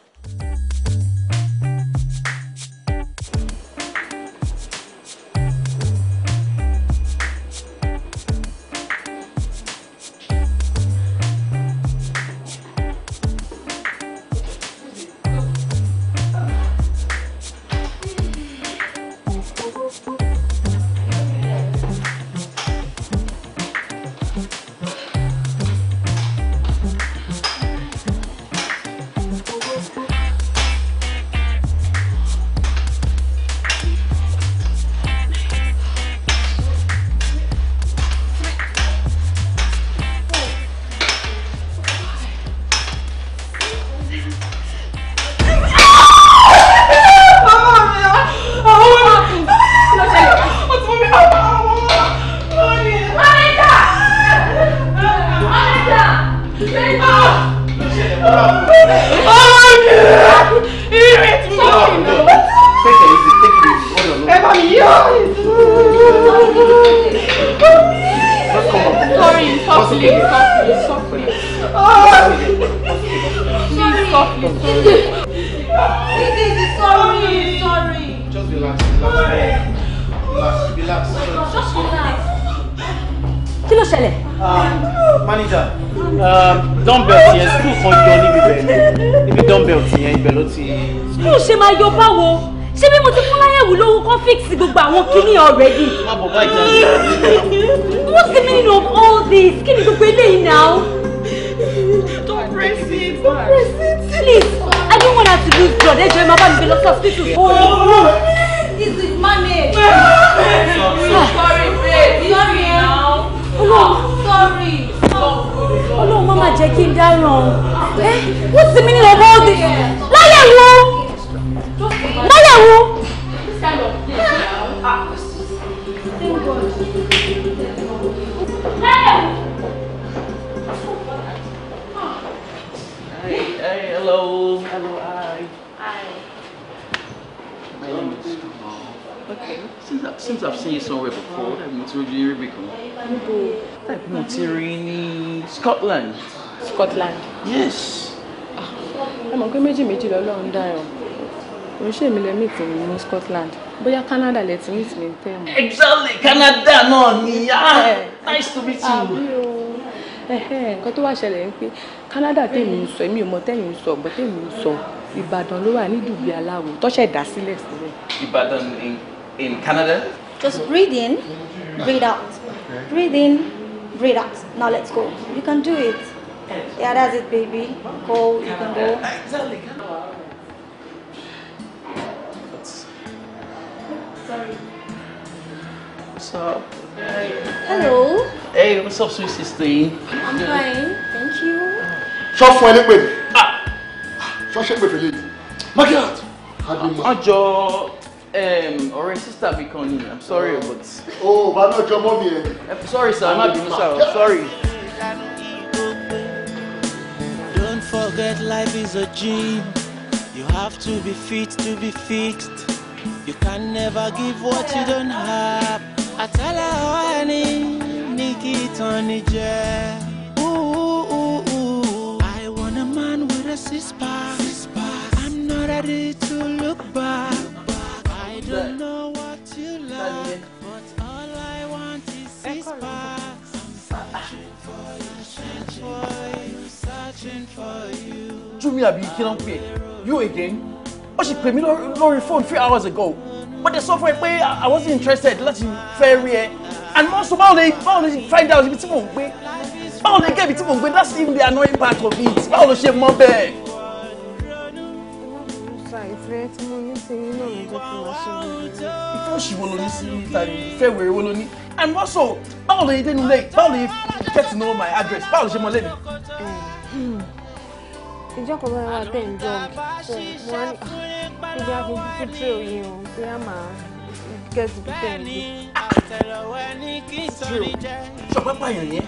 Scotland bóyá Canada lè ti meet mi tẹ́ mọ́. exactly Canada náà ni ah, eh, nice to meet you. nǹkan tó wá ṣẹlẹ̀ ni pé Canada tèmi ń sọ èmi ò mọ tẹ́yìn ń sọ ọ̀gbọ́n tèmi ń sọ Ìbàdàn ló wà ní dùbí aláwo tọ́ṣẹ̀ dá sílẹ̀ sílẹ̀. Ìbàdàn in in Canada. just breathe in breathe out breathe in breathe out now let's go you can do it. Yeah, that's it, baby. Go, you can go. Hello. Hey, what's up, sweet sister? I'm fine, thank you. Ṣọ́ fún ẹ ní pèlè. Ṣọ́ ṣe ń pèfè lè. Margaret. Ọjọ́ ọ̀rẹ́ sísá mi kan ni, I'm sorry oh. but. O bá náà jọ mọ́ mi eh, Sorry sir, má bínú sir, sorry. Don't forget life is a gym. You have to be fit to be fixed. You can never give what you don't have àtàlà wa ni ní kí tán ni jẹ́. I want a man with a six pack. Six pack. I'm not ready to look back. Look back. I don't know what you like, but all I want is six packs. I'm searching for you, searching for you, searching for you. Jumi àbí kí ló ń pè? You again? Ó ṣì pè mí lórí phone three hours ago. But the software, fún I wasn't interested láti fẹ́ rí ẹ and mo sọ báwo lè báwo lè find out ibi tí mò ń gbé báwo lè gé ibi tí mò ń gbé that's even the annoying part of it báwo ló ṣe mọ bẹ́ẹ̀. ìfẹ́ òṣìwò ló ní sí ìtàní ìfẹ́ wèrè wo ló ní and also báwo lè dénú lẹ́yìn báwo lè get to know my address báwo lè ṣe mọ lẹ́nu. Mm. Hmm. ìjọkọ̀ bá wà bẹ́ẹ̀ ń jọ mo wá ní ibi àfojúsí tírè òye o bóyá màá gẹ́sì bí tẹ̀ ní. tírè o ṣọpẹ́ pààyàn yẹn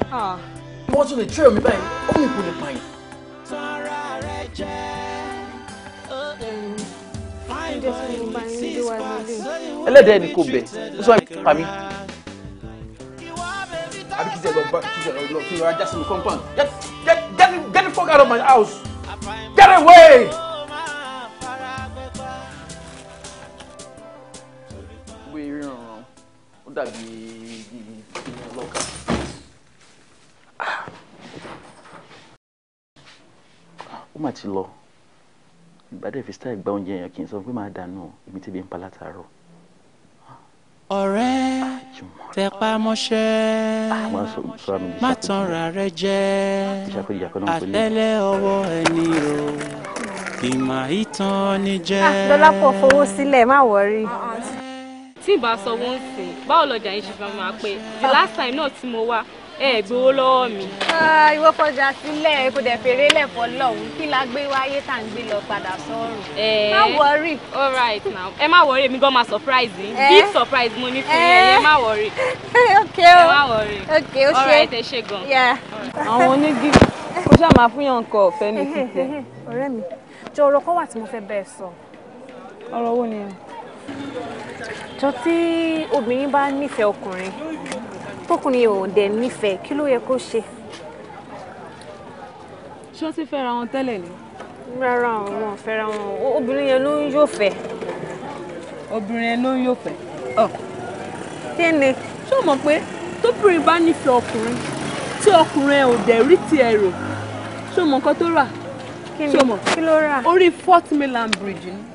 wọ́n tún lè tírè mi báyìí ó mú ìkùn lè pààyàn. tọ́ra rẹ̀ jẹ́ ẹlẹ́dẹ̀ẹ́ ni kò bẹ̀ ó sọ ìpa mi àbí kìí ṣe lọ kìí ṣe lọ kí n yọra jásí mi compound get get get get the fuck out of my house get away. ó dàbí ìgbìmọ̀ ọlọ́ka. ó mà ti lọ ìbádẹ́ fi style gba oúnjẹ yẹn kì í sọ pé máa dànù èmi tí bí ń pa látàárọ̀. ọ̀rẹ́ tẹpá mọ́ṣẹ́ má tan ra rẹ jẹ àtẹ́lẹ̀ ọwọ́ ẹni o ìmọ̀ ìtàn ni jẹ́. lọ́lápọ̀ ah, fowó sílẹ̀ má wọrí tí ìbá sanwó ń sìn báwo lọjà yìí ṣe fẹ́ máa pé the last time náà tí mo wá ẹ gbowó lọ́wọ́ mi. Ah, ìwọ fọjà sílẹ̀ kò dẹ̀ fèrè lẹ̀fọ́ lọ́hùn kí la gbé wáyé tá à ń gbé lọ padà sọ́run. má wọrí. all right now ẹ má wọrí èmi gan ma surprise yín big surprise mo ní fún yín ẹ má wọrí. ok o ẹ má wọrí. ok o ṣe all right ẹ ṣe gan. àwọn onígi kò ṣáà máa fún yàn nǹkan ọ̀fẹ́ ní títẹ. ọ̀rẹ́ mi jọ ọ̀rọ̀ kan wà tí mo fẹ́ bẹ́ẹ̀ sọ. ọ̀rọ̀ wo ni jọ tí obìnrin bá nífẹ̀ẹ́ ọkùnrin tókùnrin ò dẹ̀ nífẹ̀ẹ́ kí ló yẹ kó ṣe. ṣé ó ti fẹ́ra wọn tẹ́lẹ̀ ni. rárá àwọn ò fẹ́ra wọn obìnrin yẹn ló ń yóò fẹ́. obìnrin yẹn ló ń yóò fẹ́. kí ni. ṣé o mọ̀ pé tóbìnrin bá nífẹ̀ẹ́ ọkùnrin tí ọkùnrin ò dẹ̀ rí tiẹ̀ rò ṣé o mọ̀ nǹkan tó rà. kí ni kí ló rà. orí Fort Milan Bridge ni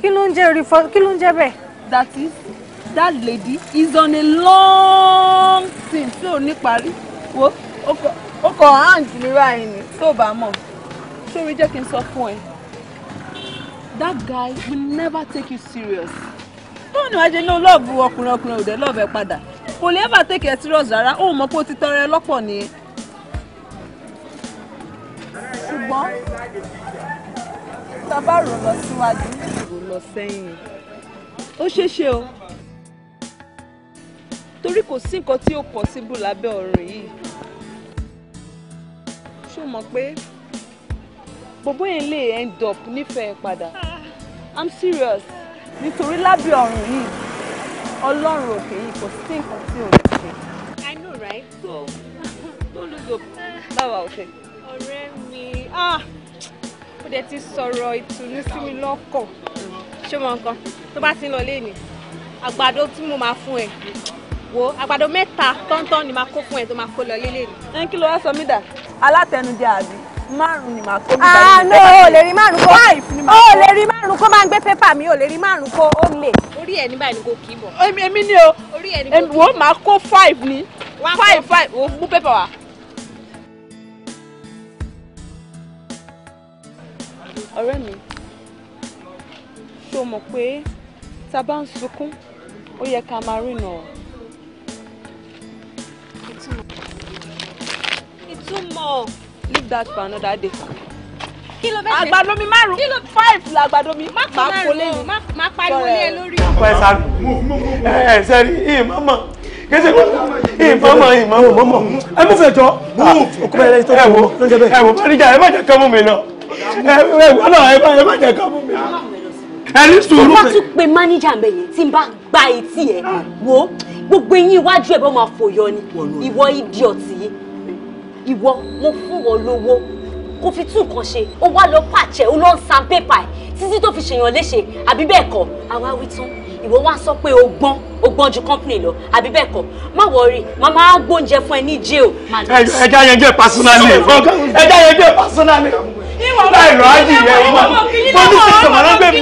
kí ló ń jẹ́ refund kí ló ń jẹ́ bẹ́ẹ̀. that is that lady is on a long thing tí ò ní parí wo ó kọ hand nira ẹ̀ ní tó bá mọ̀ sórí jẹ́ kí n sọ fún ẹ that guy will never take you serious tóun ni wàá jẹ ní olóòbù ọkùnrin ọkùnrin òde lọ́ọ̀bẹ padà kò lè ever take you serious rárá òun mọ̀ pé ó ti tọrẹ lọ́pọ̀ nìyẹn ṣùgbọ́n bá rò lọ síwájú. rò lọ sẹ́yìn ó ṣeéṣe o torí kò sí nǹkan tí ó possible lábẹ́ ọ̀run yìí ṣó mọ̀ pé bòbó yẹn lè end up nífẹ̀ẹ́ padà i'm serious nítorí lábẹ́ ọ̀run yìí ọlọ́run òkè yìí kò sí nǹkan tí ò lè ṣe. i know right so don't lose hope báwa ò fẹ́. ọ̀rẹ́ mi ah ó dẹ̀ ti sọ̀rọ̀ ìtùnú sí mi lọ́kàn ṣé mo nǹkan tó bá ti ń lọ léèní àgbàdo tí mo máa fún ẹ wo àgbàdo mẹ́ta tọ́ntọ́n ni máa kó fún ẹ tó máa kó lọ léèní. ẹ kí ló wá sọ mí dà alátẹnujẹ àbí márùn ni màá kó mi bá yẹn. àná o lè rí márùn kó o lè rí márùn kó máa ń gbé pépà mi o lè rí márùn kó o lè. orí ẹ ní báyìí ni kò kì í bọ̀. èmi ni o èmi wo máa kó five ni five five wo mú pépà wá. ọ̀rẹ́ mi ṣó mọ̀ pé tá a bá ń sunkún ó yẹ ká máa rìnà ìtumọ̀ leave that for another day. kí ló fẹ́ ṣe àgbàdo mi márùn-ún five làgbàdo mi má kó lẹ́nu má pariwo lé ẹ lórí. ọkọ ẹ sáré ẹ ẹ sẹ́rí ìmọ̀ mọ̀ kẹsẹ kọ ìmọ̀mọ̀ ìmọ̀mọ̀ mọ̀mọ̀ ẹ mú fẹ́ jọ ọkùnrin ah, ẹ lẹ́yìn tó kọ́ ló ń jẹ bẹ́ẹ̀. ẹ wò bá níjà ẹ má jẹ kán mú mi náà ẹ̀wọ̀n náà ẹ má jẹ́ ká mú mi. ẹni sùúrù. wọ́n tún pe mánéjà mi yìí tí n bá gba etí ẹ̀ wo gbogbo eyín iwájú ẹ̀ bọ́ máa fòyọ ni ìwọ idiọ̀tì yìí ìwọ mo fún ọ lówó kò fi tún nǹkan ṣe ó wá lọ pàṣẹ ó lọ ń san pépà ẹ títí tó fi ṣèyàn léṣe àbí bẹ́ẹ̀ kọ́ àwa wí tán ìwọ wá sọ pé o gbọ́n o gbọ́n ju company lọ àbí bẹ́ẹ̀ kọ́ má wọrí má máa gbóúnjẹ fún ẹ ní jail. ẹja yẹn jẹ personally ẹja yẹn jẹ personally láì lọ ájì yẹ wọn mo ní sísè mọ lọgbẹ mi.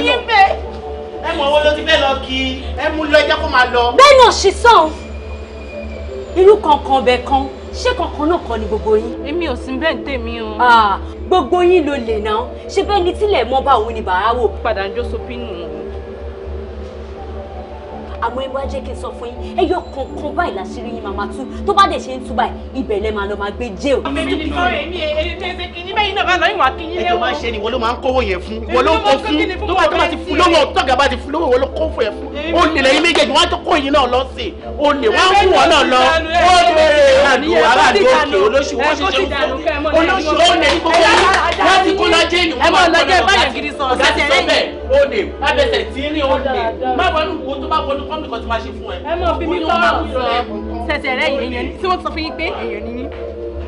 ẹ mọ owó ló ti fẹ́ lọ kí ẹ mú lọ ẹ jẹ́ kó máa lọ. bẹ́ẹ̀ náà ṣe sàn irú kankan ọbẹ̀ kan ṣé kankan náà kọ́ ni gbogbo yín. èmi ò sí bẹ́ẹ̀ tèmi o. Ah, gbogbo yín ló lè náà ṣé bẹ́ẹ̀ ni tílẹ̀ mọ́ bá òun ni bàá wò. padà ń jó sopínù àmọ́ ẹ wá jẹ́ kí n sọ fún yín ẹyọ kankan báyìí láṣìírí yín màmá tú tó bá dẹ̀ ṣe ń tú báyìí ibẹ̀ lẹ́ máa lọ máa gbé jail. èmi ni sọ̀rọ̀ èmi èmi kìíní bẹ́yìn náà máa lọ ìwà kìíní lẹ́wọ̀. ẹjọ́ máa ṣe ni wọ́n ló máa ń kówó yẹn fún wọ́n ló kó fún tó tó bá ti fún lówó tọ́gà bá ti fún lówó wọ́n ló kó fún yẹn fún ó lè lẹ́yìn méjèèjì wọ́n á tó kó yìí náà lọ sí ó lè wọ́n á fún wọn náà lọ ó lè àdúgbò aráàlú òkè olóṣù wọ́n ṣe ó lè ní gbogbo yìí láti kó lọ jẹ́ ìlú máa lọ jẹ́ báyọ̀ gidi Old name. olè abẹsẹ̀ tí ní olè má wọnú wo tó bá wọnú kọ́mí kan tí máa ṣe fún ẹ. ẹ mọ fi mi tọrọ sọ sẹsẹ rẹ èèyàn ni tí wọn sọ fún yín pé èèyàn ni yín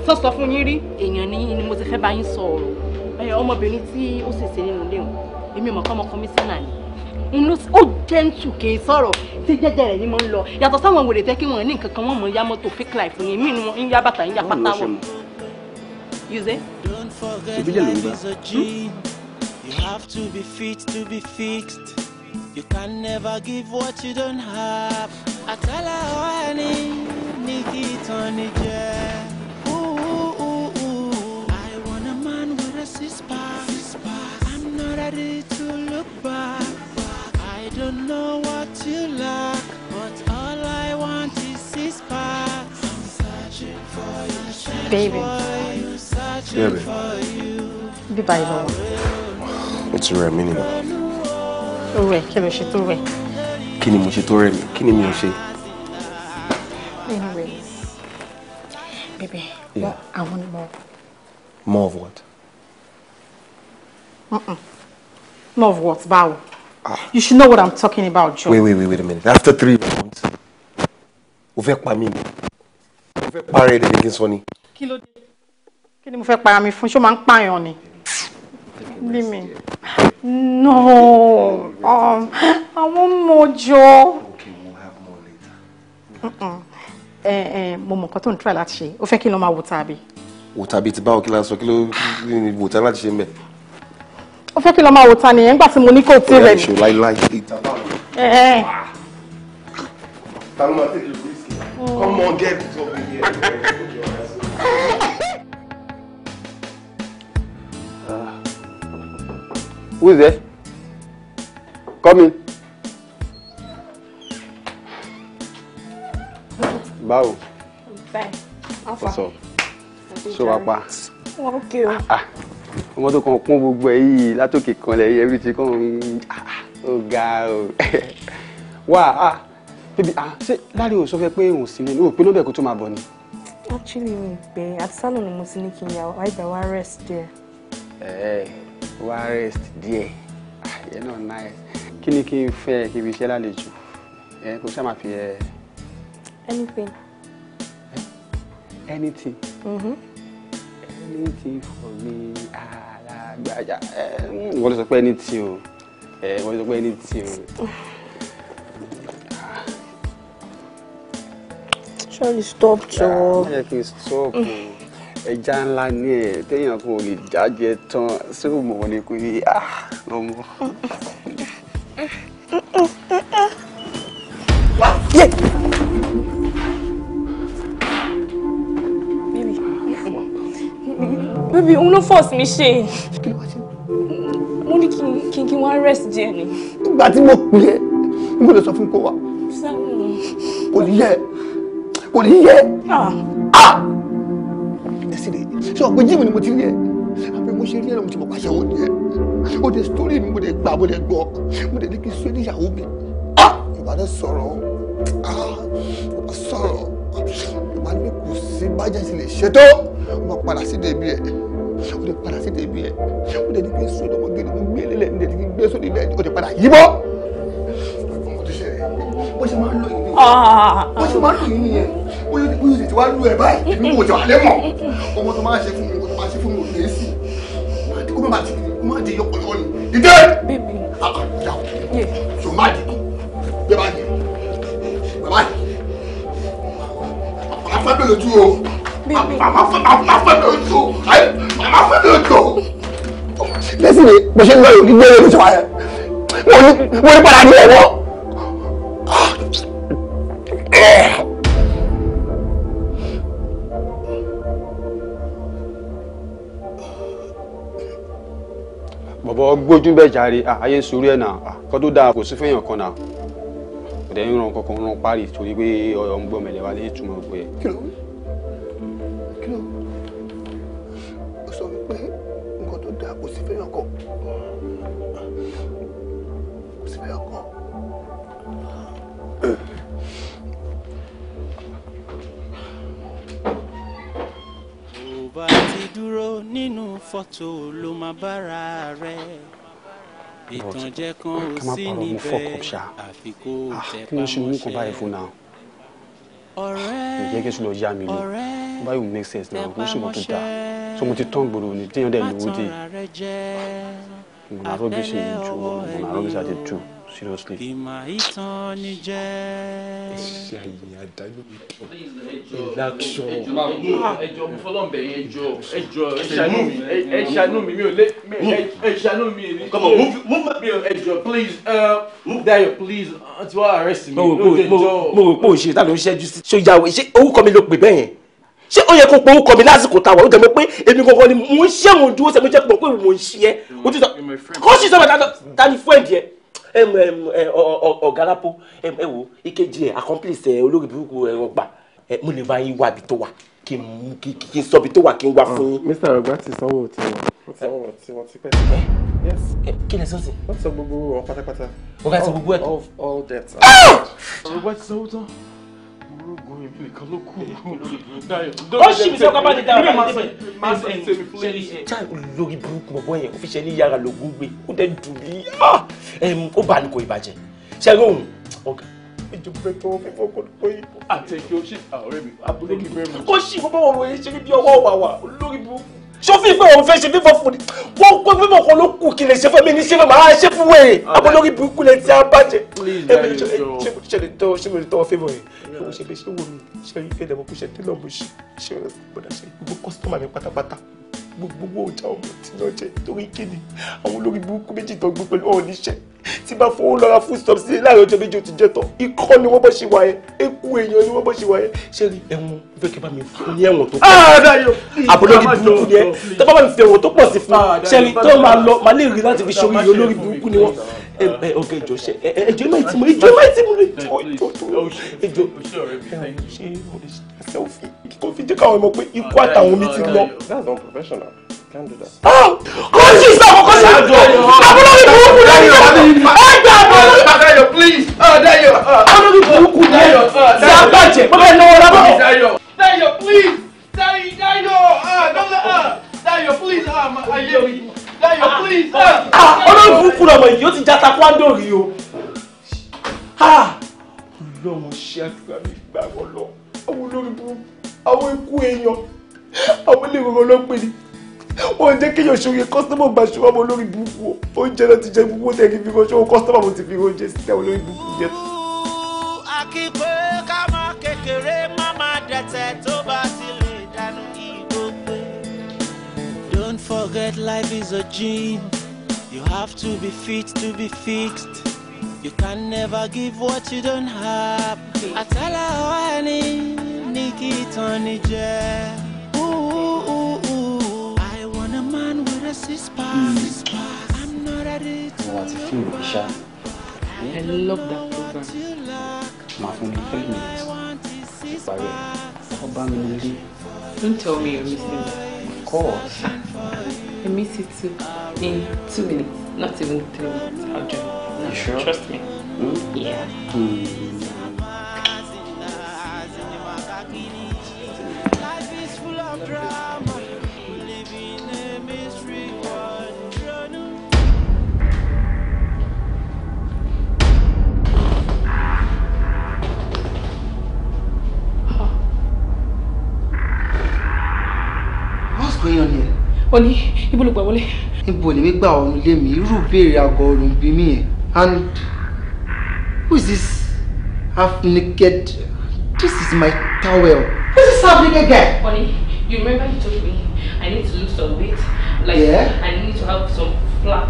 sọ sọ fún yín rí èèyàn ni yín ni mo ti fẹ́ bá yín sọ ọ̀rọ̀ ọmọbìnrin tí ó ṣèṣe nínú ilé wọn èmi mọ̀ kọ́mọ kọmísánná ni inú ó gentle kì í sọ̀rọ̀ tí jẹ́jẹ́ rẹ̀ ni mo ń lọ yàtọ̀ sáwọn wèrè tẹ́ kí wọ́n ní nǹkan kan wọ́n mọ̀ ń yá mọ́tò fake life ni mí ni wọ́n ń yá bàtà ń yá pátá wọ̀. ṣèbíjẹ́ ló ń gbà. You have to be fit to be fixed. You can never give what you don't have. Àkàlà wa ni ní kí ìtàn I want a man with a six pack. I'm not ready to look back. I don't know what you lack, but all I want is six pack. I'm searching for you. Baby. Baby. Bí báyìí lọ wá ó ti rẹ̀ mí nìyẹn. ó rẹ̀ kí ló ṣe tó rẹ̀. kí ni mo ṣe tó rẹ̀ mi kí ni mi ò ṣe. Baby, yeah. Well, I want more. More of what? Uh mm More of what, báwo? Ah. You should know what I'm talking about, Joe. Wait, wait, wait, wait a minute. After three rounds, o fẹ́ pa mí ni. O fẹ́ pa ara ẹ̀ dẹ̀ ní kí sọ ni. Kí ló dé? Kí ni mo fẹ́ para mi fún? Ṣé o máa ń pààyàn ni? dime No. Um, I want more job. Okay, we'll have more later. Mm-mm. Eh, eh, mo mọ̀ nǹkan tó ń try láti ṣe. Ó fẹ́ kí n lọ máa wo tàbí. Wo tàbí ti báwo kí la sọ kí ló ní wo tàbí láti ṣe mo ní kò tí rẹ̀. Ó yà ìṣòro láíláí. Ẹ̀ẹ́. Ta mm. Come on, get it over here. Who's is there? Come in. Báwo. Bẹ́ẹ̀, ọ̀fà. Ọ̀sọ̀. so wàá pa? I'm kí o. come ah, ah. tó kàn kún gbogbo ẹ̀ yìí látòkè kan lẹ̀ yẹ baby. kan ó ga o. Wà á bíbi à ṣé láre ò sọ fẹ́ pé òun sí ni o pinnu bẹ́ẹ̀ kó tó máa bọ̀ ni. Actually mi gbẹ àtisálò ni mo ti ní kí n yà rest there. Ẹ̀ẹ́ wá rest díẹ̀ ah, yẹn náà nice kí ni kí n fẹ́ kí ibi iṣẹ́ lálejò ẹ kò sábà fi ẹ. anything. Eh? anything. mm anything for me alágbájá ah, hmm, ẹ wọ́n lè sọ pé anything o Eh, wọ́n lè sọ pé anything o. surely stop Joe. Yeah, jẹ́ kí stop o. Mm ẹja ńlá ni ẹ téèyàn kan ò lè jájẹ tán sí òmùwọ ni pé ọmọ. bébí òun ló force mi ṣe mo ní kí n kí n wá rest díẹ̀ ni. ìgbà tí mo pè é mo lè sọ fún kó wa kò ní yẹ kò ní yẹ. Ah. Ah! ẹsẹ̀ rẹ̀ ṣé ọ̀pẹ jíìmù ni mo ti rí ẹ àbí mo ṣe rí ẹ náà mo ti mọ̀ pàṣẹ wọn nìyẹn ó de sítórì mi mo de gbà mo de gbọ́ mo de ní kí sọ ní ìyàwó mi ìbàdàn ah! sọ̀rọ̀ ìbàdàn ah! sọ̀rọ̀ ìbàdàn mi kò sí bájà sí lè ṣètò mo padà sí débi ẹ̀ o de padà sí débi ẹ̀ o de ní kí sọ ìdánwò gidi mo gbé lélẹ̀ ní de ní gbé sóde ilẹ̀ o de padà yíbọ́ bó ṣe máa ń lọ yìí ah! bó ṣe máa ń lọ yìí nìyẹn bóyá ní bóyá ti wá lu ẹ̀ báyìí èmi wò ti wà lẹ́mọ̀ ọmọ tó máa ṣe fún mi ọmọ tó máa ṣe fún mi ò lè sí máa di kó má ti kó má di yọkọyọ ni dídé àkàndà yóò má di kú bẹ́ẹ̀ bá yẹ bàbá yìí àfẹ́ bẹ̀rẹ̀ ojú o àfẹ́ bẹ̀rẹ̀ ojú o àfẹ́ bẹ̀rẹ̀ ojú o. lẹ́sìn ni bó ṣe ń lọ yòókì gbé ẹ̀rọ ìṣọ̀wá yẹn wọ́n ní padà ní ẹ̀wọ́. jọ gbójú bẹ́ẹ̀ jàre ayé sórí ẹ̀ náà kọ́ tó dáa kò sí fẹ́yàn kan náà ọ̀dẹ̀ ń ran kankan ran parí torí pé ọ̀yọ́ ń gbọ́ mẹ́lẹ̀ wá lè túmọ̀ gbé ẹ̀. dúró nínú fọ́tò ló máa bára rẹ̀ ìtànjẹ kan ò sí níbẹ̀ àfi kó ah, tẹpá mọ́ṣẹ́ ọ̀rẹ́ ọ̀rẹ́ báyìí make sense náà kò sùn tó dáa ní seriously. ìmọ̀ ìtàn ni jẹ́. ẹ̀ṣẹ̀ àyìn àdáyọ̀ mi kì í látsọ. ẹjọ mo fọlọ́ bẹ̀ yẹn ẹjọ ẹjọ ẹṣanú mi ẹṣanú mi mi ò lé ẹṣanú mi èmi. come on move move mi ò ẹjọ please uh, move Dayo please uh, ti wá arrest mi lóde jọ. mo rò pé òṣèré tá ló ń ṣẹ́jú sí. ṣé ìyàwó ṣé orúkọ mi ló pè bẹ́ẹ̀ yẹn ṣé ó yẹ kó pe orúkọ mi lásìkò tá a wà ó jẹ mọ pé èmi gangan ni mò ń ṣe mò ń dúró sẹ mo jẹ pé mo ń ṣe é. kó sì sọ ma ta ni fúẹ̀dì yẹn ọ̀gálápó ẹ wo ìkejì ẹ accomplice ẹ olórí burúkú ẹ ọgbà ẹ mo lè bá yín wá ibi tó wà kí n kí n sọ ibi tó wà kí n wá fún yín. Ah, Mr. ọgbà ti sanwó tiwọn tiwọn tipẹ́ tipẹ́. Eh, eh, kí ni sọ́ọ̀sì. wọ́n ti sọ gbogbo ọ̀ pátápátá. ọ̀gá ti sọ gbogbo ẹ̀ tán. all debts. ọ̀gbà ah! ti sanwó tán ológun èmi nìkan ló kù ó sì mi sọ kábàá ní dára bá débẹ̀ máa ṣe ṣe mi fún mi. táì olórí burúkú bọ̀bọ̀ yẹn ó fi ṣe ní yàrá lògùn gbé ó dẹ̀ dùn mí ó bá ní kò ìbàjẹ́ ṣe é lóhùn ọ̀gá ìjọba tó fífọ́ kókó yìí. àtẹ̀jọ́ ṣe àwọn ọ̀rẹ́ mi abúlé kí n bẹ́ẹ̀ mú. ó sì fọ́ bọ́wọ́ wọ̀nyí ṣe bí ọwọ́ wàwà olórí burúkú sọfí pé òun fẹ́ ṣe fífọ́ fún mi wọ́n pé mímọ̀ kan ló kù kí lè ṣe fún mi ní ṣe fún mi àá ṣe fún wèrè abọ́lórí burúkú lè ti abájẹ. ṣé lè tọ́ ṣé lè tọ́ fífọ́ yẹn ṣé mo ṣe lè ṣe wò mí ṣé ìfẹ́ ìdàgbàsókè ṣe tẹ́lọ̀ mo ṣe ṣe gbọ́dọ̀ ṣe gbogbo kọ́sítọ́mà mi pátápátá gbogbo owó ọjà ọmọ tí lọ jẹ torí kíni àwọn olórí burúkú méjì tó gbé pẹ̀lú ọ̀ọ́ níṣẹ́ tí bá fowó lọ́ra full stop sí láàrin ọjọ́ méjì ó ti jẹ́ tán ikọ́ ni wọ́n bọ́ ṣe wáyé eku èèyàn ni wọ́n bọ́ ṣe wáyé ṣé rí ẹ̀wọ̀n fẹ́ kí bá mi fún ní ẹ̀wọ̀n tó pọ̀ ah, àbúlórí burúkú ni ẹ tó bá mi fi ẹ̀wọ̀n tó pọ̀ sí fún ah, ṣé rí tó máa lọ máa lè rí láti fi ṣorí olórí burúkú ni wọ́n ẹ ọgá ìjọ ṣe ẹjọ máa ti mọ ẹjọ máa ti mọ ẹjọ ẹjọ ṣe mo lè ṣe selfie kò fi jẹ́ káwọn ọmọ pé ikú àtàwọn omi ti lọ. that's not professional can't do that. kò sí ìsọ àkọ́kọ́ sí àjọ àbúrò mi burúkú náà uh, yọ uh, uh, ẹ gbà bọ́. Dayo please Dayo àbúrò mi burúkú náà yọ sí àbàjẹ́ bọ́bá ẹ̀ náwó rábọ̀. Dayo please Dayo Dayo. Dayo please ah ma ayé you Dayo ah, please ah, ah. ah. Ọlọ́run burúkú lọmọ yìí ó ti já takwando rí o. Ọlọ́run ṣe àdúrà mi gbàgbọ́ lọ. Àwọn olórí burúkú àwọn ikú èèyàn àwọn ilé ìwòrán ló pè ní. Wọ́n jẹ́ kéèyàn ṣòye kọ́sítọ́mọ̀ gba ṣùgbọ́n ọmọ olórí burúkú o. Oúnjẹ náà ti jẹ gbogbo tẹ̀ kí fi ránṣẹ́ o kọ́sítọ́mọ̀ mo ti fi ránṣẹ́ sí àwọn olórí burúkú jẹ. Àkìpé ká máa kékeré má máa dẹ̀tẹ̀ tó bá forget life is a gym. You have to be fit to be fixed. You can never give what you don't have. I wani nikito nije. I want a man with a six pack. Hmm. I'm not ready to. What's the feel, Isha? I love that program. My phone in three Don't tell me you're missing course. I miss it too. In two minutes, not even three minutes. I'll join. you sure? Trust me. Mm? Yeah. Mm. ó ní ibo ló gbà wọlé. níbo lèmi gbà ọ̀run lé mi irú béèrè àgọ́ ọ̀run bí mi yẹn and who is this half naked this is my towel who is this half naked guy. honey you remember you told me i need to lose some weight like yeah. i need to have some flat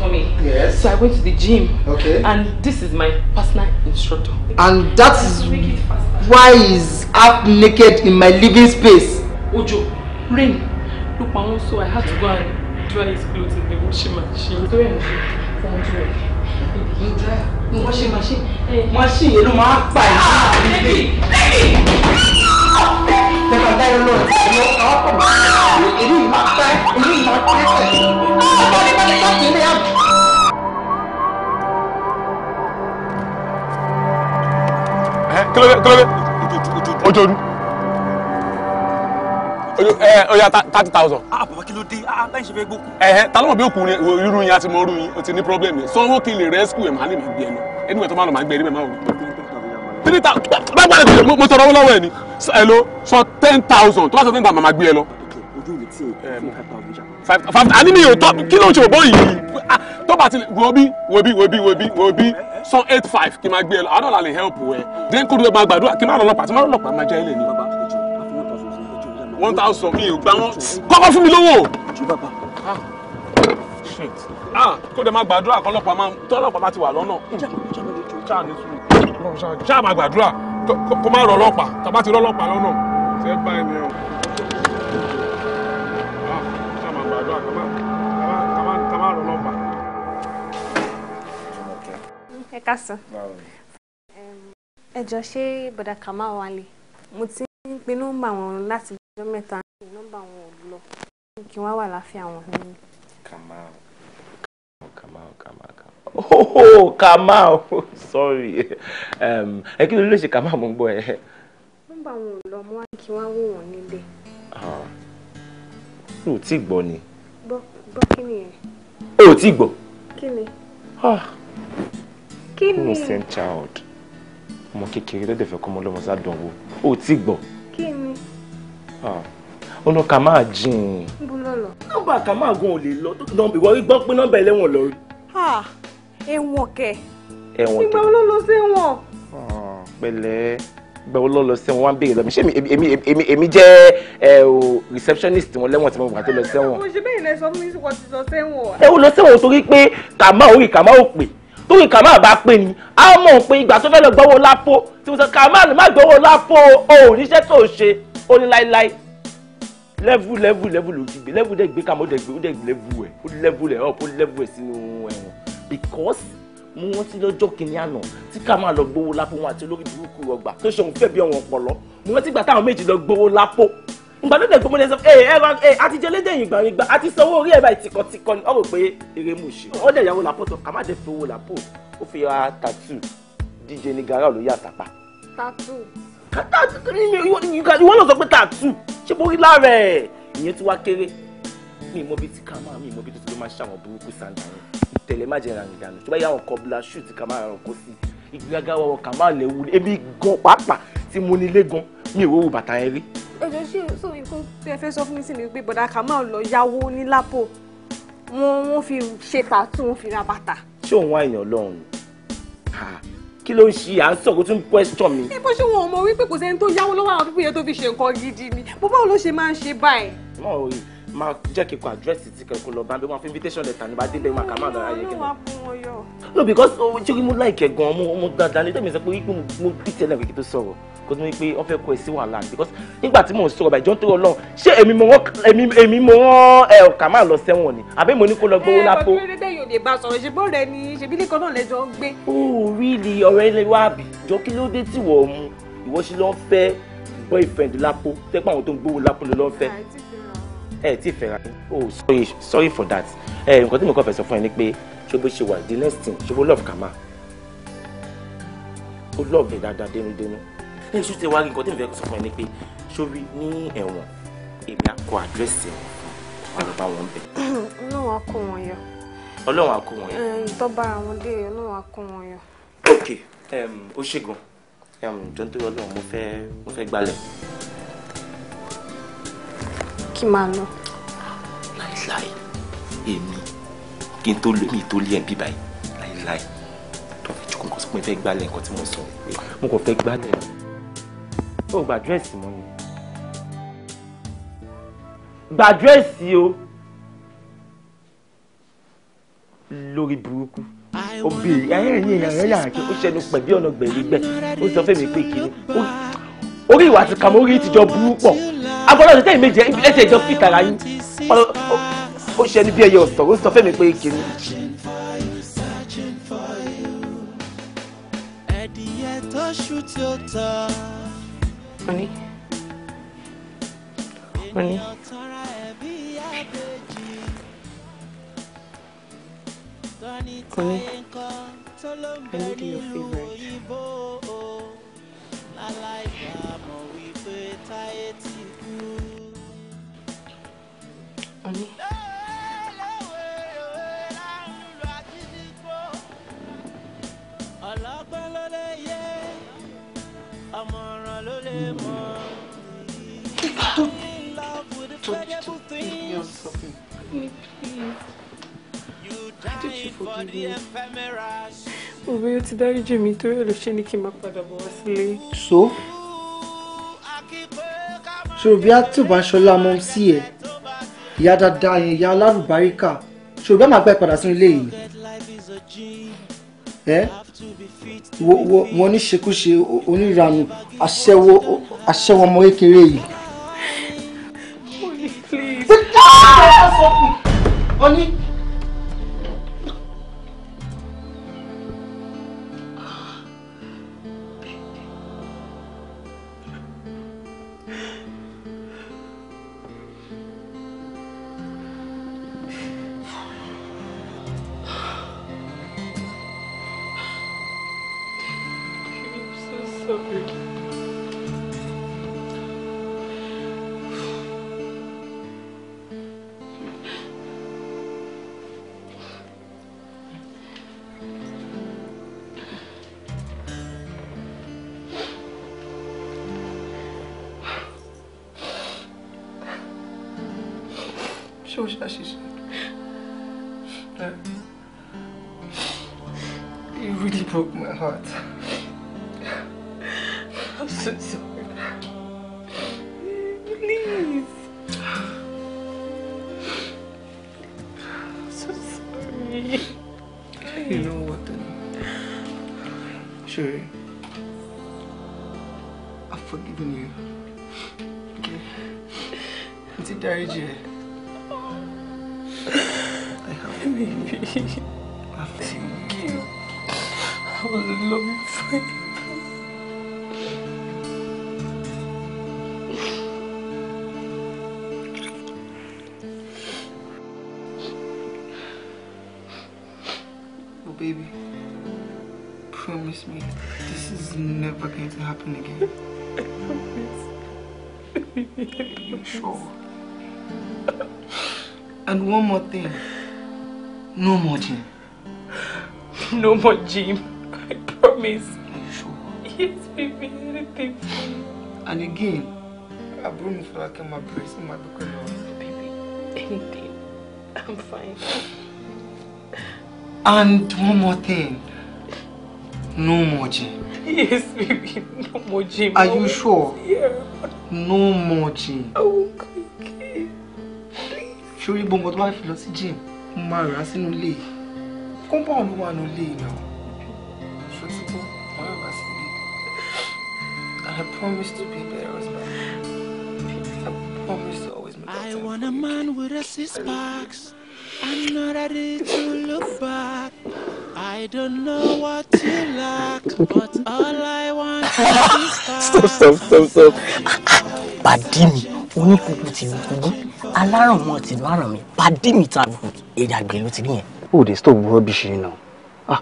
tummy. yes so i went to the gym. okay and this is my personal instructor. and that is why he is half naked in my living space. ojo rain pa so I had to go and dry his clothes in the washing machine. Torí ẹ̀ ṣe fún dry. Ìdí dry ní washing machine. Machine yẹn ló máa ń pa ìlú. Ah, baby! Baby! Tẹ̀ka dáyọ̀ lọ, ẹ̀yọ́ àwọn pọ̀ mọ́. Èmi ìmọ̀ pẹ́, èmi ìmọ̀ pẹ́ pẹ̀lú. Ọ̀pọ̀ ní bá ti bá ti ilé àbọ̀. Kílódé, kílódé, ojú ojú ẹ ọya eh, thirty thousand. ah bàbá kí ló dé ah, ah báyìí ṣe fẹ́ gbókù. ẹhẹ ta ló mọ̀ bí òkùnrin irú yín àti mọ irú yín o ti ní problem yẹn sanwó kí n lè rescue ẹ̀ máa lè máa gbé ẹni ẹni wẹ̀ tó máa lọ máa gbé ẹni bẹ́ẹ̀ máa wò ní. three thousand bá gbàdúrà mo tọrọ owó lọ́wọ́ ẹ̀ ni ẹ lọ sọ ten thousand tó bá sọ ten thousand màmá gbé ẹ lọ ojú mi tí eh, five thousand. àní mi ò tọ́ kí ló ń ṣe òbọ̀ yìí ah, tó bá ti wo bí wo bí wo bí wo bí wo bí san eight five kí n máa gbé ẹ lọ àádọ́là lè help ẹ. then kó dúró máa gbàdúrà kí n máa lọ lọ́pàá tí n máa lọ lọ́pàá máa jẹ́ ilé ni one thousand mi ò gbà wọ́n kọ́kọ́ fún mi lówó. Ah, kó dẹ̀ máa gbàdúrà kọ́lọ́pàá máa tọ́lọ́pàá máa ti wà lọ́nà ṣáà máa gbàdúrà kó má rọ ọlọ́pàá tàbá ti rọ ọlọ́pàá lọ́nà ṣe é bá ẹni ah, ọ. ẹ káàsán ẹ jọ ṣé bọ̀dà Kamal wálé mo ti ń pinnu ń láti ọjọ́ mẹ́ta ní nọ́mbà wọn ò lọ kí wọ́n wà láfíà wọn ní. Kamau Kamau Kamau Kamau oh Kamau sorry ẹ kí ló lè ṣe Kamau mo ń gbọ́ ẹ. nọ́mbà wọn ò lọ mo wá kí wọ́n wò wọ́n nílé. o ò tí gbọ́ ni. gbọ́ gbọ́ kí ni ẹ. o ò tí gbọ́. kí ni. kí ni. innocent child ọmọ kékeré ló dẹ̀ fẹ́ kọ́ ọmọ lọ́mọ sá dánwò ò tí gbọ́. kí ni. Ah. ó lọ kà máa jìn. bó lọ lọ. nọ́mbà kà máa gan ò lè lọ tó nọ́mbà ìwọ gbọ́ pé nọ́mbà ẹlẹ́wọ̀n lọ. ẹ̀wọ̀n kẹ̀. ẹ̀wọ̀n kẹ̀. ìgbà wo ló lọ sẹ́wọ̀n. Ah, pẹ̀lẹ́ ìgbà wo ló lọ sẹ́wọ̀n wá ń béèrè lọ́mí ṣé èmi jẹ́ receptionist wọn lẹ́wọ̀n tí mo gbà tó lọ sẹ́wọ̀n. mo ṣe bẹ́ẹ̀ ní ẹ sọ fún mi wọ́n ti lọ sẹ́wọ̀n. ẹ ó lọ sẹ́wọ̀n torí pé kà máa orí kà máa ò pè torí kà máa bá pè ní á ó ní láíláí level level level ló ti gbé level dẹ̀ gbé kàmọ́ dẹ̀ gbé ó dẹ̀ gbé level ẹ̀ ó level ẹ̀ up ó level ẹ̀ sínú ẹ̀wọ̀n because mo wọ́n ti lọ́jọ́ kìíní àná tí ká máa lọ gbowó lápò wọn àti olórí burúkú ọgbà tó ṣe òun fẹ́ bí ọ̀wọ̀n ọpọlọ mo wọ́n ti gbà táwọn méjì lọ gbowó lápò ìgbà tó dẹ̀ gbowó lẹ́sọ̀ ẹ ẹ ẹ ẹ àti jẹ́ lédè yìnbọn ìgbà àti sanwó orí ẹ̀rọ ìtìkọ̀tìkọ̀ ni ó rò pé eré mú ṣe ó dẹ̀ yàwó lápò tó àmà dẹ̀ fi owó lápò ó fi ra tattoo DJ ní gara ló yà tàpá. tattoo ìwọ náà sọ pé tattoo ṣé mo rí lára ẹ̀ ìyẹn ti wá kéré mi ì mọ bí ti kámá mi ì mọ bí tó ti ló máa ṣàwọn burúkú sàǹdà yẹn tẹ̀lé má jẹ́ ra rìn dànù tó bá yà wọn kọ bla ṣù tí kámá rà kó sí ìgbéraga wọn kà má lẹ̀ wúlé ebi gan pàápàá tí mo nílé gan mi ò wọ́wọ́ bàtà yẹn rí. ẹjọ ṣé so nǹkan tí ẹ fẹ́ sọ fún mi sí ni pé bọ̀dà kámá lọ yáwó ní lápò wọn wọn fi ṣe tààtù wọn fi ra bàtà. ṣé òun wá èèyàn lọ́rùn kí ló ń ṣe à ń sọ̀rọ̀ tó ń question mi. ẹ bó ṣe wọn ò mọ wípé kò sẹ́ni tó yáwó lọ́wọ́ àwọn pípé tó fi ṣe nǹkan gidi ni bó báwo ló ṣe máa ń ṣe báyìí. mọ o máa jẹ́ kí n kọ àdírẹ́sì tí kẹ́kọ̀ọ́ lọ bá mi wọ́n fi invitation letter ní bá dé bẹ́ẹ̀ máa kà máa lọ ayé kí no because oh, ṣé mo láìkẹ́ gan-an mo dáadáa ní tẹ́mi sọ pé mo bí tẹ́lẹ̀ kí tó sọ̀rọ̀ kó tó ní pé wọ́n fẹ́ kó ẹ sí wàhálà because nígbà tí mò ń sọ̀rọ̀ ìjọ tó lọ ṣé èmi mo wọ́n èmi mo wọ́n ẹ ọ̀kà máa lọ sẹ́wọ̀n ni àbí mo ní kó lọ gbowó lápò. ẹ ọ̀gbìn rẹ̀ yóò lè bá a sọ̀rọ̀ ṣèbó rẹ̀ ni ṣèbí nìkan náà lẹ́jọ́ ń gbé. ó rí i ọ̀rẹ́ ilé wa àbí jọ kí ló dé tí wọ́n mu ìwọ ṣe lọ́ fẹ́ boyfriend lápò tẹ́pọ̀ àwọn tó ń gbowó lápò ló lọ́ fẹ́ ẹ ti fẹ́ra oh sorry sorry for that ẹ nǹkan tí mo kàn fẹ́ sọ fún ẹ ni pé ṣé bó ṣe wà the next thing ṣé bó love kàmá ó love ẹ dáadáa dénúdénú ní iṣu tẹ wá rí nǹkan tí mo fẹ́ sọ fún ẹ ni pé sórí ní ẹ̀wọ̀n èmi á kọ àdírẹ́sì ẹ̀wọ̀n fún wa lọ bá wọn bẹ̀. ọlọ́run á kó wọn yọ. ọlọ́run á kó wọn yọ. ìtọ́ba àwọn dé ọlọ́run á kó wọn yọ. ok ó ṣègùn jọ nítorí ọlọ́run mo fẹ́ mo fẹ́ gbalẹ̀. kí máa lọ. láìláì èmi kí n tó lo èmi tó lé ẹ̀ bíbá yìí láìláì tó fi jókòó nǹkan sọ pé fẹ́ gbalẹ̀ nǹkan tí mo sọ mo kàn fẹ́ gbalẹ̀ ni ó gba dírẹ́sì mọ́ ni gba dírẹ́sì o lórí burúkú obìnrin ẹ̀rín ẹ̀yìn ẹ̀rín ẹ̀yìn àjẹ́ ó ṣẹnu pẹ̀lú ọ̀nà gbẹ̀rígbẹ̀ ó sọ fẹ́mi pé kiri orí ìwà àti kàmú orí ìtìjọ burú pọ̀ agbọ́dọ̀ tẹ́tẹ́ ìmejì ẹsẹ̀ ìjọ fìtàrà yín ó ṣẹnu bí ẹyẹ ọ̀sán ó sọ fẹ́mi pé kiri. tó ṣú tí ó tán. Honey. Honey. Honey. I need your favorite. Honey. touched me on something. Please. Why don't you forgive me? Òbí ó ti dáríjì mi torí ẹ̀ ló ṣe ní kí n máa padà bọ̀ wá sílé. So? Ṣòròbí á tí ò bá ń ṣọlá mọ́ sí ẹ̀. Ìyá dáadáa yẹn, ìyá alárùbáríkà. Ṣòròbí á máa gbá ẹ padà sínú ilé yìí. Ẹ́ wọ́n ní ṣekúṣe onírànù aṣẹ́wó kékeré yìí sí. ṣé kí more thing. No more Jim. No more Jim. I promise. Yes, baby. Anything for you. And again, I bring you for like my breast and my buckle. Baby, anything. I'm fine. And one more thing. No more gym. Yes, baby. No more gym. Are you sure? Yeah. No more gym. Oh, God ṣorí gbogbo tó bá fi lọ sí gym mo rà á sínú ilé yìí compound ló wà nù ilé náà ṣó ti tó máa rà á sí ilé I promise to be a better husband I promise to always make that time I want a man with a six pack. I'm not ready to look back. I don't know what you lack, but all I want is back. Stop, stop, stop, stop. Pàdí mi oníkùkù tìlú kúkú alárànmọ́ tìlú àrànmí pàdé mi tàbùkù èrè àgbẹ̀ ló ti rí yẹn. ó dé stop rubbish yìí náà ah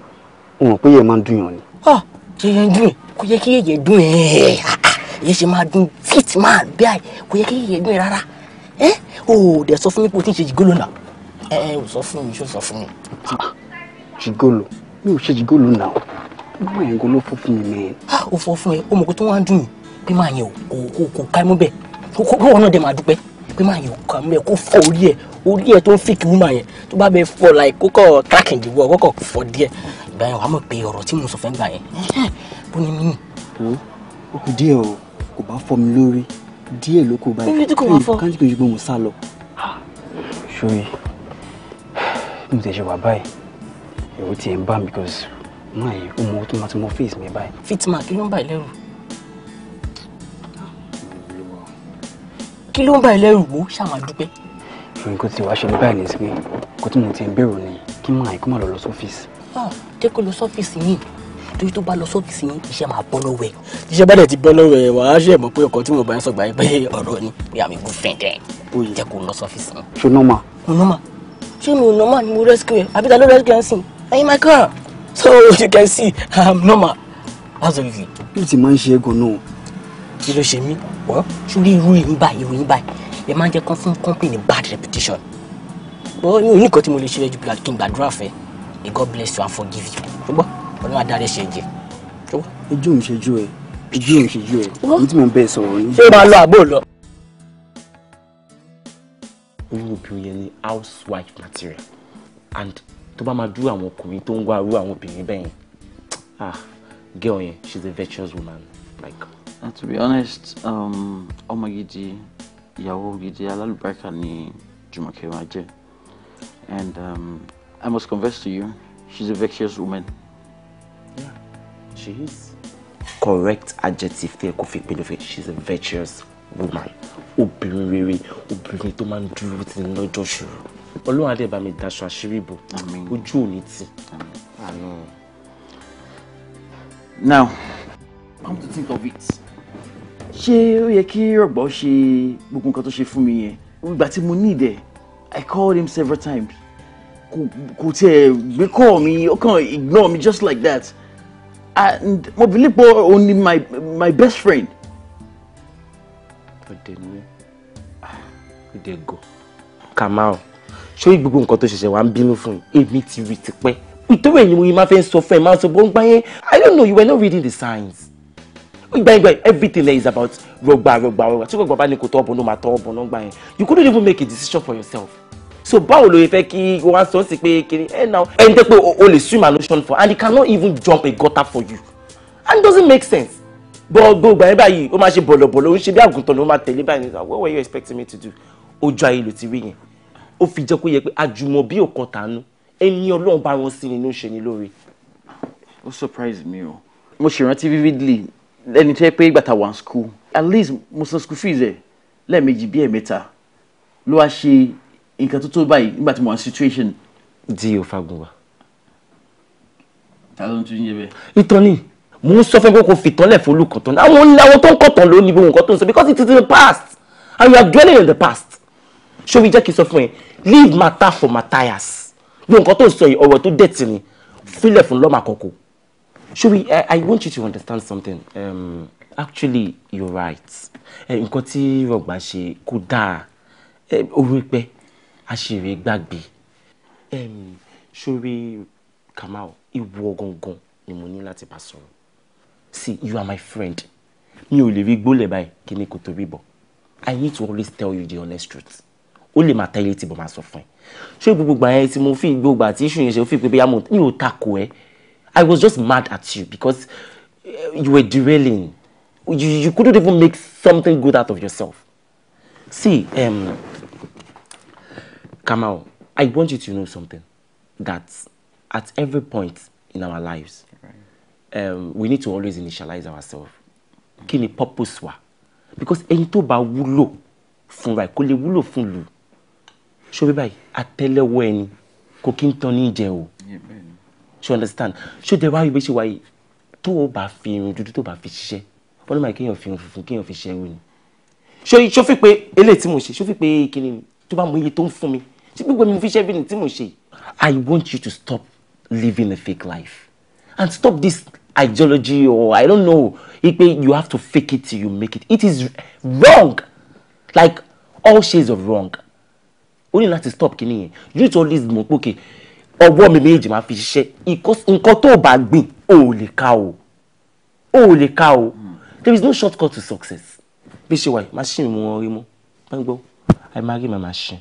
mo mọ̀ pé yẹ máa ń dùn yàn ni. ọ ah, ṣe yẹn dùn kò yẹ kí yẹ dùn ẹ ah, ah, yẹ ṣe máa dùn fit máa bí àì kò yẹ kí yẹ dùn rárá ẹ ò dẹ̀ sọ fún mi pé o ti ń ṣe jìgólò náà ẹ ẹ ò sọ fún mi ṣó sọ fún mi. jìgólò mi ò ṣe jìgólò náà ọmọ yẹn kò ló fọ́ fún mi kó wọn náà dẹ̀ máa dúpẹ́ pé máa yọ kàn mẹ́ kó fọ orí ẹ̀ orí ẹ̀ tó ń fìkì wúmà yẹn tó bá bẹ fọ láì kókọ̀ kákìndínwó kókọ̀ fọ díẹ̀ ìgbà yẹn wàá mọ̀ pé ọ̀rọ̀ tí mo sọ fẹ́ gbà yẹn bó ni mí nì. o kù díẹ̀ o kò bá fọ mi lórí díẹ̀ ló kù báyìí níbi tí kò bá fọ káńtì kò ju pé mo sá lọ. ṣòye bí mo ti ṣe wà báyìí èrò tiẹ̀ ń bá mi because máa yẹ kó mo tó máa tó mọ fèsì mi báyìí. fitmark ló ń bá ẹ lẹ́rù kí ló ń bá ẹ lẹ́rù wò ṣàmà dúpẹ́. nǹkan tí wàá ṣe ní báyìí nìyí kó tí mo ti ń bèrò ni kí máa kó máa lọ lọ sọ́fíìsì. Ah, jẹ́ kó lọ sọ́fíìsì yìí torí tó bá lọ sọ́fíìsì yìí iṣẹ́ máa bọ́ lọ́wọ́ ẹ̀. iṣẹ́ bá dẹ̀ ti bọ́ lọ́wọ́ ẹ̀ wàá ṣe mọ̀ pé ọkọ tí mo bá ń sọ̀gbà ẹ pé ọ̀rọ̀ ni bí àmì gùn fẹ̀ dẹ̀. jẹ́ kó lọ sọ́fíìsì yìí. ṣé nọ́mà. nọ́mà ṣé mi nọ́mà ni mo rescue ẹ àbí ta ló rescue ẹ sìn ẹyin my car so you can see i'm normal absolutely. yóò ti máa ń ṣe é gan náà kí ló ṣe mí wọ́ sórí irú yìí báyìí irú yìí báyìí ẹ máa ń jẹ́ kán fún company bad reputation wọ́n ní oníkan tí mo lè ṣe lẹ́jọ́ bí kí n gbàdúrà fẹ́ God bless you and forgive you ṣùgbọ́n ọlọ́run adarí ṣe jẹ. ojú mi ṣe ju ẹ ojú mi ṣe ju ẹ èyí tí mo bẹ sọ̀rọ̀ yìí. ṣé máa lọ àbó lọ. irú obìnrin yẹn ni housewife material and tó bá máa dúró àwọn ọkùnrin tó ń wá irú àwọn obìnrin bẹ́ẹ̀ yẹn ah girl yẹn she's a virtuous woman like. Uh, to be honest, um, ọmọ gidi, ìyàwó gidi, alálùbáríkà ni Jùmọ̀kẹ́ máa jẹ́. And um, I must confess to you, she's a vexatious woman. Yeah, she is. Correct adjective there, Kofi Pedofe. She's a virtuous woman. Obìnrin rere, obìnrin tó máa ń dúró tì ní lọ́jọ́ ṣòro. Ọlọ́run adé bá mi daṣọ àṣírí bò. Ojú ò ní Now, come to think of it ṣé ó yẹ kí rọ̀gbọ́ ṣe gbogbo nǹkan tó ṣe fún mi yẹn ìgbà tí mo need ẹ̀ I called him several times kò tiẹ̀ gbé call mi ó kàn ignore me just like that and mo believe pé òun my my best friend. ọ̀dẹ̀ ni ọ̀dẹ̀ gọ̀ kamau ṣé gbogbo nǹkan tó ṣẹ̀ṣẹ̀ wá ń bínú fún yìí èmi ti rí tipẹ́ ìtọ́wé ni mo yìí máa fẹ́ sọ fún ẹ máa sọ bó ń gbá I don't know you were not reading the signs gbẹ̀ngbẹ̀ everything there is about rọgbà rọgbà rọgbà tí rọgbà bá ní kò tọ́ ọ̀bùn ló máa tọ́ ọ̀bùn náà gbà yẹn you couldn't even make a decision for yourself so báwo ló yẹ fẹ́ kí wọ́n á sọ ọ́ sí pé kiri ẹ̀ náà ẹni tẹ́ pé o lè swim an ocean for and he cannot even jump a gutter for you and it doesn't make sense bọ́ gbogbo ẹ̀ báyìí ó máa ṣe bọ̀lọ̀bọ̀lọ̀ ó ń ṣe bí àgùntàn ló máa tẹ̀lé báyìí nígbà what were you expecting me to do ojú ayé ló ti rí yẹn ó fi jẹ́ kó yẹ pé àjùmọ̀ bí òkan tàánú ẹni ọlọ́run bá wọn sí ni ló ń ṣe ni lóore. ó surprise mi o mo ṣèrántí vividly lẹ́ni tó yẹ pé gbàtà wà school at least mo san school fees ẹ̀ lẹ́ẹ̀mejì bí ẹ̀mẹ́ta ló wá ṣe nǹkan tó tó báyìí nígbà tí mo wà ní situation. di òfagunwa. ta ló ń tún yé bẹ́ẹ̀. ìtàn ni mo ń sọ fún pé kò fìtàn lẹ̀ fún olùkọ̀tàn náà àwọn àwọn tó ń kọ̀tàn ló ní gbogbo nǹkan tó ń sọ because it is in the past and you are dwelling in the past. ṣé o fi jẹ́ kí n sọ fún ẹ leave matter for Matthias gbogbo nǹkan tó ń sọ yìí ọ̀rọ̀ tó dẹ̀ tì ní fílẹ̀ fún lọ́mọ àkọ́kọ́ Shobi, I, I want you to understand something. Um, actually, you're right. Eh, nǹkan tí Rọ̀gbà ṣe kò dáa. Orí pẹ́, àṣírí gbàgbé. Ṣorí um, Kamau, ìwọ gangan ni mo ní láti bá sọ̀rọ̀. See, you are my friend. Mi ò lè rí gbólẹ̀ báyìí kí ni kò tó bọ̀. I need to always tell you the honest truth. Ó lè máa tẹ́lẹ̀ tí mo máa sọ fún ẹ. Ṣé gbogbo gbà yẹn tí mo fi gbogbo àti iṣu yẹn ṣe fi pé bí yá mi ò takò ẹ́. I was just mad at you because uh, you were derailing. You, you couldn't even make something good out of yourself. See, um, Kamau, I want you to know something. That at every point in our lives, right. um, we need to always initialize ourselves. Kí ni purpose Because ento ba wulo wúlò fúnra ẹ̀ kó lè wúlò fún lù. Ṣé o bí báyìí? Àtẹ́lẹwọ́ ẹni Yeah, ṣe understand ṣó tẹ wáyé bí ṣe wáyé tó o bá fi irun dúdú tó o bá fi ṣiṣẹ́ wọ́n ní kéèyàn fi irun funfun kéèyàn fi ṣe ẹrú ni ṣó fi pé eléyìí tí mo ṣe ṣó fi pé kíni tó bá mọ iye tó ń fún mi tí gbogbo mi fi ṣe bí ni tí mo ṣe I want you to stop living a fake life and stop this ideology or I don't know ipe you have to fake it till you make it it is wrong like all shades of wrong o ní láti stop kíni yẹn you need to always mọ̀ pé okay ọwọ́ mi méjì máa fi ṣiṣẹ́ nǹkan tó bá gbìn o ò lè ká o o ò lè ká o there is no shortcut to success bí ṣe wà yìí machine mo rọrí mọ́ ẹ i marry my machine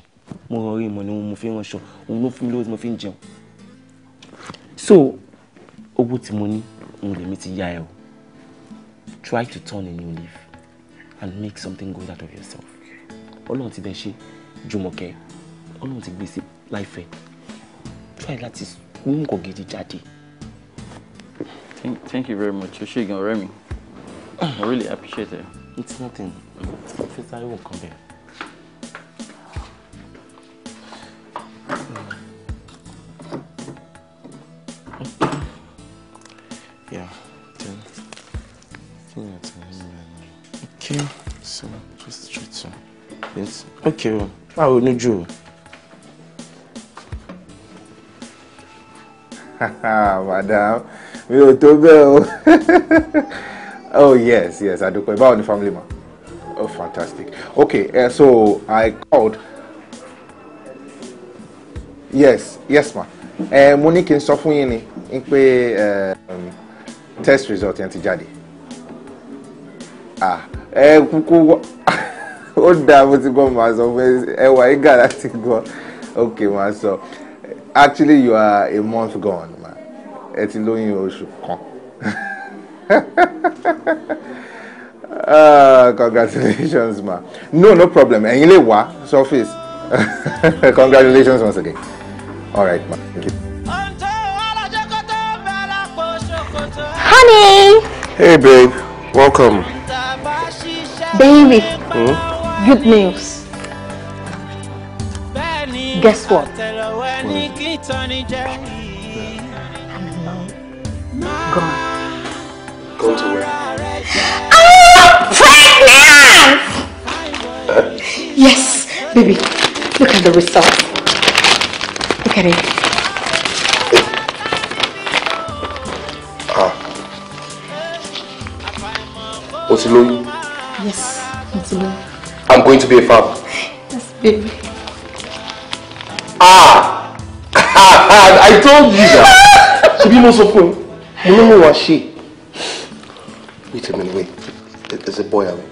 mo rọrí mọ́ ni mo fi ránṣọ òun ló fún mi lówó tí mo fi ń jẹun so owó tí mo ní òun lèmi ti yá ẹ o try to turn a new leaf and make something good out of yourself ọlọ́run ti bẹ́ẹ̀ ṣe jùmọ̀kẹ́ ọlọ́run ti gbèsè láìfẹ́ try láti mú nǹkan gidi jáde. thank you very much o ṣe gan ọ̀rẹ́ mi i really appreciate it. it's nothing fi sáré wò kàn bẹ́ẹ̀. Yeah, Okay, so just try to. Yes. Okay, I ah, will need you. madam mi ò tó bẹ́ẹ̀ o oh yes yes adúpẹ́ báwo ni family ma oh fantastic okay uh, so i called yes yes ma ẹ eh, mo ní kí n sọ fún yín ni pé ehm, test result yẹn ti jáde ah ẹ kúkú ó dáa mo ti gbọ́ ma? sọ pé ẹ wà yín gà láti gbọ́ okay ma. sọ actually you are a month gone ẹ ti lóyún oṣù kan ah, congratulations ma no no problem ẹ̀yin lè wá surface congratulations once again all right ma thank you. honey. hey babe welcome. baby hmm? good news guess what. Hmm. Gone. Gone to where? I'm pregnant! Huh? Yes, baby. Look at the result. Look at it. Ah. O ti lóyún? Yes, what's it, lóyún. I'm going to be a father. Yes, baby. Ah! I told you that. Ṣebí mo sọ fún You know what she? Wait a minute, wait. There's a boy away.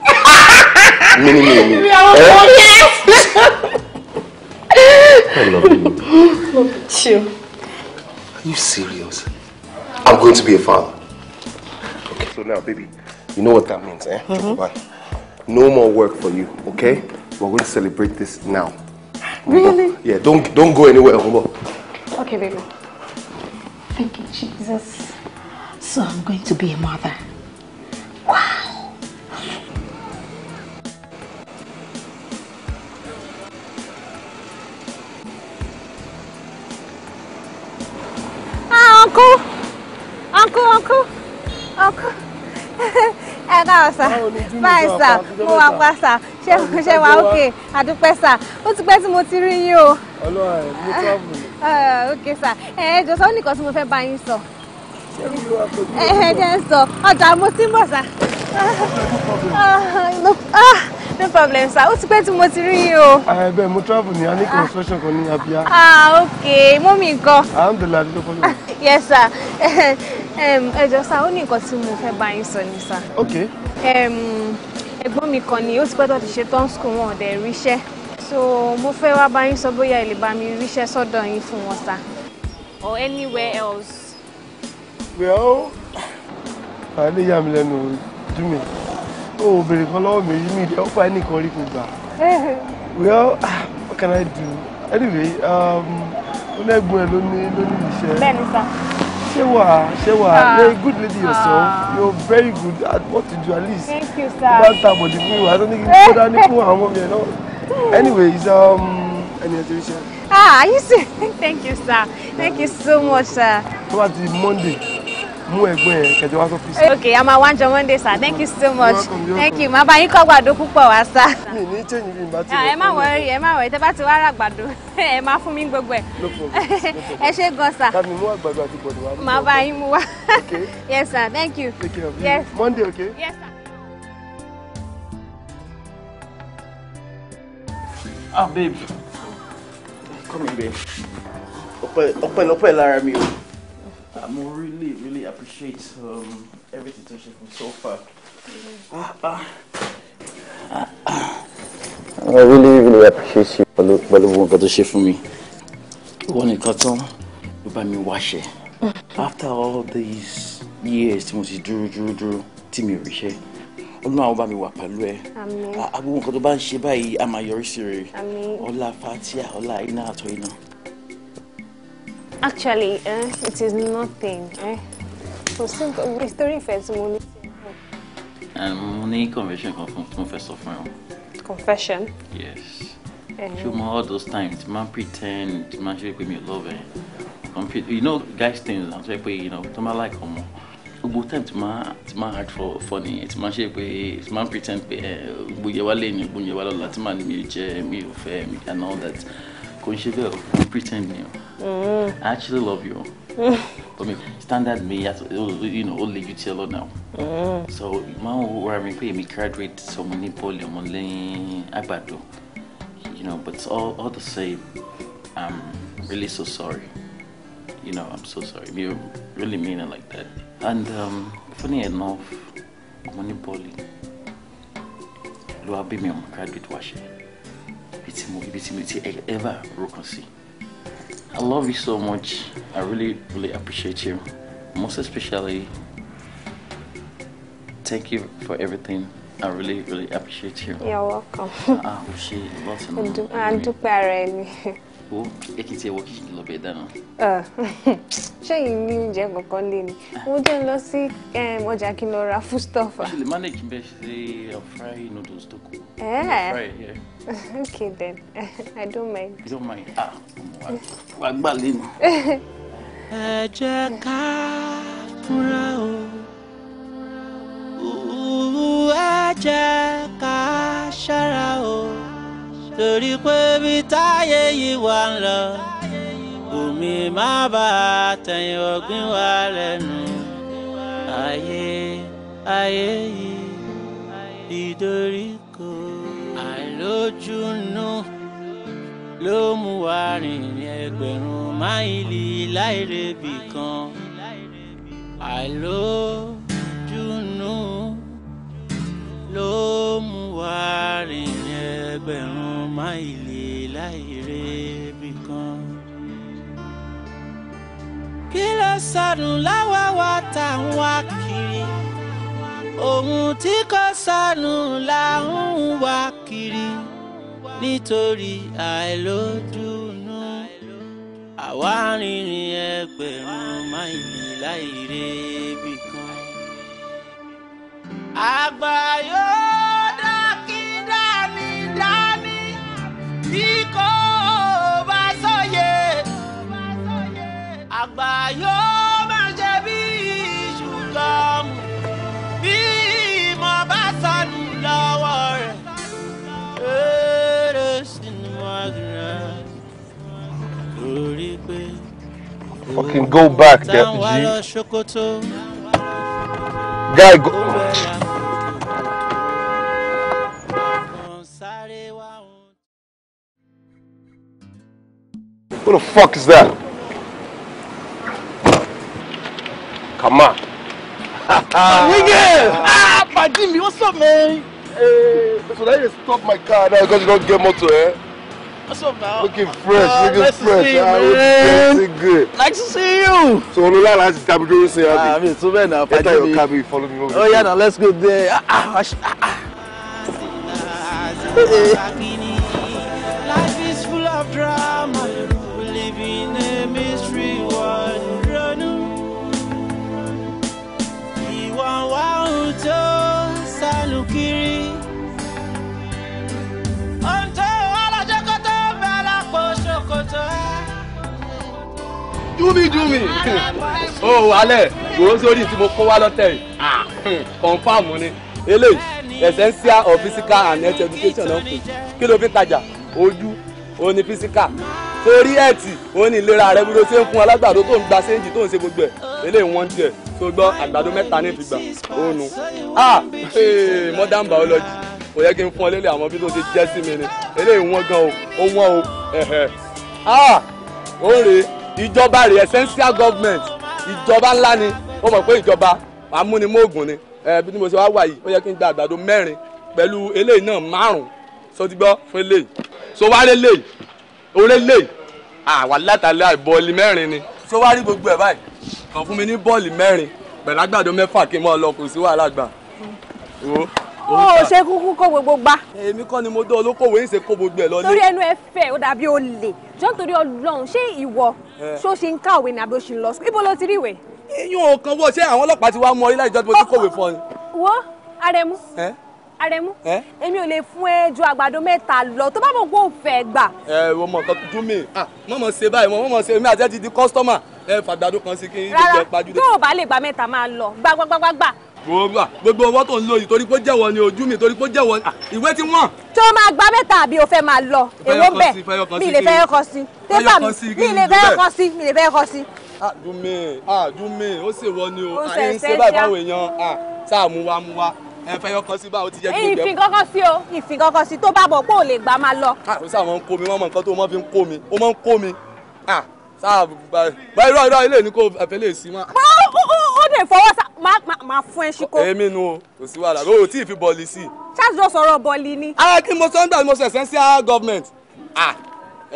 Mini me, me. We eh? yes. I love you. Love you. Are you serious? I'm going to be a father. Okay, so now, baby, you know what that means, eh? Mm-hmm. Bye. No more work for you, okay? We're going to celebrate this now. Really? Yeah, don't don't go anywhere, Humbo. Okay, baby. Thank you, Jesus. So I'm going to be a mother. Wow. Ah, uncle. Uncle, uncle. Uncle. ẹ káàárọ̀ eh, sá báyìí sá mo wà pa sá ṣé ṣe wà ókè àdúpẹ́ sá ó ti pẹ́ tí mo ti rí yín o. ọlọ́run mo tọ́ bù. ókè sá eh, ẹ jọ̀sán nìkan tí mo fẹ́ bá yín sọ ẹ̀hẹ̀ jẹ́ ń sọ ọjà mo ti ń bọ̀ sá. Ah, ah, no problem sá ó ti pẹ́ tí mo ti rí yín o. Ah, bẹ́ẹ̀ mo travel ní construction kan ní Abia. ah ok mọ́mí nǹkan. alhamdulilayi adúgbò fọlọ́. yes sir Um, jọ̀ọ́ sá ó ní nǹkan tí mo fẹ́ bá yín sọ ni sá. ok. ẹ̀gbọ́n mi kan ni ó ti pẹ́ tó ti ṣe tán school wọn ọ̀dẹ̀ ríṣẹ́ so mo fẹ́ wá bá yín sọ bóyá ẹ lè bá mi ríṣẹ́ sọ́dọ̀ yín fún wọn sá or anywhere else pé ọ́ àlẹ́ yà mí lẹ́nu dùn mí ó obìnrin kan lọ́wọ́ mi mi ìdí ọ́fà ẹnìkan rí kò gbà well what can I do anyway um, ó lẹ́gbọ̀n ẹ̀ ló ní ló ní iṣẹ́. bẹ́ẹ̀ni sá. ṣé wà á ṣé wà á ah. you're a good lady yourself ah. you're very good at what you do at least. thank you sir. bá ń ta àbọ̀dì fún ìwà tó ní kí n kó dání fún àwọn ọmọ mi ẹ̀ náà anyway um, ẹni ẹ ti rí ṣe. ah you see thank you sir thank you so much sir. tó bá ti Monday mú I'm a one. monday sir thank you so much thank you màá You come, kọ́ gbàdo púpọ̀ sir. sá. mi ní worried. bí n bá ti rẹ̀. Ah, ẹ má wọrí ẹ má wọrí tẹ bá ti wá ra gbàdo ẹ má sir. ká you mú àgbàdo àti bọ̀dọ̀ wá. màá bá yín yes sir thank you. take care of you yes. monday okay. yes sir. ah babe come in, babe Open, open, open lára mi o. I'm really really appreciate um, everything tó ṣe fún so far. Ah, ah. I really really appreciate you pẹ̀lú pẹ̀lú gbogbo nǹkan tó ṣe fún mi. Ìwọ nìkan tán ló bá mi wáṣẹ. After all these years tí mo ti dúró dúró dúró tí mi ò ríṣẹ́ olúwa àwọn bá mi wà pẹ̀lú ẹ àbúrò nǹkan tó bá ń ṣe báyìí a máa yọrí sí rere ọlá fatia ọlá iná àtọ iná Actually, eh, it is nothing. Eh. Kò sí nítorí ìfẹ́ tí mo ní sí eh, ẹ̀. confession kan fún confessor fún Confession? Yes. Eh. Ṣùgbọ́n all those times, man pretend, man ṣe pé mi ò love ẹ̀. You know, guys things, I'm you know, to my like ọmọ. Gbogbo time tí máa tí máa hard for for nìyẹn, tí máa ṣe pé tí máa pretend pé gbogbo yẹ you're lé ní gbogbo yẹ wá lọ́la, tí máa ní mi ò jẹ́, mi ò fẹ́, and all that kò ń ṣe girl i'm pretend ni o mm. i actually love you mm. but mi standard me, you know only you tell ti now mm. so máa ń wọra mi me credit. So sọmọ ní pọ́ọ̀lì ọmọ lẹ́yìn you know but all, all the same i'm really so sorry you know i'm so sorry mi really mean it like that and um, funny enough ọmọ ní pọ́ọ̀lì ló wá bí mi ọmọ graduate wá ibi tí mo ibi tí mo ti ever rokan sí I love you so much I really really appreciate you most especially thank you for everything I really really appreciate you. You're welcome. ah o ṣe ìwọ ti náà. a dúpẹ́ ara ó ẹ kì í tiẹ̀ wọ kí n lọ bẹ̀ dáná. ṣé yìí ní oúnjẹ kankan lé ni mo jẹ́ ń lọ sí ọjà kí n lọ ra fústọ́fà. ṣe lè manage bẹ́ẹ̀ ṣe fry noodles tó kù. okay then i don't mind. you don't mind ah wà á gbà lẹ́nu. ẹ jẹ́ ká kúra o ẹ jẹ́ ká ṣára o torí pé bí táyé yìí wà ń lọ omi má bàa tẹ̀yìn ọ̀gbìn wa lẹ́nu ayé ayé yìí ìdoríko àìlójúnú ló mú ló mú wa rìnrìn ẹgbẹ̀rún máìlì láìrè bì kan. kí ló sọnù láwa wa tá à ń wá kiri ohun tí kò sọnù là ń wá kiri nítorí àìlójúnú àwa rìnrìn ẹgbẹ̀rún máìlì láìrè bì kan àgbáyọ dákídá ni dání tí kò bá sóye àgbáyọ má ṣe bí iṣu bí mo bá sọnù lọ́wọ́ rẹ̀ eré sinimá gbìyànjú lórí pé. Fucking go back, Deputy. Guy, go. What the fuck is that? Come Kama. Nigga! ah, my ah, Jimmy, what's up, man? Hey, eh, so that you stop my car now because you don't get motor, eh? What's up man? Looking fresh, uh, ah, looking nice fresh. To see you, ah, man. Looking good. Nice to see you. So on the line, I just have to do this. Ah, I mean, so bad now. Enter your car, you follow me over. Oh yeah, now let's go there. Ah, ah, ah, ah. dúmí dúmí o oh, alẹ wo sórí tí mo kó wá lọ́tẹ̀ yìí ah, confam ni eléyìí essential of physical and health education náà kù kí ló fi ń tajà ojú ó ní physical torí ẹ̀tì ó ní ìlera rẹ bí ló ṣe ń fún alágbàdo tó ń gba séǹjì tó ń ṣe gbogbo ẹ̀ eléyìí wọ́n tiẹ̀ tó gbọ́ àgbàdo mẹ́ta ní ìfìgbà ònu ah modern biology kò yẹ kí n fún ọ lélẹ̀ àwọn bí tó ṣe jẹ́ sí mi ni eléyìí wọ́n gan o ó wọ́n o ẹ̀hẹ̀ ah ó rèé ìjọba rẹ̀ essential government ìjọba ńlá ni ó mọ̀ pé ìjọba amúnimóògùn ni bí mo ṣe wá wà yìí ó yẹ kí n gba àgbàdo mẹ́rin pẹ̀lú eléyìí náà márùn-ún so ti gbọ́ fún eléyìí so wá lé léyìí orí léyìí àwa látàlẹ́ àìbọ́ọ̀lì mẹ́rin ni so wá rí gbogbo ẹ̀ báyìí kàn fún mi ní bọ́ọ̀lì mẹ́rin pẹ̀lú àgbàdo mẹ́fà kí n mọ́ ọ lọ kò sí wàhálà gbà ó ṣe kúkú kó gbogbo gbá. èmi kọ́ ni mo dán olókòwò ń ṣe kó gbogbo ẹ̀ lọ ní. torí ẹnu ẹ fẹ ó dàbí olè jọ́n torí ọlọ́run ṣé ìwọ ṣó ṣe ń kàwé ní àbí ó ṣe ń lọ sí ibo ló ti rí ìwé. iyún ọkàn wọ ṣé àwọn ọlọ́pàá ti wá mú ọ ilé ìjọba tí kòwé fún ọ ni. wo aremu aremu èmi ò lè fún ẹ ju àgbàdo mẹ́ta lọ tó bá mọ̀ kó fẹ́ gbà. ẹ wọ́n mọ̀ kan dún mi ah, mọ̀mọ́ ṣe báyìí mọ̀mọ́ ṣe mi àti ẹ ti di kọ́sítọ́mà ẹ fàgbàdo kan sí kí n jẹ pàjùdé. rárá tó o bá lè gba mẹ́ta máa lọ gbàgbàgbàgbà gbogbo owó tó ń lò yìí torí pé jẹ́wọ́ ni ojú mi torí pé jẹ́wọ́ ìwé ti wọ́n. tó máa gba mẹ́ta àbí o fẹ́ máa lọ èwo bẹ̀ mi lè fẹ́ kọ́ sí pépà mi mi lè fẹ́ kọ́ sí mi lè fẹ́ kọ́ sí. àdúmẹ̀ ah, àdúmẹ̀ ah, ó sì wọ ni o àyè ń ṣe báyìí fáwọn èèyàn ah, sáà mú wa mú wa ẹ fẹ́ yọkan sí báwo ti jẹ́ kí n gbẹ. ìfin kankan sí o ìfin kankan sí tó bá bọ̀ pé ò lè gbà máa lọ. àìsàn àwọn ń kó mi wọ́n mọ nǹkan tó wọ́n fi ń kó mi ó máa ń kó mi sáà ah, bá irọ́ irọ́ ilé ní kò fẹ́ lè sí mọ́. ó dẹ̀ fọwọ́ sá máa fún ẹ ṣíkó. èmi nu o kò sí wàhálà o ò tí ì fi bọ́ọ̀lì sí. charles ló sọ̀rọ̀ bọ́ọ̀lì ni. ara ah, kí mo sọ nígbà tí mo ṣẹ̀ṣẹ̀ sí our government. Ah,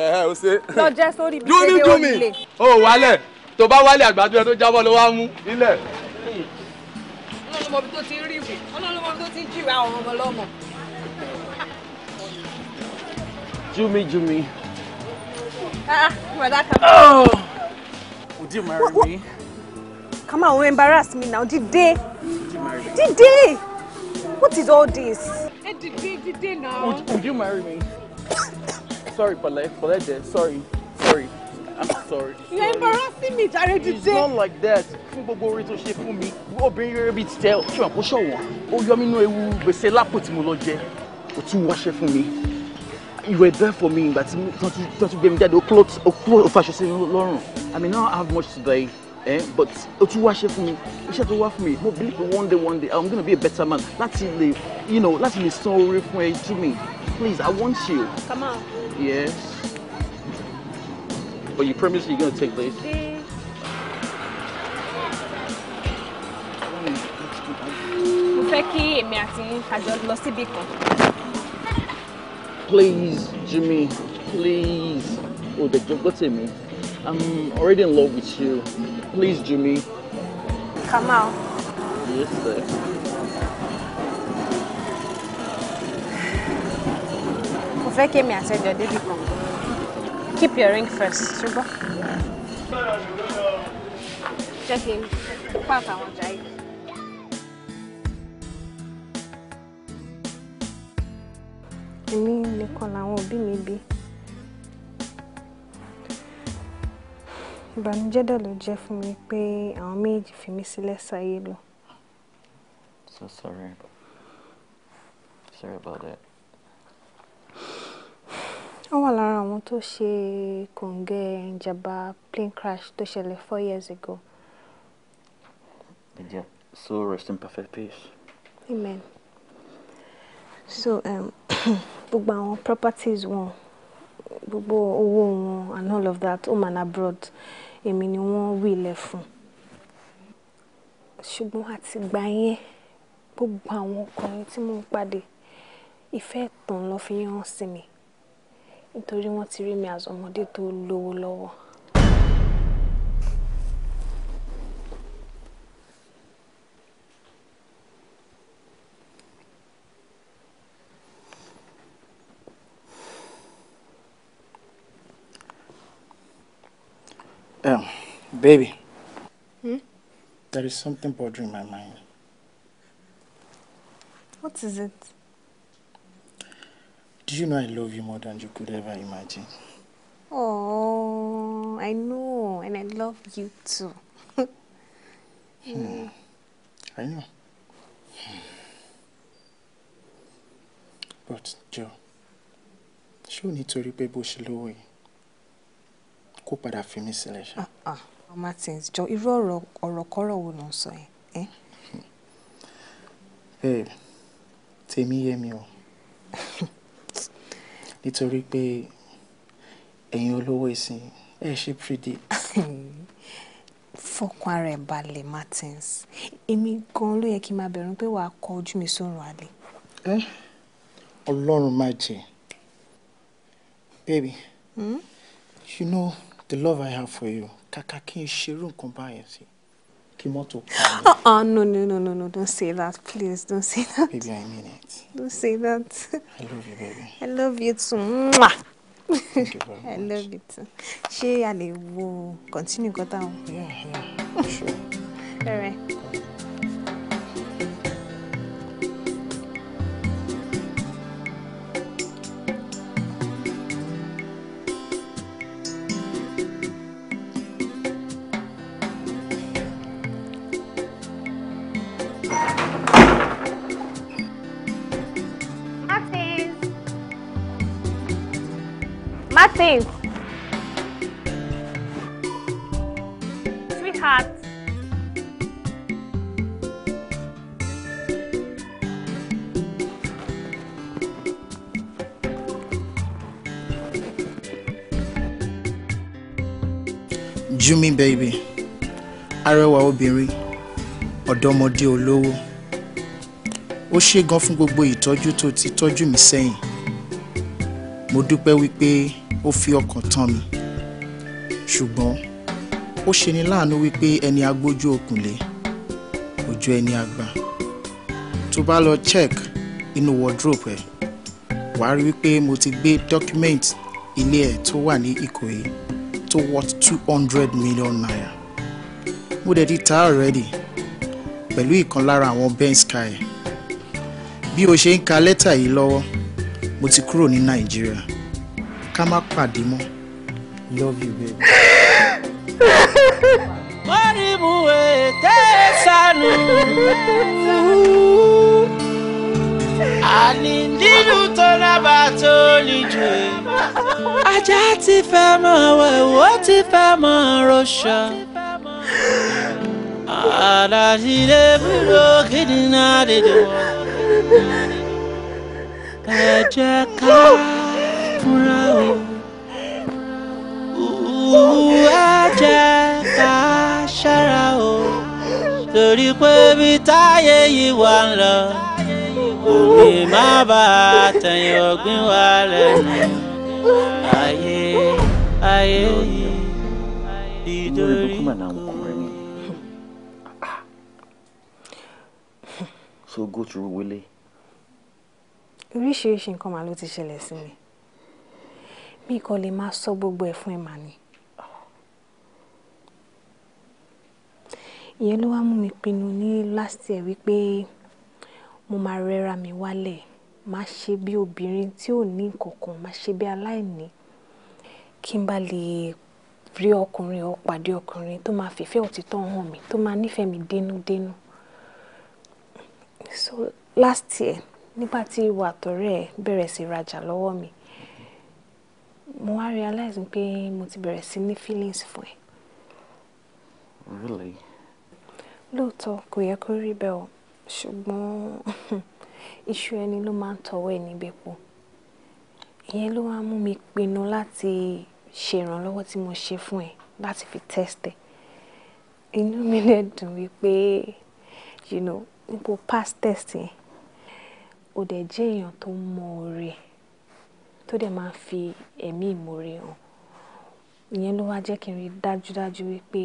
ẹ̀hẹ́ o ṣe. lọ jẹ́ sórí bí ṣe dé omi lè. o wálẹ̀ tó bá wálẹ̀ àgbàdo ẹ tó jábọ́ ló wá mú ilẹ̀. ọlọ́run mọ̀ bí tó ti rí ìwé ọlọ́run mọ̀ bí tó ti jíwèé àwọn ọmọ ọlọ́mọ. jumi jumi. Ah, where Oh! Would you marry what, what? me? Come on, don't embarrass me now. Did they? Would you marry me? Did they? What is all this? Hey, did they, did they now? Would, would you marry me? sorry, Pale, Pale, there. Sorry, sorry. I'm sorry. You're embarrassing me, Jare, today. It's not like that. Fún gbogbo orin tó bring your mi, obìnrin rere bíi ti tẹ́ ọ̀, ṣùgbọ́n kó ṣọ̀wọ́n. Ó yọ mí nú ewu gbèsè lápò tí mo lọ jẹ. Ó tún wáṣẹ́ fún mi you were there for me ìgbà tí wọ́n ti gbé mi jáde ó fàṣọ sí mi lọ́rùn I mean now I have much to die eh? but to wash it for me, you should tó wá fún mi mo believe in one day one day I'm gonna be a better man That's lè you know That's the story oore you to me please I want you. Come on. yes but you promise you're gonna take this. Yeah. fẹ́ kí èmi àti àjọ lọ síbì kan please, Jimmy, please. Oh, the joke got me. I'm already in love with you. Please, Jimmy. Come out. Yes, sir. Mo fẹ́ kí èmi àtẹ̀jọ́ débi Keep your ring first, ṣùgbọ́n. Check him. n pàtàkì àwọn ọjà yìí. èmi nìkan làwọn òbí mi bí ìbànújẹ́ dẹ̀ ló jẹ́ fún mi pé àwọn méjì fi mí sílẹ̀ sáyé lọ. So sorry. Sorry about that. Wọ́n wà lára àwọn tó ṣe kòǹgẹ́ ìjàmbá plane crash tó ṣẹlẹ̀ four years ago. Ìjà so rest in perfect peace. Amen. So, um, gbogbo àwọn properties wọn gbogbo owó wọn and all of that home and abroad èmi ni wọ́n wí ilẹ̀ fún ṣùgbọ́n àtìgbà yẹn gbogbo àwọn ọkùnrin tí mo ń pàdé ìfẹ́ ẹ̀tàn ló fi hàn sí mi nítorí wọ́n ti rí mi àzọmọdé tó lówó lọ́wọ́. Baby. Hmm? There is something bothering my mind. What is it? Do you know I love you more than you could ever imagine? Oh, I know, and I love you too. Hmm. hmm. I know. But Joe, ṣé ò nítorí pé bó ṣe lówó yìí kó padà fi mí sílẹ̀ ṣá? Uh-uh. Martins jọ irú ọ̀rọ̀ ọ̀rọ̀kọ́rọ̀ wo ló ń sọ yẹn. Babe, tèmi yé mi o. Nítorí pé ẹ̀yin olówó ìsìn ẹ ṣe predict. Fọkàn ara ẹ̀ balẹ̀ Martins. Èmi gan-an ló yẹ kí n máa bẹ̀rù pé wàá kọ ojú mi sórun àlè. Ọlọ́run má jẹ. Baby, hmm? you know the love I have for you kàkà kí n ṣerú nǹkan báyẹn sí kí mọ́tò pa mí. oh no no no no no don't say that please don't say that. baby i mean it. don't say that. i love you baby. i love you too. Thank you very much. I love you too. ṣé a lè wo continue go down. yeah yeah sure. all active. Sweetheart. Jumi baby, arẹwà obìnrin, ọ̀dọ́mọdé olówó. Ó ṣe gan fún gbogbo ìtọ́jú tó ti tọ́jú mi sẹ́yìn. Mo dúpẹ́ wípé ó fi ọkàn tán mi ṣùgbọ́n ó ṣeni láàánú wípé ẹni agbójú okùnlé ojú ẹni àgbà tó bá lọ check inú wardrobe ẹ wàá rí wípé mo ti gbé document ilé ẹ tó wà ní Ìkòyí tó worth two hundred million naira mo dẹ̀ ti tà already pẹ̀lú ìkan lára àwọn bẹ́ńsìkà ẹ̀ bí o ṣe ń ka lẹ́tà yìí lọ́wọ́ mo ti kúrò ní Nàìjíríà ká má pàdé mọ́ love you babe. ètè sanu àní nínú tó nábà tó lè jù. ajá ti fẹ́ mọ̀ wẹ̀wò ó ti fẹ́ mọ̀ rọṣọ. àdàsílẹ̀ búrò kìdìnnà dèdè wọ̀. ẹ jẹ́ ká fúnra ẹ̀jẹ̀ ká ṣọ́ra o torí pé bí táyé yìí wà ń lọ kò lè má bàa tẹ̀yìn ọ̀gbìn wa lẹ́nu ayé ayé yìí ìdórí kò. so go through wele. oríṣiríṣi nǹkan màá ló ti ṣẹlẹ̀ sí mi mi kò lè máa sọ gbogbo ẹ̀ fún ẹ̀ màá ni Ìyẹn ló wá mú mi pinnu ní last year wípé mo máa rẹra mi wálẹ̀, màá ṣe bí obìnrin tí ó ní nǹkan kan, ṣe bí aláìní kí n bá lè rí ọkùnrin or pàdé ọkùnrin tó máa fìfẹ́ òtítọ́ hàn mí, tó máa nífẹ̀ẹ́ mi dénúdénú. So last year nígbà tí ìwọ àtọ̀rẹ́ ẹ bẹ̀rẹ̀ sí rajà lọ́wọ́ mi, mo wá realize pé mo ti bẹ̀rẹ̀ sí ní feelings fún ẹ. Really? lóòótọ́ kò yẹ kó rí bẹ́ẹ̀ o ṣùgbọ́n iṣu ẹni ló máa ń tọwọ́ ẹni bẹ́pò ìyẹn ló wá mú mi pinnu láti ṣe ìrànlọ́wọ́ tí mo ṣe fún ẹ láti fi tẹ́sítẹ̀ inú mi lè dùn wípé you know nípò pass test yẹn o dẹ̀ jẹ́ èèyàn tó mọ oore tó dẹ̀ máa ń fi ẹ̀mí ìmoore hàn ìyẹn ló wá jẹ́ kí n rí dájúdájú wípé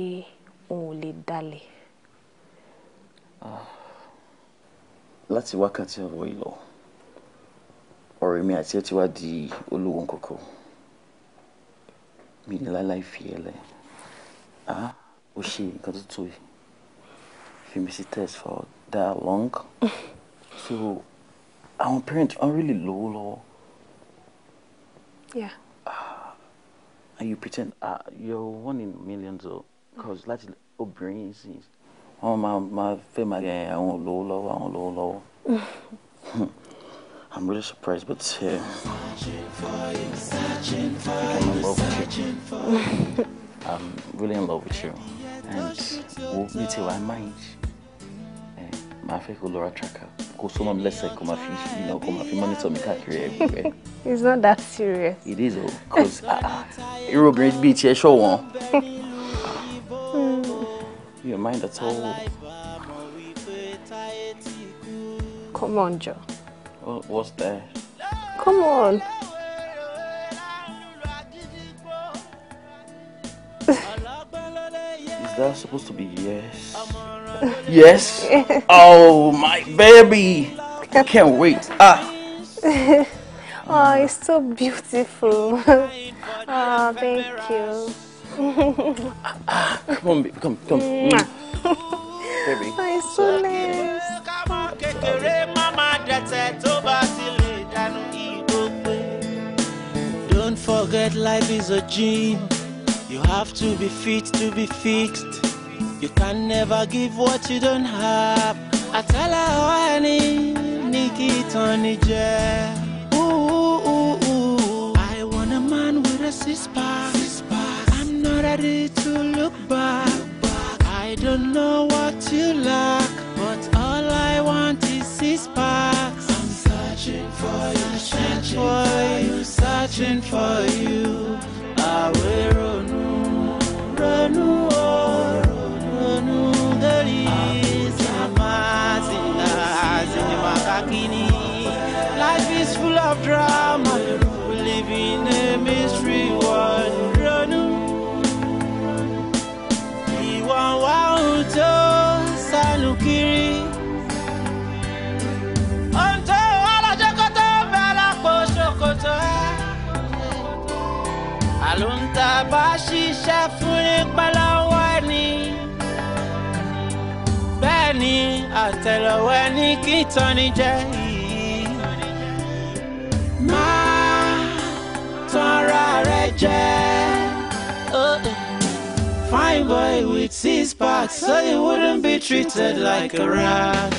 òun ò lè dalẹ̀ láti wákàtí ọ̀rọ̀ yìí lọ ọ̀rọ̀ mi àti ẹ ti wá di olówó kòkó mi ní láláì fi ẹ lẹ ó ṣe nǹkan tó tó yìí fi mi sí test for that long so àwọn parents wọn really lówó lọ́wọ́. Yeah. Uh, and you pretend uh, you're one in millions, though, because mm. láti obìnrin yìí wọ́n máa máa fẹ́ máa yẹ àwọn olówó lọ́wọ́ àwọn olówó lọ́wọ́ I'm really surprised but uh, you, I'm in love with you I'm really in love with you and wo mi ti wá mind máa fẹ́ kó lọ́ra tracker kó so mọ́ mi lẹ́sẹ̀ kó máa fi iná kó máa fi monitor mi káàkiri everywhere. It's not that serious. It is oh because o cause ah, ah, irú Beach bíi tiẹ̀ ṣọ̀wọ́n. your mind at all. Come on, Joe. what's there? Come on. Is that supposed to be yes? yes? oh, my baby! I can't wait. Ah! oh, it's so beautiful. oh, thank you. ah, come on, baby. Come, come. Mm. baby. Oh, so nice. pé. Don't forget life is a gym. You have to be fit to be fixed. You can never give what you don't have. Àtàlà wa ni ní kí tán ni Ooh ooh ooh. je I want a man with a six pack ready to look back. I don't know what you lack, but all I want is six sparks. I'm searching for you, searching for you, searching for you. I will run, run. tàbá ṣiṣẹ́ fún ipa lọ́wọ́ ni àtẹ́lẹwọ́ ẹni jẹ yìí. má tanra rẹ jẹ. Oh, eh. Fine boy with six packs, so he wouldn't be treated like a rat.